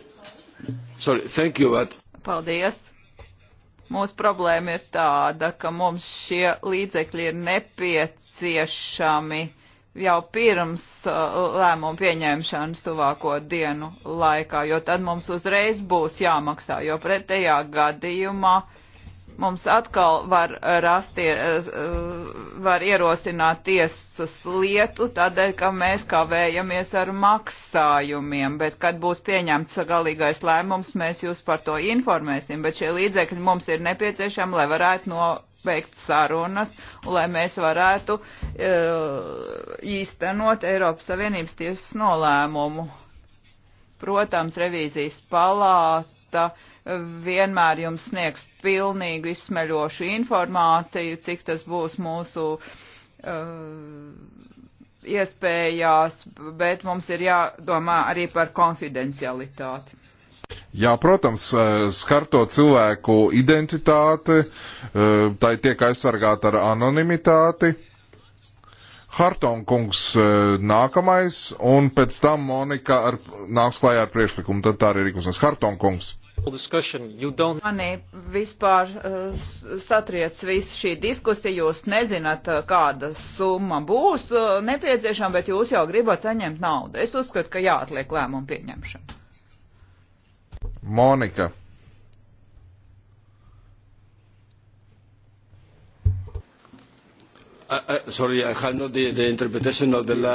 sorry, thank you, but... Paldies. Mūsu problēma ir tāda, ka mums šie līdzekļi ir nepieciešami jau pirms uh, lēmumu pieņemšanas tuvāko dienu laikā, jo tad mums uzreiz būs jāmaksā, jo pretējā gadījumā mums atkal var rastie, uh, var ierosināt tiesas lietu tādēļ, ka mēs kavējamies ar maksājumiem, bet kad būs pieņemts galīgais lēmums, mēs jūs par to informēsim, bet šie līdzekļi mums ir nepieciešami, lai varētu no veikt sarunas, un lai mēs varētu e, īstenot Eiropas Savienības tiesas nolēmumu. Protams, revīzijas palāta vienmēr jums sniegs pilnīgu izsmeļošu informāciju, cik tas būs mūsu e, iespējās, bet mums ir jādomā arī par konfidencialitāti. Jā, protams, eh, skarto cilvēku identitāte, eh, tai tiek aizsargāta ar anonimitāti. Hartonkungs eh, nākamais, un pēc tam Monika ar, nāks klājā ar priekšlikumu, tad tā arī rīkosies. Hartonkungs. Mani vispār satriec visu šī diskusija, jūs nezināt, kāda summa būs nepieciešama, bet jūs jau gribat saņemt naudu. Es uzskatu, ka jāatliek lēmumu pieņemšanu. Monika. Uh, uh,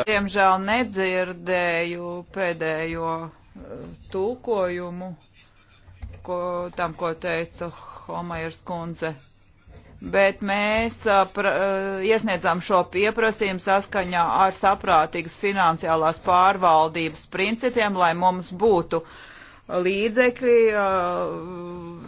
Diemžēl nedzirdēju pēdējo uh, tulkojumu ko, tam, ko teica Homairs kundze. Bet mēs pra, iesniedzām šo pieprasījumu saskaņā ar saprātīgas finansiālās pārvaldības principiem, lai mums būtu uh, līdzekļi uh,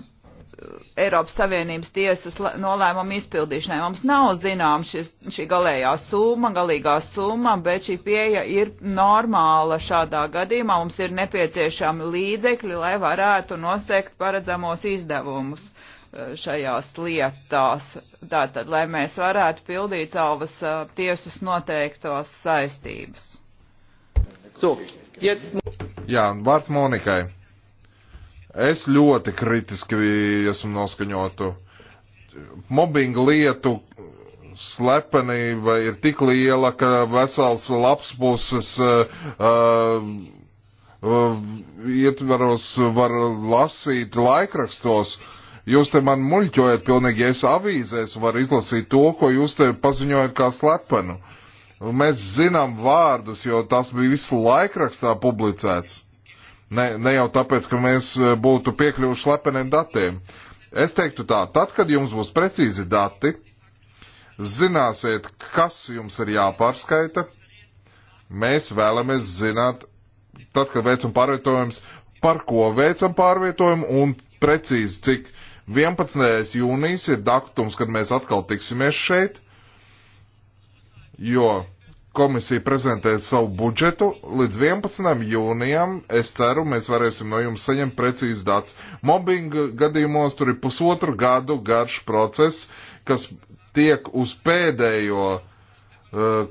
Eiropas Savienības tiesas nolēmumu izpildīšanai. Mums nav zinām šis, šī galējā summa, galīgā summa, bet šī pieeja ir normāla šādā gadījumā. Mums ir nepieciešami līdzekļi, lai varētu nosekt paredzamos izdevumus uh, šajās lietās, tātad, lai mēs varētu pildīt savas uh, tiesas noteiktos saistības. So, jetzt... Jā, vārds Monikai. Es ļoti kritiski esmu noskaņotu. Mobbinga lietu slepenība ir tik liela, ka vesels lapspuses uh, uh, ietveros var lasīt laikrakstos. Jūs te man muļķojat pilnīgi, ja es avīzēs varu izlasīt to, ko jūs te paziņojat kā slepenu. Mēs zinām vārdus, jo tas bija visu laikrakstā publicēts. Ne, ne jau tāpēc, ka mēs e, būtu piekļuvuši slepeniem datiem. Es teiktu tā, tad, kad jums būs precīzi dati, zināsiet, kas jums ir jāpārskaita. Mēs vēlamies zināt, tad, kad veicam pārvietojumus, par ko veicam pārvietojumu un precīzi, cik 11. jūnijas ir datums, kad mēs atkal tiksimies šeit, jo komisija prezentēs savu budžetu līdz 11. jūnijam. Es ceru, mēs varēsim no jums saņemt precīzi datus. Mobbinga gadījumos tur ir pusotru gadu garš process, kas tiek uz pēdējo uh,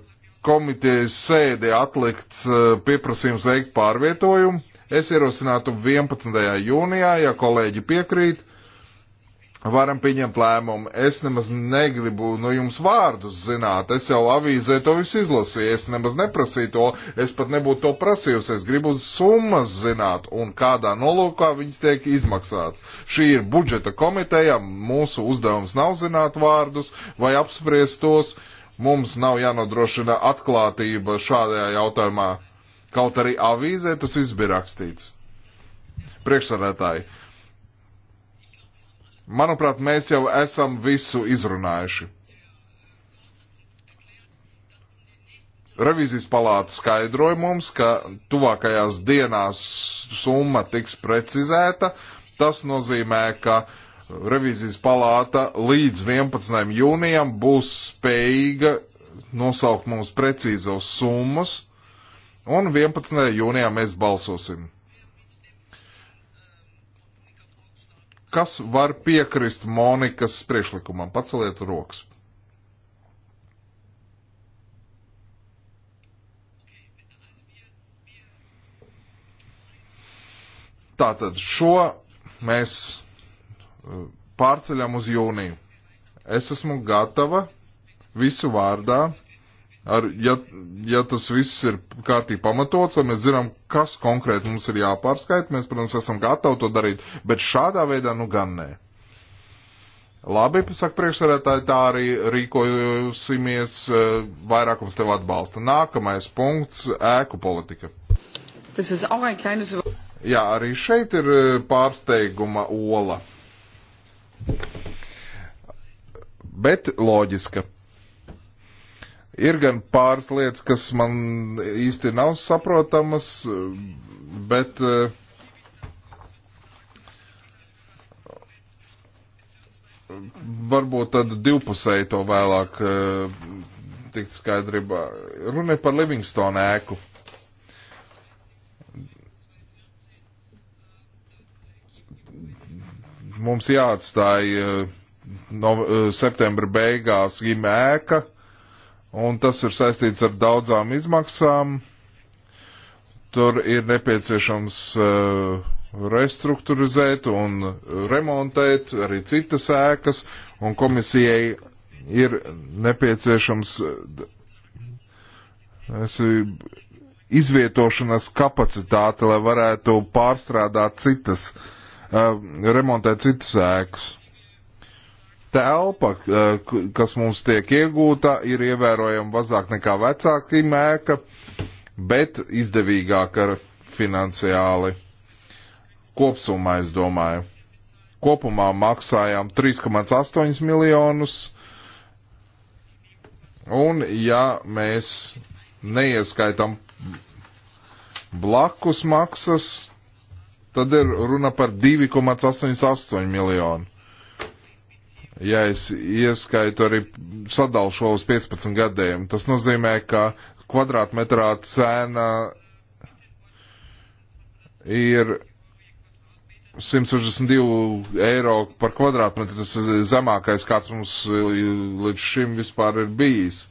komitejas sēdi atlikts uh, pieprasījums veikt pārvietojumu. Es ierosinātu 11. jūnijā, ja kolēģi piekrīt varam pieņemt lēmumu. Es nemaz negribu no jums vārdus zināt. Es jau avīzē to visu izlasīju. Es nemaz neprasīju to. Es pat nebūtu to prasījusi. Es gribu summas zināt un kādā nolūkā viņas tiek izmaksāts. Šī ir budžeta komiteja. Mūsu uzdevums nav zināt vārdus vai apspriest tos. Mums nav jānodrošina atklātība šādajā jautājumā. Kaut arī avīzē tas viss bija rakstīts. Priekšsarētāji. Uh, Manuprāt, mēs jau esam visu izrunājuši. Revizijas palāta skaidroja mums, ka tuvākajās dienās summa tiks precizēta. Tas nozīmē, ka revizijas palāta līdz 11. jūnijam būs spējīga nosaukt mums precīzos summas, un 11. jūnijā mēs balsosim. Kas var piekrist Monikas priekšlikumam? Paceliet rokas. Tātad šo mēs uh, pārceļam uz jūniju. Es esmu gatava visu vārdā Ar, ja, ja tas viss ir kārtīgi pamatots, un mēs zinām, kas konkrēti mums ir jāpārskaita, mēs, protams, esam gatavi to darīt, bet šādā veidā nu gan nē. Labi, saka priekšsarētāji, tā arī rīkojosimies, eh, vairākums tev atbalsta. Nākamais punkts - ēku politika. Tas ir arī kleines. Jā, arī šeit ir eh, pārsteiguma ola. Bet loģiska Ir gan pāris lietas, kas man īsti nav saprotamas, bet eh, varbūt tad divpusēji to vēlāk eh, tikt skaidrībā. Runa ir par Livingstone ēku. Mums jāatstāja eh, no septembra beigās ģimē ēka un tas ir saistīts ar daudzām izmaksām. Tur ir nepieciešams uh, restruktūrizēt un remontēt arī citas ēkas, un komisijai ir nepieciešams uh, es, izvietošanas kapacitāte, lai varētu pārstrādāt citas, uh, remontēt citas ēkas telpa, eh, kas mums tiek iegūta, ir ievērojami mazāk nekā vecāka mēka, bet izdevīgāka finansiāli. Kopsumā, es domāju, kopumā maksājām 3,8 miljonus, un ja mēs neieskaitam blakus maksas, tad ir runa par 2,88 miljonu ja es ieskaitu arī sadalu šo uz 15 gadiem, tas nozīmē, ka kvadrātmetrā cena ir 162 eiro par kvadrātmetru. Tas ir zemākais, kāds mums līdz šim vispār ir bijis.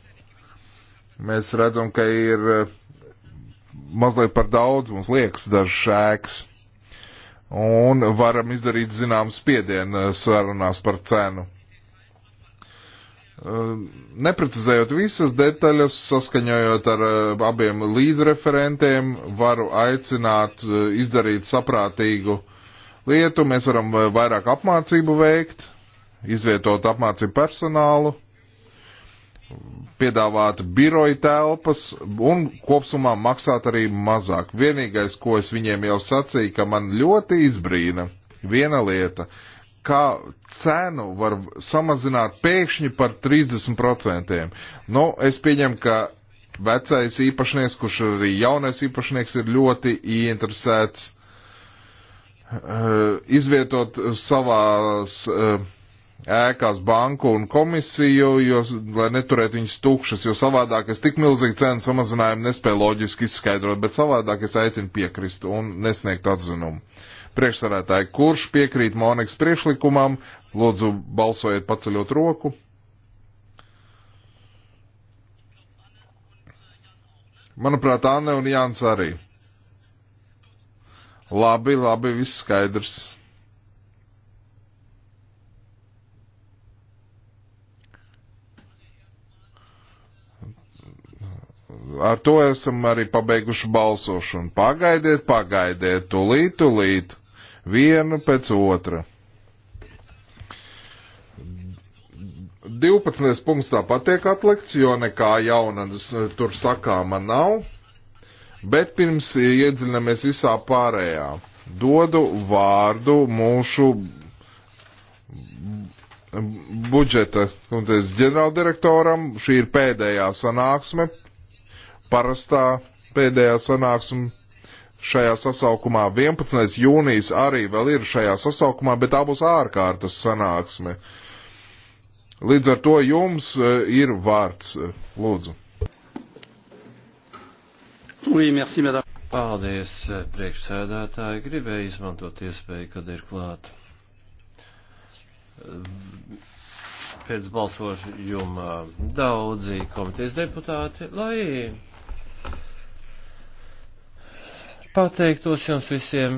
Mēs redzam, ka ir eh, mazliet par daudz, mums liekas, dažs ēks. Un varam izdarīt zinām spiedienu eh, sarunās par cenu. Ehm, neprecizējot visas detaļas, saskaņojot ar eh, abiem līdzreferentiem, varu aicināt eh, izdarīt saprātīgu lietu. Mēs varam eh, vairāk apmācību veikt, izvietot apmācību personālu, piedāvāt biroja telpas un kopsumā maksāt arī mazāk. Vienīgais, ko es viņiem jau sacīju, ka man ļoti izbrīna viena lieta. Uh, kā cenu var samazināt pēkšņi par 30%. Nu, es pieņemu, ka vecais īpašnieks, kurš ir arī jaunais īpašnieks, ir ļoti ieinteresēts uh, izvietot savās uh, ēkās banku un komisiju, jo, lai neturētu viņas tukšas, jo savādāk es tik milzīgi cenu samazinājumu nespēju loģiski izskaidrot, bet savādāk es aicinu piekrist un nesniegt atzinumu. Priekšsarētāji, kurš piekrīt Monikas priekšlikumam, lūdzu balsojiet paceļot roku. Manuprāt, Anne un Jānis arī. Labi, labi, viss skaidrs. ar to esam arī pabeiguši balsošanu. Pagaidiet, pagaidiet, tulīt, tulīt. Vienu pēc otra. 12. punkts tāpat tiek atlikts, jo nekā jauna tur sakāma nav. Bet pirms iedziļināmies visā pārējā, dodu vārdu mūsu budžeta ģenerāldirektoram. Šī ir pēdējā sanāksme, parastā pēdējā sanāksme šajā sasaukumā. 11. jūnijas arī vēl ir šajā sasaukumā, bet tā būs ārkārtas sanāksme. Līdz ar to jums e, ir vārds. E, lūdzu. Oui, merci, madame. Paldies, e, priekšsēdētāji. Gribēju izmantot iespēju, kad ir klāt. Pēc balsošuma daudzi komitejas deputāti, lai pateiktos jums visiem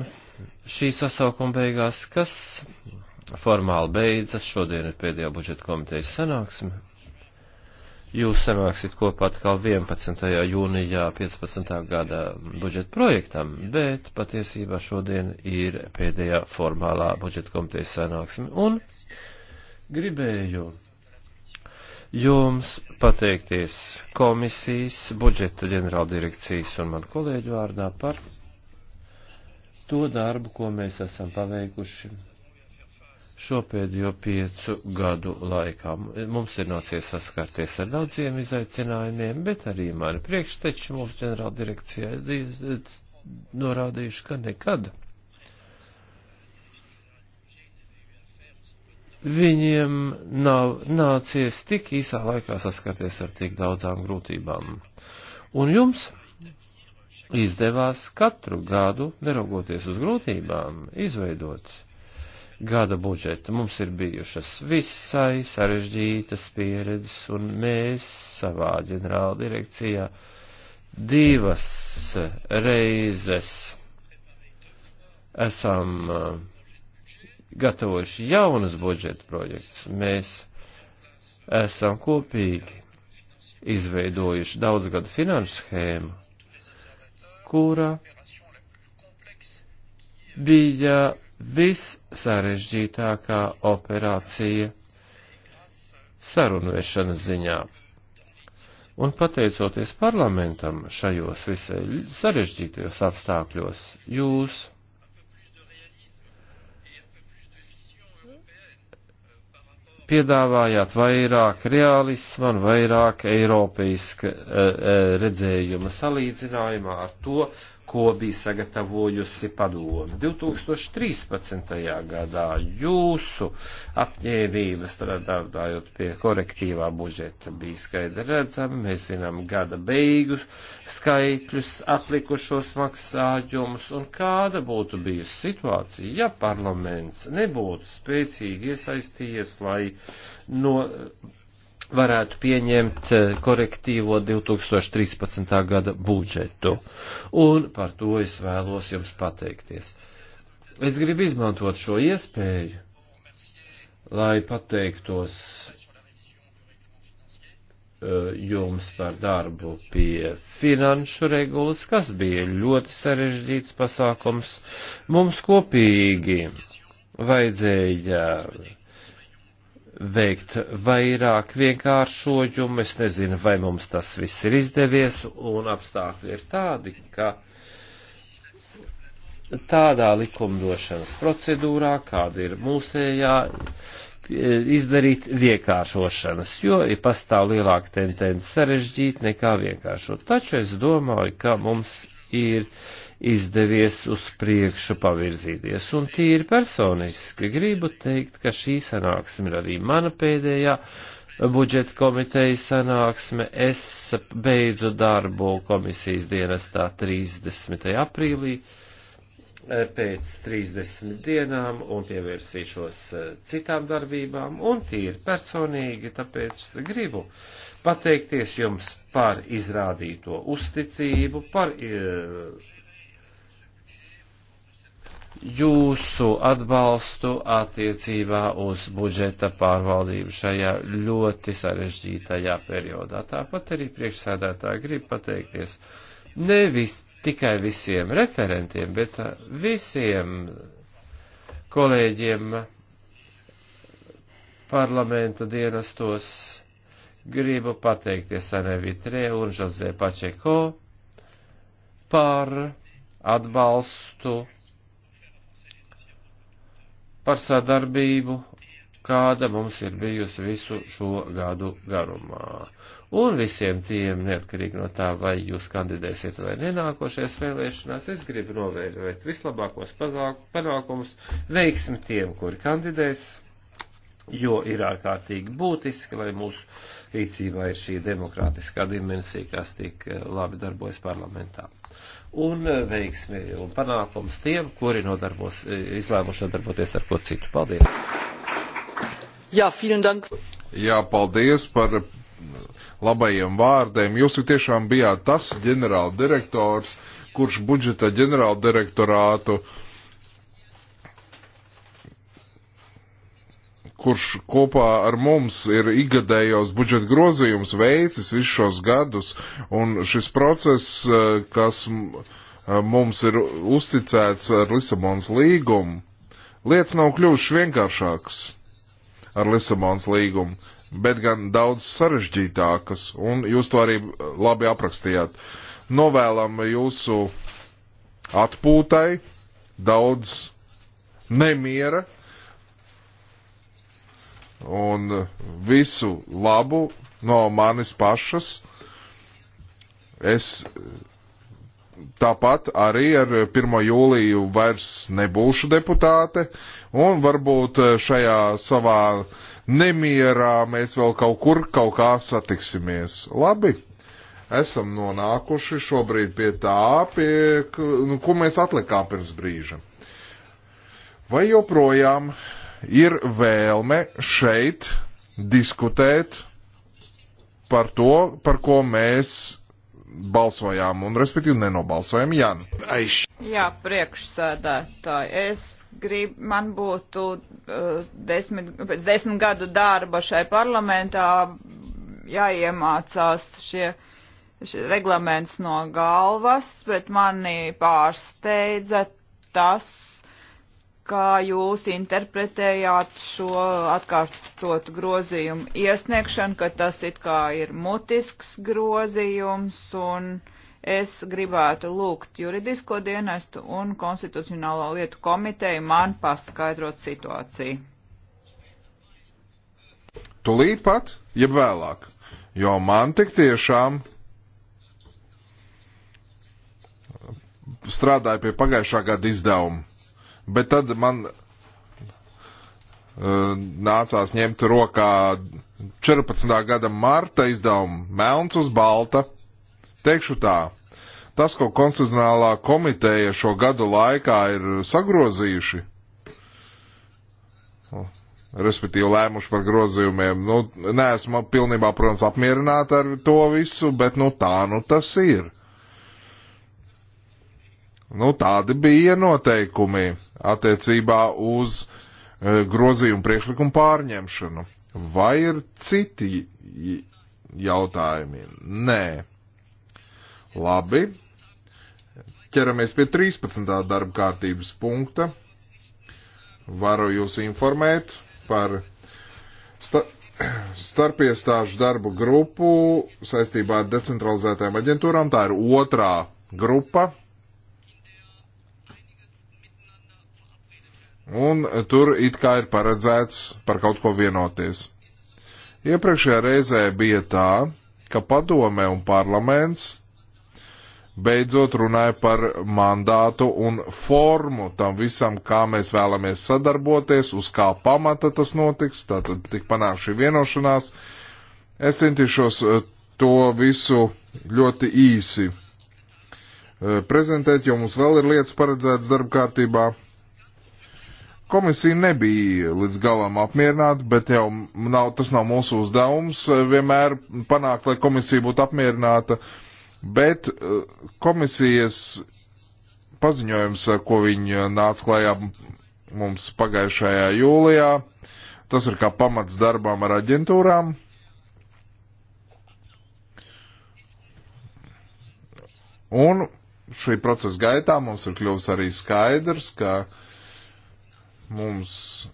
šī sasaukuma beigās, kas formāli beidzas. Šodien ir pēdējā budžeta komitejas sanāksme. Jūs sanāksiet kopā atkal 11. jūnijā 15. gada budžeta projektam, bet patiesībā šodien ir pēdējā formālā budžeta komitejas sanāksme. Un gribēju jums pateikties komisijas, budžeta ģenerāldirekcijas un man kolēģu vārdā par to darbu, ko mēs esam paveikuši šo pēdējo piecu gadu laikā. Mums ir nācies saskarties ar daudziem izaicinājumiem, bet arī mani priekšteči mūsu ģenerāldirekcijā norādījuši, ka nekad viņiem nav nācies tik īsā laikā saskarties ar tik daudzām grūtībām. Un jums? izdevās katru gadu, neraugoties uz grūtībām, izveidot gada budžetu. Mums ir bijušas visai sarežģītas pieredzes, un mēs savā ģenerāla direkcijā divas reizes esam eh, gatavojuši jaunus budžeta projektus. Mēs esam kopīgi izveidojuši daudzgadu finanšu schēmu, kura bija vissarežģītākā operācija sarunvešanas ziņā. Un pateicoties parlamentam šajos visai sarežģītajos apstākļos, jūs piedāvājāt vairāk realisma un vairāk eiropeiska eh, eh, redzējuma salīdzinājumā ar to, ko bija sagatavojusi padomu. 2013. gadā jūsu apņēmība strādājot pie korektīvā budžeta bija skaidri redzama, mēs zinām gada beigus skaitļus, atlikušos maksājumus un kāda būtu bijusi situācija, ja parlaments nebūtu spēcīgi iesaistījies, lai no varētu pieņemt eh, korektīvo 2013. gada budžetu. Un par to es vēlos jums pateikties. Es gribu izmantot šo iespēju, lai pateiktos eh, jums par darbu pie finanšu regulas, kas bija ļoti sarežģīts pasākums. Mums kopīgi vajadzēja veikt vairāk vienkāršojumu. Es nezinu, vai mums tas viss ir izdevies, un apstākļi ir tādi, ka tādā likumdošanas procedūrā, kāda ir mūsējā, izdarīt vienkāršošanas, jo ir pastāv lielāka tendence sarežģīt nekā vienkāršot. Taču es domāju, ka mums ir izdevies uz priekšu pavirzīties. Un tīri personiski gribu teikt, ka šī sanāksme ir arī mana pēdējā budžeta komitejas sanāksme. Es beidzu darbu komisijas dienestā 30. aprīlī eh, pēc 30 dienām un pievērsīšos eh, citām darbībām un tīri personīgi, tāpēc gribu pateikties jums par izrādīto uzticību, par. Uh, jūsu atbalstu attiecībā uz budžeta pārvaldību šajā ļoti sarežģītajā periodā. Tāpat arī priekšsēdētāji grib pateikties nevis tikai visiem referentiem, bet visiem kolēģiem parlamenta dienestos. Gribu pateikties Anevitrē un Žozē Pačeko par atbalstu par sadarbību, kāda mums ir bijusi visu šo gadu garumā. Un visiem tiem, neatkarīgi no tā, vai jūs kandidēsiet vai nenākošais vēlēšanās, es gribu novēlēt vislabākos panākumus, veiksmi tiem, kuri kandidēs, jo ir ārkārtīgi būtiski, lai mūsu rīcībā ir šī demokrātiskā dimensija, kas tik eh, labi darbojas parlamentā un eh, veiksmi un panākums tiem, kuri nodarbos, eh, izlēmuši nodarboties ar ko citu. Paldies! Jā, vielen dank! Jā, paldies par eh, labajiem vārdiem. Jūs tiešām bijāt tas ģenerāldirektors, kurš budžeta ģenerāldirektorātu direktorātu kurš kopā ar mums ir igadējos budžeta grozījums veicis visus šos gadus, un šis process, eh, kas eh, mums ir uzticēts ar Lisabonas līgumu, lietas nav kļuvušas vienkāršākas ar Lisabonas līgumu, bet gan daudz sarežģītākas, un jūs to arī eh, labi aprakstījāt. Novēlam jūsu atpūtai daudz nemiera un visu labu no manis pašas. Es tāpat arī ar 1. jūliju vairs nebūšu deputāte, un varbūt šajā savā nemierā mēs vēl kaut kur kaut kā satiksimies. Labi, esam nonākuši šobrīd pie tā, pie, nu, ko mēs atlikām pirms brīža. Vai joprojām ir vēlme šeit diskutēt par to, par ko mēs balsojām un, respektīvi, nenobalsojām Janu. Aiš. Jā, priekšsēdētāji, es gribu, man būtu uh, desmit, pēc desmit gadu darba šai parlamentā jāiemācās šie, šie reglaments no galvas, bet mani pārsteidza tas, kā jūs interpretējāt šo atkārtot grozījumu iesniegšanu, ka tas it kā ir mutisks grozījums, un es gribētu lūgt juridisko dienestu un konstitucionālo lietu komiteju man paskaidrot situāciju. Tūlīt pat, jeb vēlāk, jo man tik tiešām strādāja pie pagājušā gada izdevuma bet tad man eh, nācās ņemt rokā 14. gada marta izdevumu Melns uz Balta. Teikšu tā, tas, ko konstitucionālā komiteja šo gadu laikā ir sagrozījuši, respektīvi lēmuši par grozījumiem, nu, neesmu pilnībā, protams, apmierināta ar to visu, bet, nu, tā nu tas ir. Nu, tādi bija noteikumi attiecībā uz e, grozījumu priekšlikumu pārņemšanu. Vai ir citi jautājumi? Nē. Labi. Ķeramies pie 13. darba kārtības punkta. Varu jūs informēt par sta starpiestāžu darbu grupu saistībā ar decentralizētām aģentūrām. Tā ir otrā grupa, Un tur it kā ir paredzēts par kaut ko vienoties. Iepriekšējā reizē bija tā, ka padome un parlaments beidzot runāja par mandātu un formu tam visam, kā mēs vēlamies sadarboties, uz kā pamata tas notiks, tātad tik panāk šī vienošanās. Es centīšos eh, to visu ļoti īsi eh, prezentēt, jo mums vēl ir lietas paredzētas darba kārtībā. Komisija nebija līdz galam apmierināta, bet jau nav, tas nav mūsu uzdevums eh, vienmēr panākt, lai komisija būtu apmierināta. Bet eh, komisijas paziņojums, eh, ko viņi nāca klajā mums pagājušajā jūlijā, tas ir kā pamats darbām ar aģentūrām. Un šī procesa gaitā mums ir kļuvis arī skaidrs, ka uh, Mums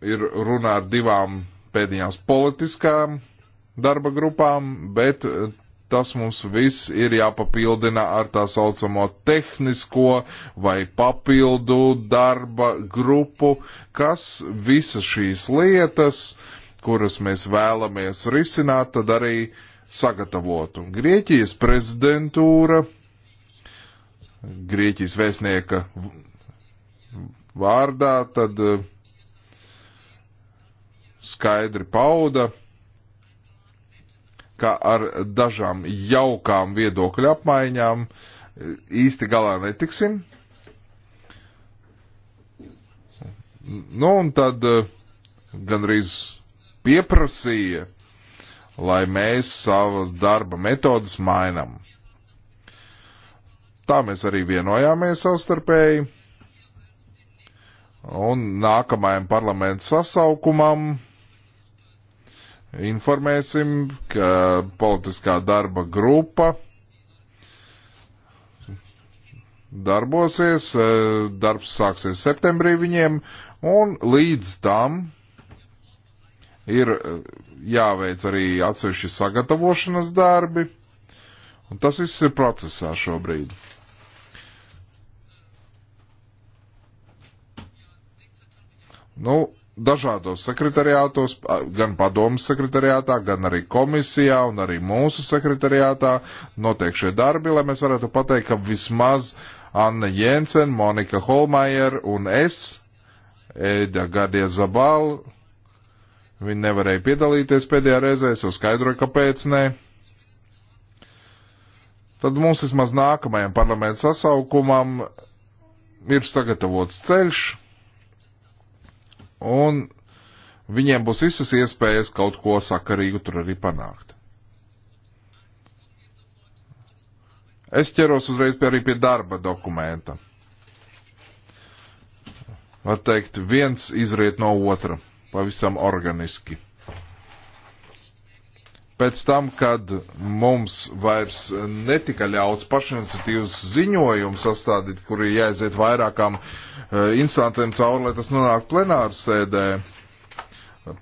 ir runā ar divām pēdējās politiskām darba grupām, bet eh, tas mums viss ir jāpapildina ar tā saucamo tehnisko vai papildu darba grupu, kas visas šīs lietas, kuras mēs vēlamies risināt, tad arī sagatavotu. Grieķijas prezidentūra, Grieķijas vēstnieka vārdā, tad eh, skaidri pauda, ka ar dažām jaukām viedokļu apmaiņām eh, īsti galā netiksim. Nu, un tad eh, gandrīz pieprasīja, lai mēs savas darba metodas mainam. Tā mēs arī vienojāmies savstarpēji un nākamajam parlamentu sasaukumam informēsim, ka politiskā darba grupa darbosies, darbs sāksies septembrī viņiem, un līdz tam ir jāveic arī atsevišķi sagatavošanas darbi, un tas viss ir procesā šobrīd. Nu, dažādos sekretariātos, gan padomas sekretariātā, gan arī komisijā un arī mūsu sekretariātā notiek šie darbi, lai mēs varētu pateikt, ka vismaz Anna Jensen, Monika Holmajer un es, Ēda Gardie Zabal, viņi nevarēja piedalīties pēdējā reizē, es jau skaidroju, kāpēc ne. Tad mums vismaz nākamajam parlamentu sasaukumam ir sagatavots ceļš, un viņiem būs visas iespējas kaut ko sakarīgu tur arī panākt. Es ķeros uzreiz pie arī pie darba dokumenta. Var teikt, viens izriet no otra pavisam organiski pēc tam, kad mums vairs netika ļauts pašiniciatīvas ziņojumu sastādīt, kur ir jāiziet vairākām eh, instancēm cauri, lai tas nonāktu plenāru sēdē,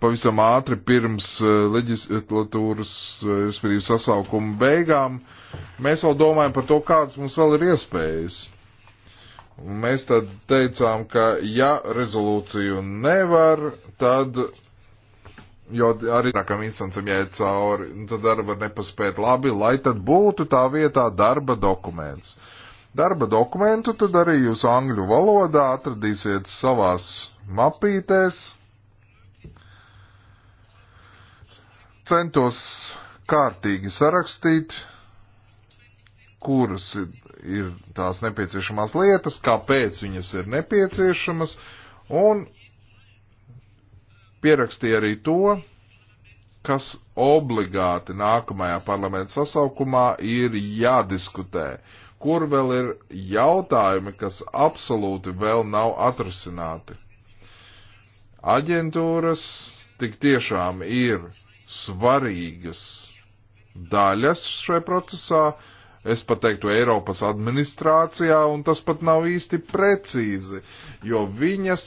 pavisam ātri pirms eh, leģislatūras, eh, respektīvi sasaukuma beigām, mēs vēl domājam par to, kādas mums vēl ir iespējas. Un mēs tad teicām, ka ja rezolūciju nevar, tad Jo arī nākam instancam jāiet cauri, nu, tad darba nepaspēt labi, lai tad būtu tā vietā darba dokuments. Darba dokumentu tad arī jūs angļu valodā atradīsiet savās mapītēs. Centos kārtīgi sarakstīt, kuras ir tās nepieciešamās lietas, kāpēc viņas ir nepieciešamas, un pierakstīja arī to, kas obligāti nākamajā parlamenta sasaukumā ir jādiskutē, kur vēl ir jautājumi, kas absolūti vēl nav atrisināti. Aģentūras tik tiešām ir svarīgas daļas šai procesā, es pateiktu, Eiropas administrācijā, un tas pat nav īsti precīzi, jo viņas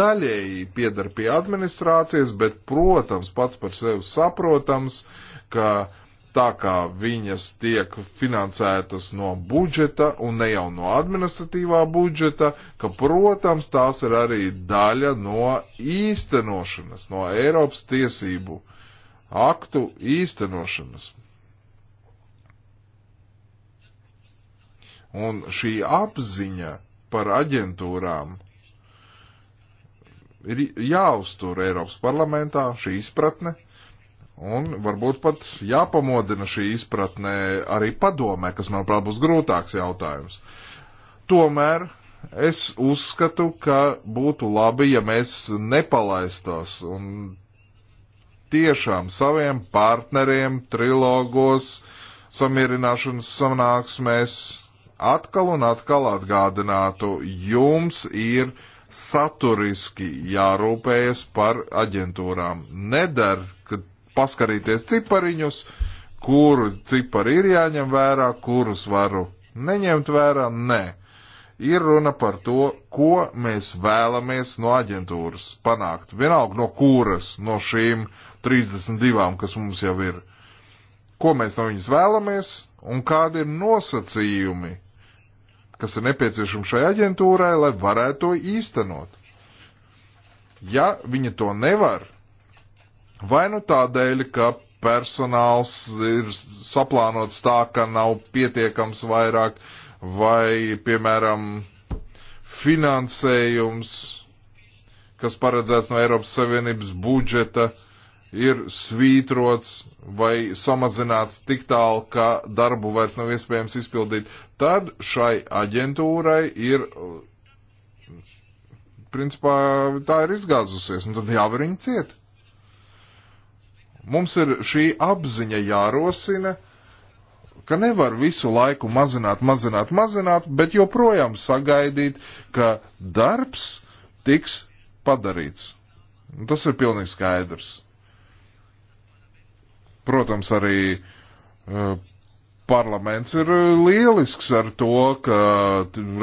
daļēji piedar pie administrācijas, bet, protams, pats par sevi saprotams, ka tā kā viņas tiek finansētas no budžeta un ne jau no administratīvā budžeta, ka, protams, tās ir arī daļa no īstenošanas, no Eiropas tiesību aktu īstenošanas. Un šī apziņa par aģentūrām ir jāuztur Eiropas parlamentā, šī izpratne, un varbūt pat jāpamodina šī izpratne arī padomē, kas, manuprāt, būs grūtāks jautājums. Tomēr es uzskatu, ka būtu labi, ja mēs nepalaistos un tiešām saviem partneriem trilogos, samierināšanas sanāksmēs, atkal un atkal atgādinātu, jums ir saturiski jārūpējas par aģentūrām. Nedar, ka paskarīties cipariņus, kuru cipari ir jāņem vērā, kurus varu neņemt vērā, nē. Ir runa par to, ko mēs vēlamies no aģentūras panākt. Vienalga no kuras, no šīm 32, kas mums jau ir. Ko mēs no viņas vēlamies un kādi ir nosacījumi, kas ir nepieciešams šai aģentūrai, lai varētu to īstenot. Ja viņa to nevar, vai nu tādēļ, ka personāls ir saplānots tā, ka nav pietiekams vairāk, vai, piemēram, finansējums, kas paredzēts no Eiropas Savienības budžeta, uh, ir svītrots vai samazināts tik tālu, ka darbu vairs nav iespējams izpildīt, tad šai aģentūrai ir, principā, tā ir izgāzusies, un tad jāvar viņa ciet. Mums ir šī apziņa jārosina, ka nevar visu laiku mazināt, mazināt, mazināt, bet joprojām sagaidīt, ka darbs tiks padarīts. Un tas ir pilnīgi skaidrs. Protams, arī uh, parlaments ir lielisks ar to, ka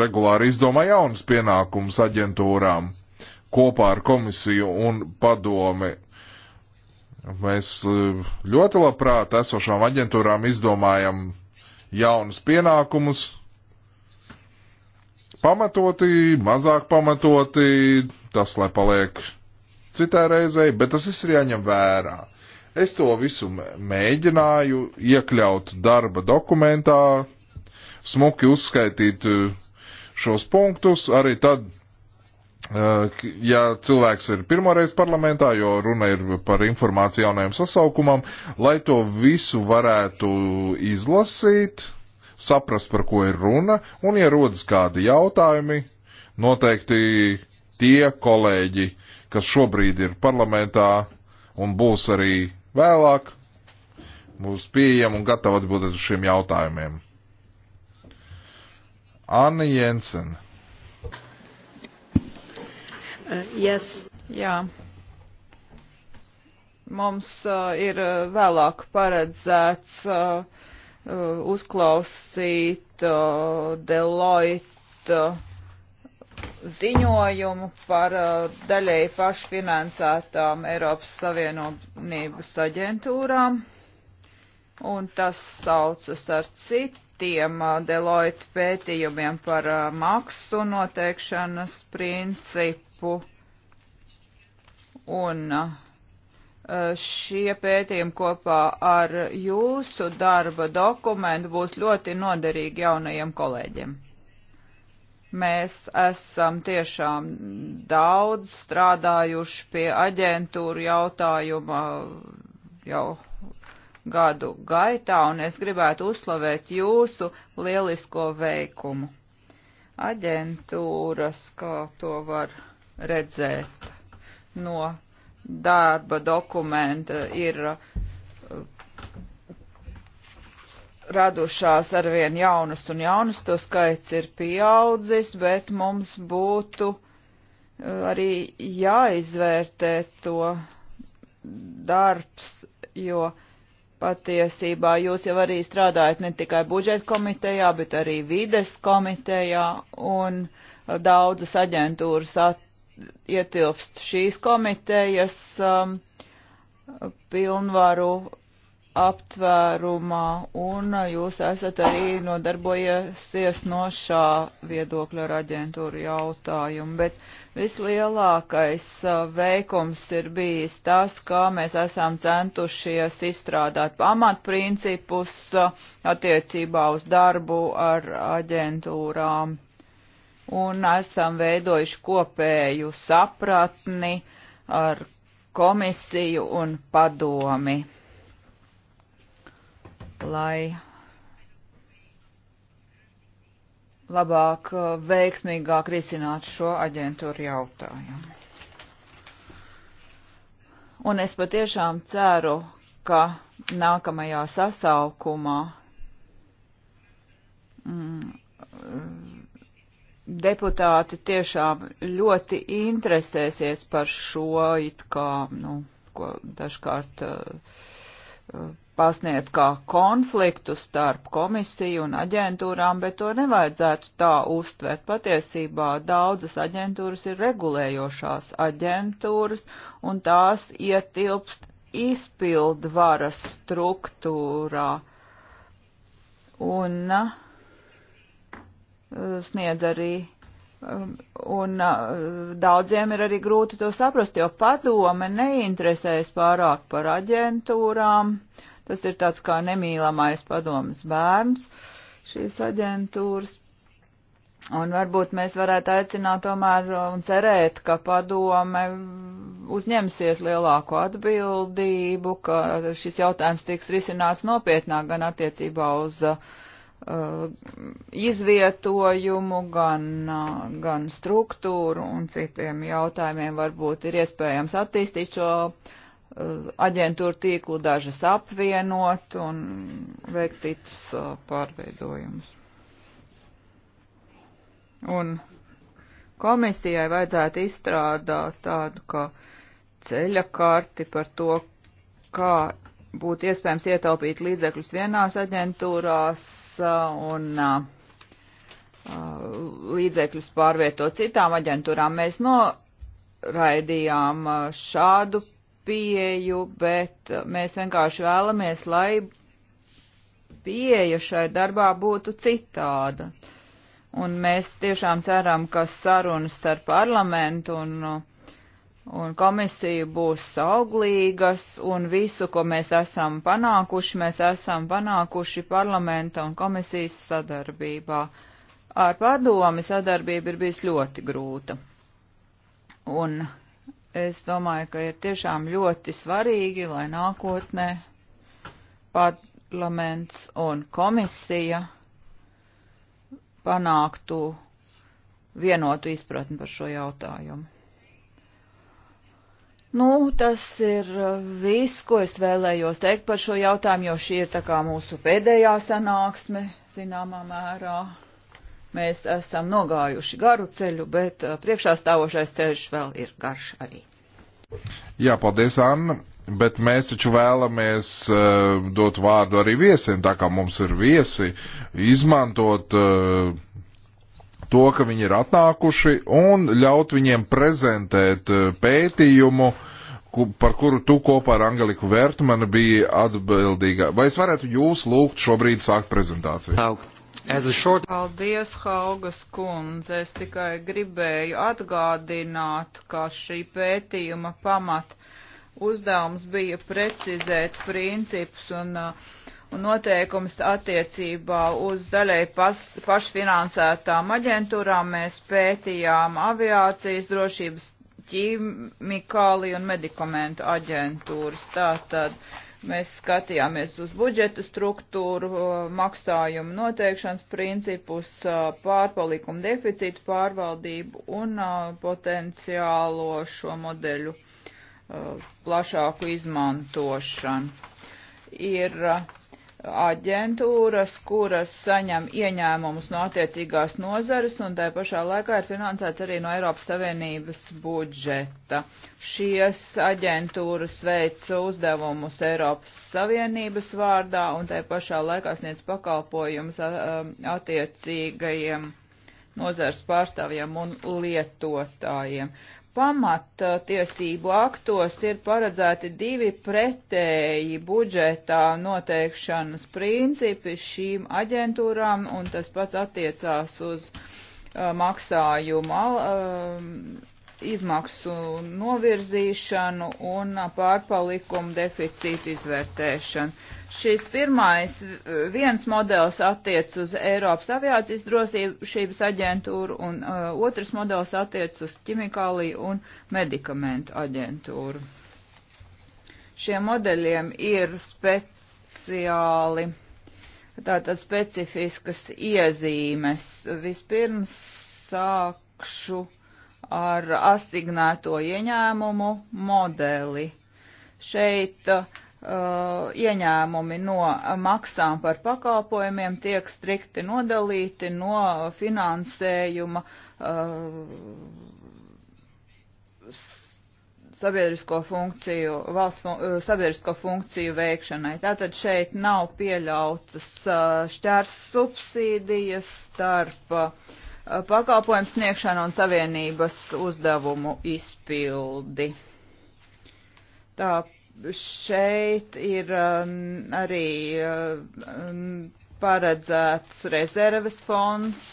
regulāri izdomā jaunas pienākumus aģentūrām kopā ar komisiju un padomi. Mēs uh, ļoti labprāt esošām aģentūrām izdomājam jaunus pienākumus, pamatoti, mazāk pamatoti, tas lai paliek citai reizei, bet tas viss ir jāņem vērā. Es to visu mēģināju iekļaut darba dokumentā, smuki uzskaitīt eh, šos punktus, arī tad, eh, ja cilvēks ir pirmoreiz parlamentā, jo runa ir par informāciju jaunajam sasaukumam, lai to visu varētu izlasīt, saprast, par ko ir runa, un, ja rodas kādi jautājumi, noteikti tie kolēģi, kas šobrīd ir parlamentā un būs arī vēlāk būs pieejama un gatava atbildēt uz šiem jautājumiem. Anna Jensen. Uh, yes. Jā. Mums uh, ir uh, vēlāk paredzēts uh, uh, uzklausīt uh, Deloitte. Uh, ziņojumu par uh, daļēji pašfinansētām Eiropas Savienības aģentūrām, un tas saucas ar citiem uh, Deloitte pētījumiem par uh, maksu noteikšanas principu. Un šie pētījumi kopā ar jūsu darba dokumentu būs ļoti noderīgi jaunajiem kolēģiem. Mēs esam tiešām daudz strādājuši pie aģentūru jautājuma jau gadu gaitā, un es gribētu uzslavēt jūsu lielisko veikumu. Aģentūras, kā to var redzēt no darba dokumenta, ir uh, radušās arvien jaunas un jaunas, to skaits ir pieaudzis, bet mums būtu uh, arī jāizvērtē to darbs, jo patiesībā jūs jau arī strādājat ne tikai budžeta komitejā, bet arī vides komitejā un uh, daudzas aģentūras at, ietilpst šīs komitejas um, pilnvaru aptvērumā, un jūs esat arī nodarbojies no šā viedokļa ar aģentūru jautājumu, bet vislielākais uh, veikums ir bijis tas, kā mēs esam centušies izstrādāt pamatprincipus uh, attiecībā uz darbu ar aģentūrām, un esam veidojuši kopēju sapratni ar komisiju un padomi lai labāk, uh, veiksmīgāk risināt šo aģentūru jautājumu. Un es patiešām ceru, ka nākamajā sasaukumā mm, deputāti tiešām ļoti interesēsies par šo it kā, nu, ko dažkārt uh, uh pasniedz kā konfliktu starp komisiju un aģentūrām, bet to nevajadzētu tā uztvert. Patiesībā daudzas aģentūras ir regulējošās aģentūras, un tās ietilpst izpildvaras struktūrā un uh, sniedz arī um, Un uh, daudziem ir arī grūti to saprast, jo padome neinteresējas pārāk par aģentūrām, uh, Tas ir tāds kā nemīlamais padomas bērns šīs aģentūras. Un varbūt mēs varētu aicināt tomēr un cerēt, ka padome uzņemsies lielāko atbildību, ka šis jautājums tiks risināts nopietnāk gan attiecībā uz uh, izvietojumu, gan, uh, gan struktūru un citiem jautājumiem. Varbūt ir iespējams attīstīt šo uh, aģentūru tīklu dažas apvienot un veikt citus uh, pārveidojumus. Un komisijai vajadzētu izstrādāt tādu kā ceļa karti par to, kā būtu iespējams ietaupīt līdzekļus vienās aģentūrās uh, un uh, līdzekļus pārvietot citām aģentūrām. Mēs noraidījām šādu pieju, bet mēs vienkārši vēlamies, lai pieeja šai darbā būtu citāda. Un mēs tiešām ceram, ka sarunas starp parlamentu un, un komisiju būs auglīgas, un visu, ko mēs esam panākuši, mēs esam panākuši parlamenta un komisijas sadarbībā. Ar padomi sadarbība ir bijusi ļoti grūta. Un Es domāju, ka ir tiešām ļoti svarīgi, lai nākotnē parlaments un komisija panāktu vienotu izpratni par šo jautājumu. Nu, tas ir viss, ko es vēlējos teikt par šo jautājumu, jo šī ir tā kā mūsu pēdējā sanāksme, zināmā mērā. Mēs esam nogājuši garu ceļu, bet uh, priekšā stāvošais ceļš vēl ir garš arī. Jā, paldies, Anna. Bet mēs taču vēlamies uh, dot vārdu arī viesiem, tā kā mums ir viesi, izmantot uh, to, ka viņi ir atnākuši un ļaut viņiem prezentēt uh, pētījumu, ku, par kuru tu kopā ar Angeliku Vērtmanu bija atbildīga. Vai es varētu jūs lūgt šobrīd sākt prezentāciju? Augt. Short... Paldies, Haugas kundze. Es tikai gribēju atgādināt, ka šī pētījuma pamat uzdevums bija precizēt principus un uh, un noteikums attiecībā uz daļai pas, pašfinansētām aģentūrām mēs pētījām aviācijas drošības ķīmikāliju un medikamentu aģentūras. Tātad Mēs skatījāmies uz budžetu struktūru, maksājumu noteikšanas principus, pārpalikumu deficītu pārvaldību un potenciālo šo modeļu plašāku izmantošanu. Ir uh, aģentūras, kuras saņem ieņēmumus no attiecīgās nozares un tā pašā laikā ir finansēts arī no Eiropas Savienības budžeta. Šies aģentūras veic uzdevumus Eiropas Savienības vārdā un tā pašā laikā sniedz pakalpojumus attiecīgajiem nozars pārstāvjiem un lietotājiem pamattiesību aktos ir paredzēti divi pretēji budžetā noteikšanas principi šīm aģentūrām, un tas pats attiecās uz uh, maksājumu uh, izmaksu novirzīšanu un pārpalikumu deficītu izvērtēšanu. Šis pirmais viens modelis attiec uz Eiropas aviācijas drošības aģentūru un uh, otrs modelis attiec uz ķimikāliju un medikamentu aģentūru. Šiem modeļiem ir speciāli, tātad specifiskas iezīmes. Vispirms sākšu ar asignēto ieņēmumu modeli. Šeit uh, ieņēmumi no maksām par pakalpojumiem tiek strikti nodalīti no finansējuma uh, sabiedrisko funkciju, valsts fun uh, sabiedrisko funkciju veikšanai. Tātad šeit nav pieļautas uh, šķērs subsīdijas starp uh, pakalpojumu sniegšanu un savienības uzdevumu izpildi. Tā šeit ir um, arī um, paredzēts rezerves fonds,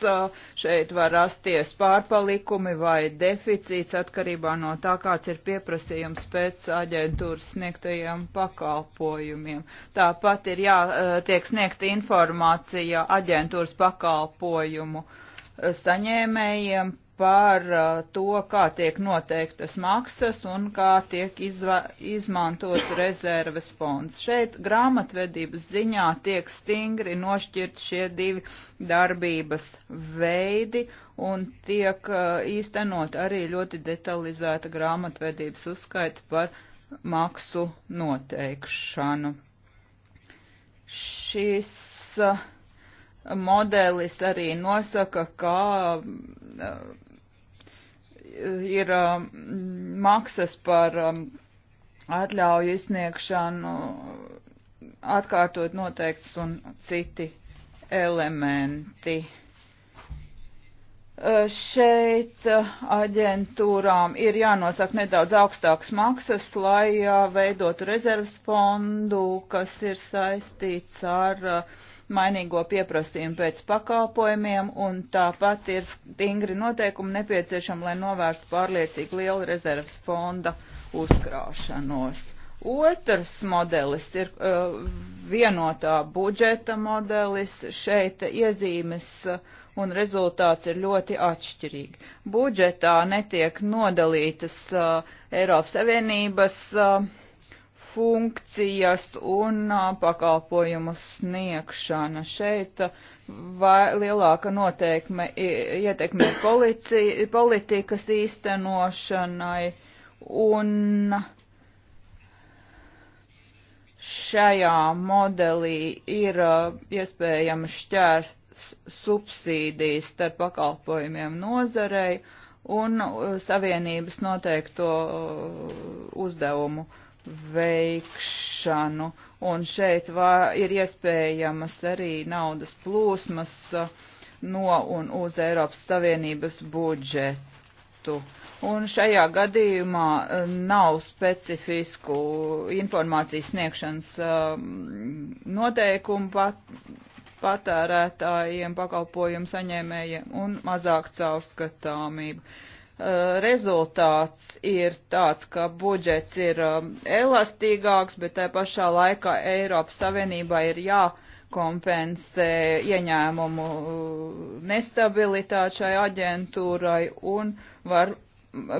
šeit var rasties pārpalikumi vai deficīts atkarībā no tā, kāds ir pieprasījums pēc aģentūras sniegtajiem pakalpojumiem. Tāpat ir jātiek sniegta informācija aģentūras pakalpojumu uh, saņēmējiem par uh, to, kā tiek noteiktas maksas un kā tiek izmantots rezerves fonds. Šeit grāmatvedības ziņā tiek stingri nošķirt šie divi darbības veidi un tiek uh, īstenot arī ļoti detalizēta grāmatvedības uzskaita par maksu noteikšanu. Šis uh, modelis arī nosaka, kā eh, ir eh, maksas par eh, atļauju izsniegšanu, atkārtot noteikts un citi elementi. Šeit aģentūrām ir jānosaka nedaudz augstāks maksas, lai veidotu rezerves fondu, kas ir saistīts ar uh, mainīgo pieprasījumu pēc pakalpojumiem, un tāpat ir stingri noteikumi nepieciešami, lai novērstu pārliecīgi lielu rezerves fonda uzkrāšanos. Otrs modelis ir uh, vienotā budžeta modelis. Šeit iezīmes uh, un rezultāts ir ļoti atšķirīgi. Budžetā netiek nodalītas uh, Eiropas Savienības uh, funkcijas un pakalpojumu sniegšana. Šeit vai, lielāka noteikme ietekme policija, politikas īstenošanai un šajā modelī ir iespējams šķērs subsīdijas starp pakalpojumiem nozarei un savienības noteikto uzdevumu veikšanu. Un šeit va, ir iespējamas arī naudas plūsmas no un uz Eiropas Savienības budžetu. Un šajā gadījumā nav specifisku informācijas sniegšanas noteikumu pat, patērētājiem, pakalpojumu saņēmējiem un mazāk caurskatāmību. Uh, Eh, rezultāts ir tāds, ka budžets ir eh, elastīgāks, bet tai pašā laikā Eiropas Savienībā ir jākompensē ieņēmumu eh, nestabilitāte šai aģentūrai un var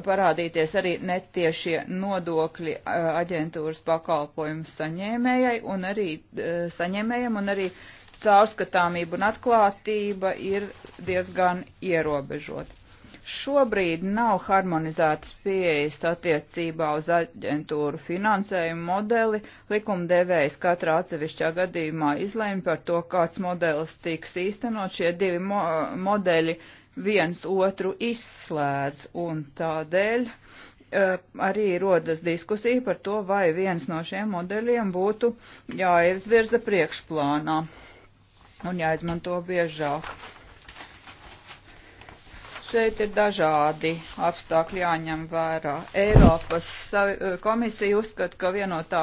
parādīties arī netiešie nodokļi aģentūras pakalpojumu saņēmējai un arī saņēmējam un arī caurskatāmība un atklātība ir diezgan ierobežota. Šobrīd nav harmonizētas pieejas attiecībā uz aģentūru finansējumu modeli. Likumdevējs katrā atsevišķā gadījumā izlēma par to, kāds modelis tiks īstenot. Šie divi mo modeļi viens otru izslēdz un tādēļ uh, arī rodas diskusija par to, vai viens no šiem modeļiem būtu jāizvirza priekšplānā un jāizmanto biežāk Šeit ir dažādi apstākļi jāņem vērā. Eiropas eh, komisija uzskata, ka vienotā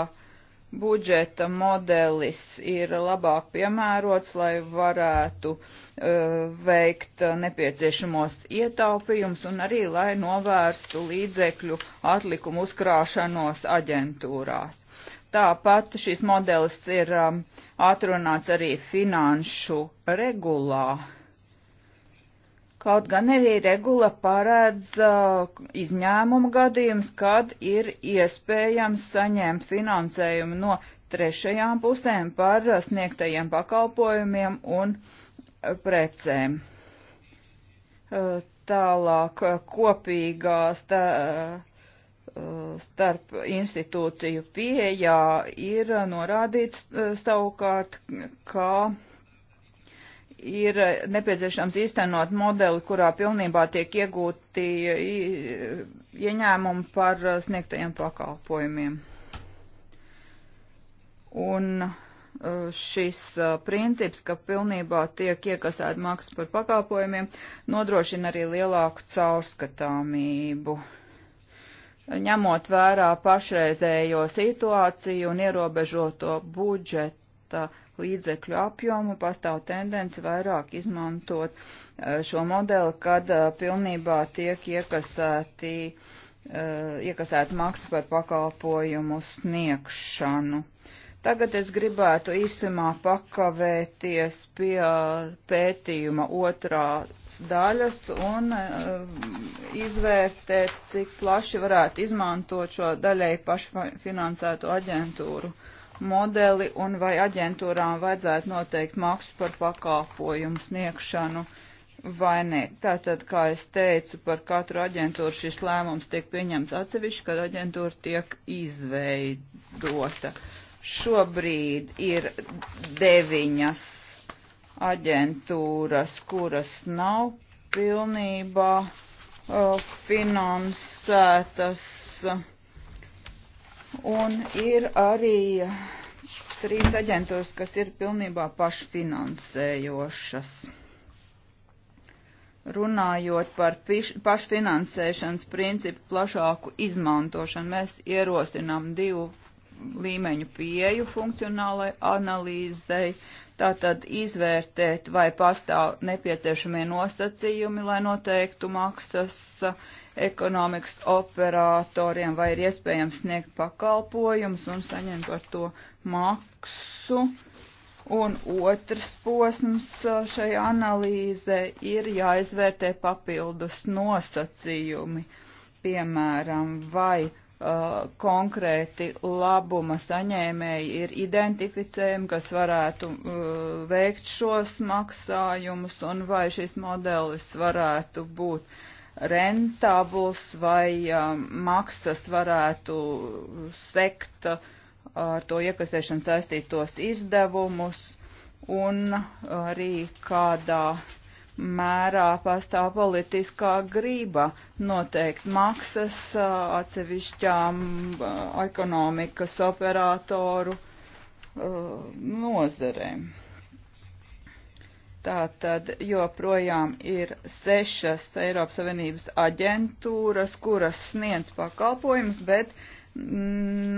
budžeta modelis ir labāk piemērots, lai varētu uh, veikt nepieciešamos ietaupījumus un arī, lai novērstu līdzekļu atlikumu uzkrāšanos aģentūrās. Tāpat šis modelis ir um, atrunāts arī finanšu regulā Kaut gan arī regula paredz uh, izņēmumu gadījums, kad ir iespējams saņemt finansējumu no trešajām pusēm par uh, sniegtajiem pakalpojumiem un uh, precēm. Uh, tālāk kopīgā starp institūciju pieejā ir norādīts savukārt, kā ir eh, nepieciešams īstenot modeli, kurā pilnībā tiek iegūti ieņēmumi par eh, sniegtajiem pakalpojumiem. Un eh, šis princips, ka pilnībā tiek iekasēta maksa par pakalpojumiem, nodrošina arī lielāku caurskatāmību. Ņemot vērā pašreizējo situāciju un ierobežoto budžeta uh, līdzekļu apjomu, pastāv tendence vairāk izmantot eh, šo modeli, kad eh, pilnībā tiek iekasēti, eh, iekasēta maksa par pakalpojumu sniegšanu. Tagad es gribētu īsumā pakavēties pie pētījuma otrās daļas un izvērtēt, cik plaši varētu izmantot šo daļai pašfinansēto aģentūru modeli un vai aģentūrām vajadzētu noteikt maksu par pakalpojumu sniegšanu vai nē. Tātad, kā es teicu, par katru aģentūru šis lēmums tiek pieņemts atsevišķi, kad aģentūra tiek izveidota. Šobrīd ir deviņas aģentūras, kuras nav pilnībā uh, finansētas. Uh, Un ir arī trīs aģentūras, kas ir pilnībā pašfinansējošas. Runājot par piš, pašfinansēšanas principu plašāku izmantošanu, mēs ierosinām divu līmeņu pieju funkcionālai analīzei, uh, tātad izvērtēt, vai pastāv nepieciešamie nosacījumi, lai noteiktu maksas ekonomikas operatoriem, vai ir iespējams sniegt pakalpojumus un saņemt par to maksu. Un otrs posms šajā analīzē ir jāizvērtē papildus nosacījumi, piemēram, vai Uh, konkrēti labuma saņēmēji ir identificējumi, kas varētu uh, veikt šos maksājumus un vai šis modelis varētu būt rentabls vai uh, maksas varētu sekt uh, ar to iekasēšanu saistītos izdevumus un arī kādā uh, mērā pastāv politiskā grība noteikt maksas atsevišķām ekonomikas operatoru nozarēm. Tātad joprojām ir sešas Eiropas Savienības aģentūras, kuras sniedz pakalpojumus, bet uh,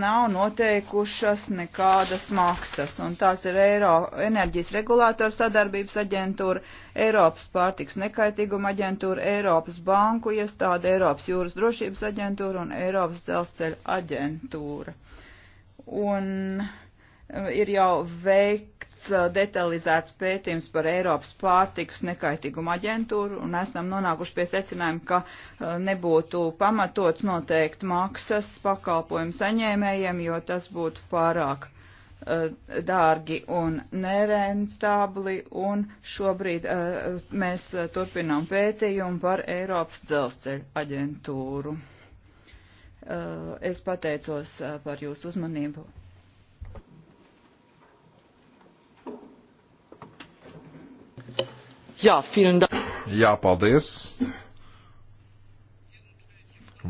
nav noteikušas nekādas maksas, un tās ir Eiro enerģijas regulātora sadarbības aģentūra, Eiropas pārtiks nekaitīguma aģentūra, Eiropas banku iestāde, Eiropas jūras drošības aģentūra un Eiropas dzelzceļa aģentūra. Un uh, ir jau veikts uh, detalizēts pētījums par Eiropas pārtikas nekaitīgumu aģentūru, un esam nonākuši pie secinājuma, ka uh, nebūtu pamatots noteikt maksas pakalpojumu saņēmējiem, jo tas būtu pārāk uh, dārgi un nerentabli, un šobrīd uh, mēs uh, turpinām pētījumu par Eiropas dzelzceļu aģentūru. Uh, es pateicos par jūsu uzmanību. Jā, Jā, paldies.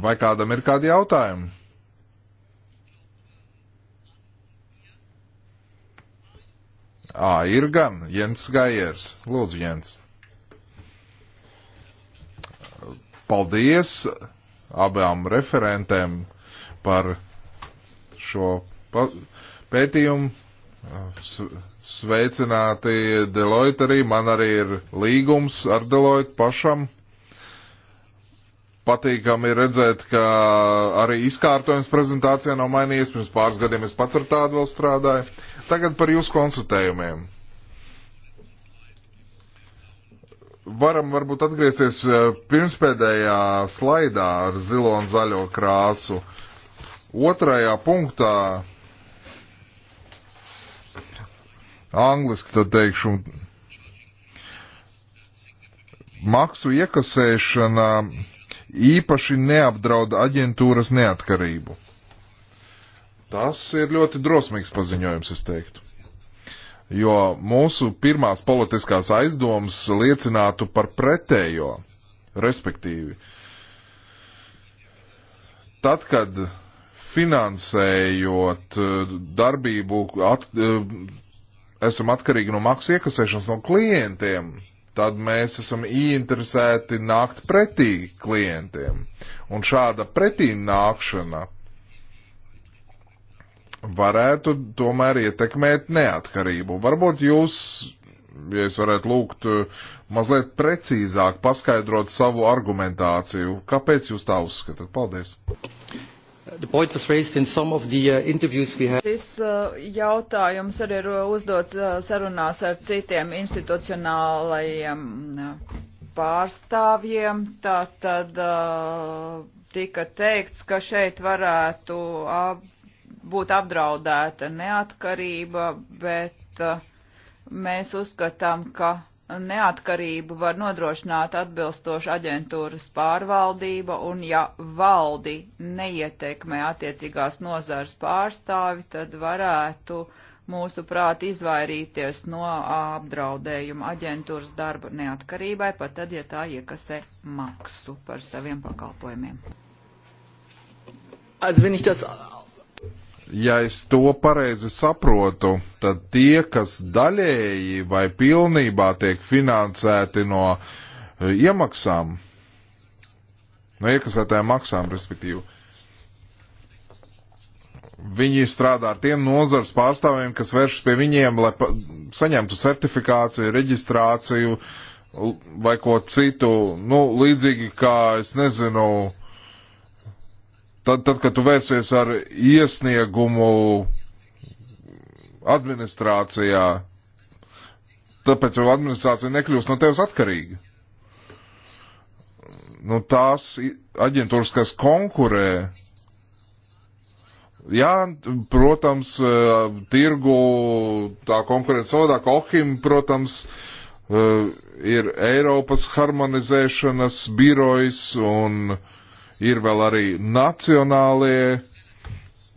Vai kādam ir kādi jautājumi? Ā, ir gan Jens Gaiers. Lūdzu, Jens. Paldies abām referentēm par šo pētījumu Sveicināti Deloitte arī. Man arī ir līgums ar Deloitte pašam. Patīkami redzēt, ka arī izkārtojums prezentācijā nav mainījies. Pirms pāris gadiem es pats ar tādu vēl strādāju. Tagad par jūsu konsultējumiem. Varam varbūt atgriezties eh, pirmspēdējā slaidā ar zilo un zaļo krāsu. Otrajā punktā angliski tad teikšu, maksu iekasēšana īpaši neapdraud aģentūras neatkarību. Tas ir ļoti drosmīgs paziņojums, es teiktu. Jo mūsu pirmās politiskās aizdomas liecinātu par pretējo, respektīvi. Tad, kad finansējot eh, darbību at, eh, esam atkarīgi no maksu iekasēšanas no klientiem, tad mēs esam ieinteresēti nākt pretī klientiem. Un šāda pretī nākšana varētu tomēr ietekmēt neatkarību. Varbūt jūs, ja es varētu lūgt, mazliet precīzāk paskaidrot savu argumentāciju. Kāpēc jūs tā uzskatāt? Paldies! Uh, Šis uh, jautājums arī ir uzdots uh, sarunās ar citiem institucionālajiem pārstāvjiem. Tātad tika teikts, ka šeit varētu ap, būt apdraudēta neatkarība, bet mēs uzskatām, ka neatkarību var nodrošināt atbilstoša aģentūras pārvaldība, un ja valdi neietekmē attiecīgās nozars pārstāvi, tad varētu, mūsuprāt, izvairīties no apdraudējuma aģentūras darba neatkarībai, pat tad, ja tā iekasē maksu par saviem pakalpojumiem. Also wenn ich das ja es to pareizi saprotu, tad tie, kas daļēji vai pilnībā tiek finansēti no e, iemaksām, no iekasētājiem maksām, respektīvi, viņi strādā ar tiem nozars pārstāvjiem, kas vēršas pie viņiem, lai saņemtu certifikāciju, reģistrāciju vai ko citu, nu, līdzīgi kā, es nezinu, tad, tad, kad tu vērsies ar iesniegumu administrācijā, tāpēc jau administrācija nekļūst no tevis atkarīga. Nu, tās aģentūras, kas konkurē, jā, protams, eh, tirgu tā konkurence savādāk, Ohim, protams, eh, ir Eiropas harmonizēšanas birojs un uh, ir vēl arī nacionālie,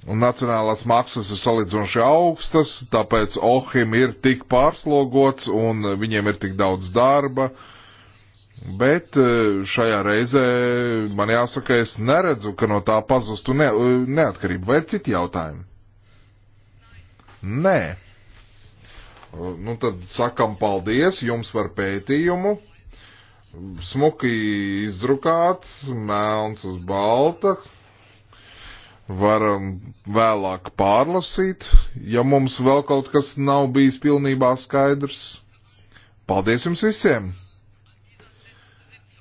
un nacionālās maksas ir salīdzinoši augstas, tāpēc Ohim ir tik pārslogots un viņiem ir tik daudz darba. Bet e, šajā reizē man jāsaka, es neredzu, ka no tā pazustu ne, e, neatkarība. Vai ir citi jautājumi? Nē. E, nu tad sakam paldies jums par pētījumu smuki izdrukāts, melns uz balta. Varam vēlāk pārlasīt, ja mums vēl kaut kas nav bijis pilnībā skaidrs. Paldies jums visiem,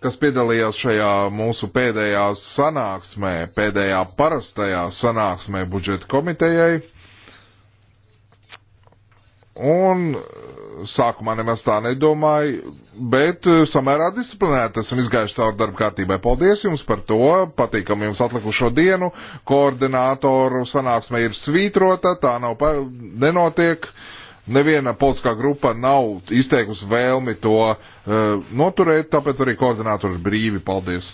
kas piedalījās šajā mūsu pēdējā sanāksmē, pēdējā parastajā sanāksmē budžeta komitejai. Un sākumā nemaz tā nedomāju, bet eh, samērā disciplinēti esam izgājuši cauri darba kārtībai. Paldies jums par to, patīkam jums atlikušo dienu, koordinātoru sanāksme ir svītrota, tā nav, pa, nenotiek, neviena politiskā grupa nav izteikusi vēlmi to uh, noturēt, tāpēc arī koordinātori brīvi. Paldies!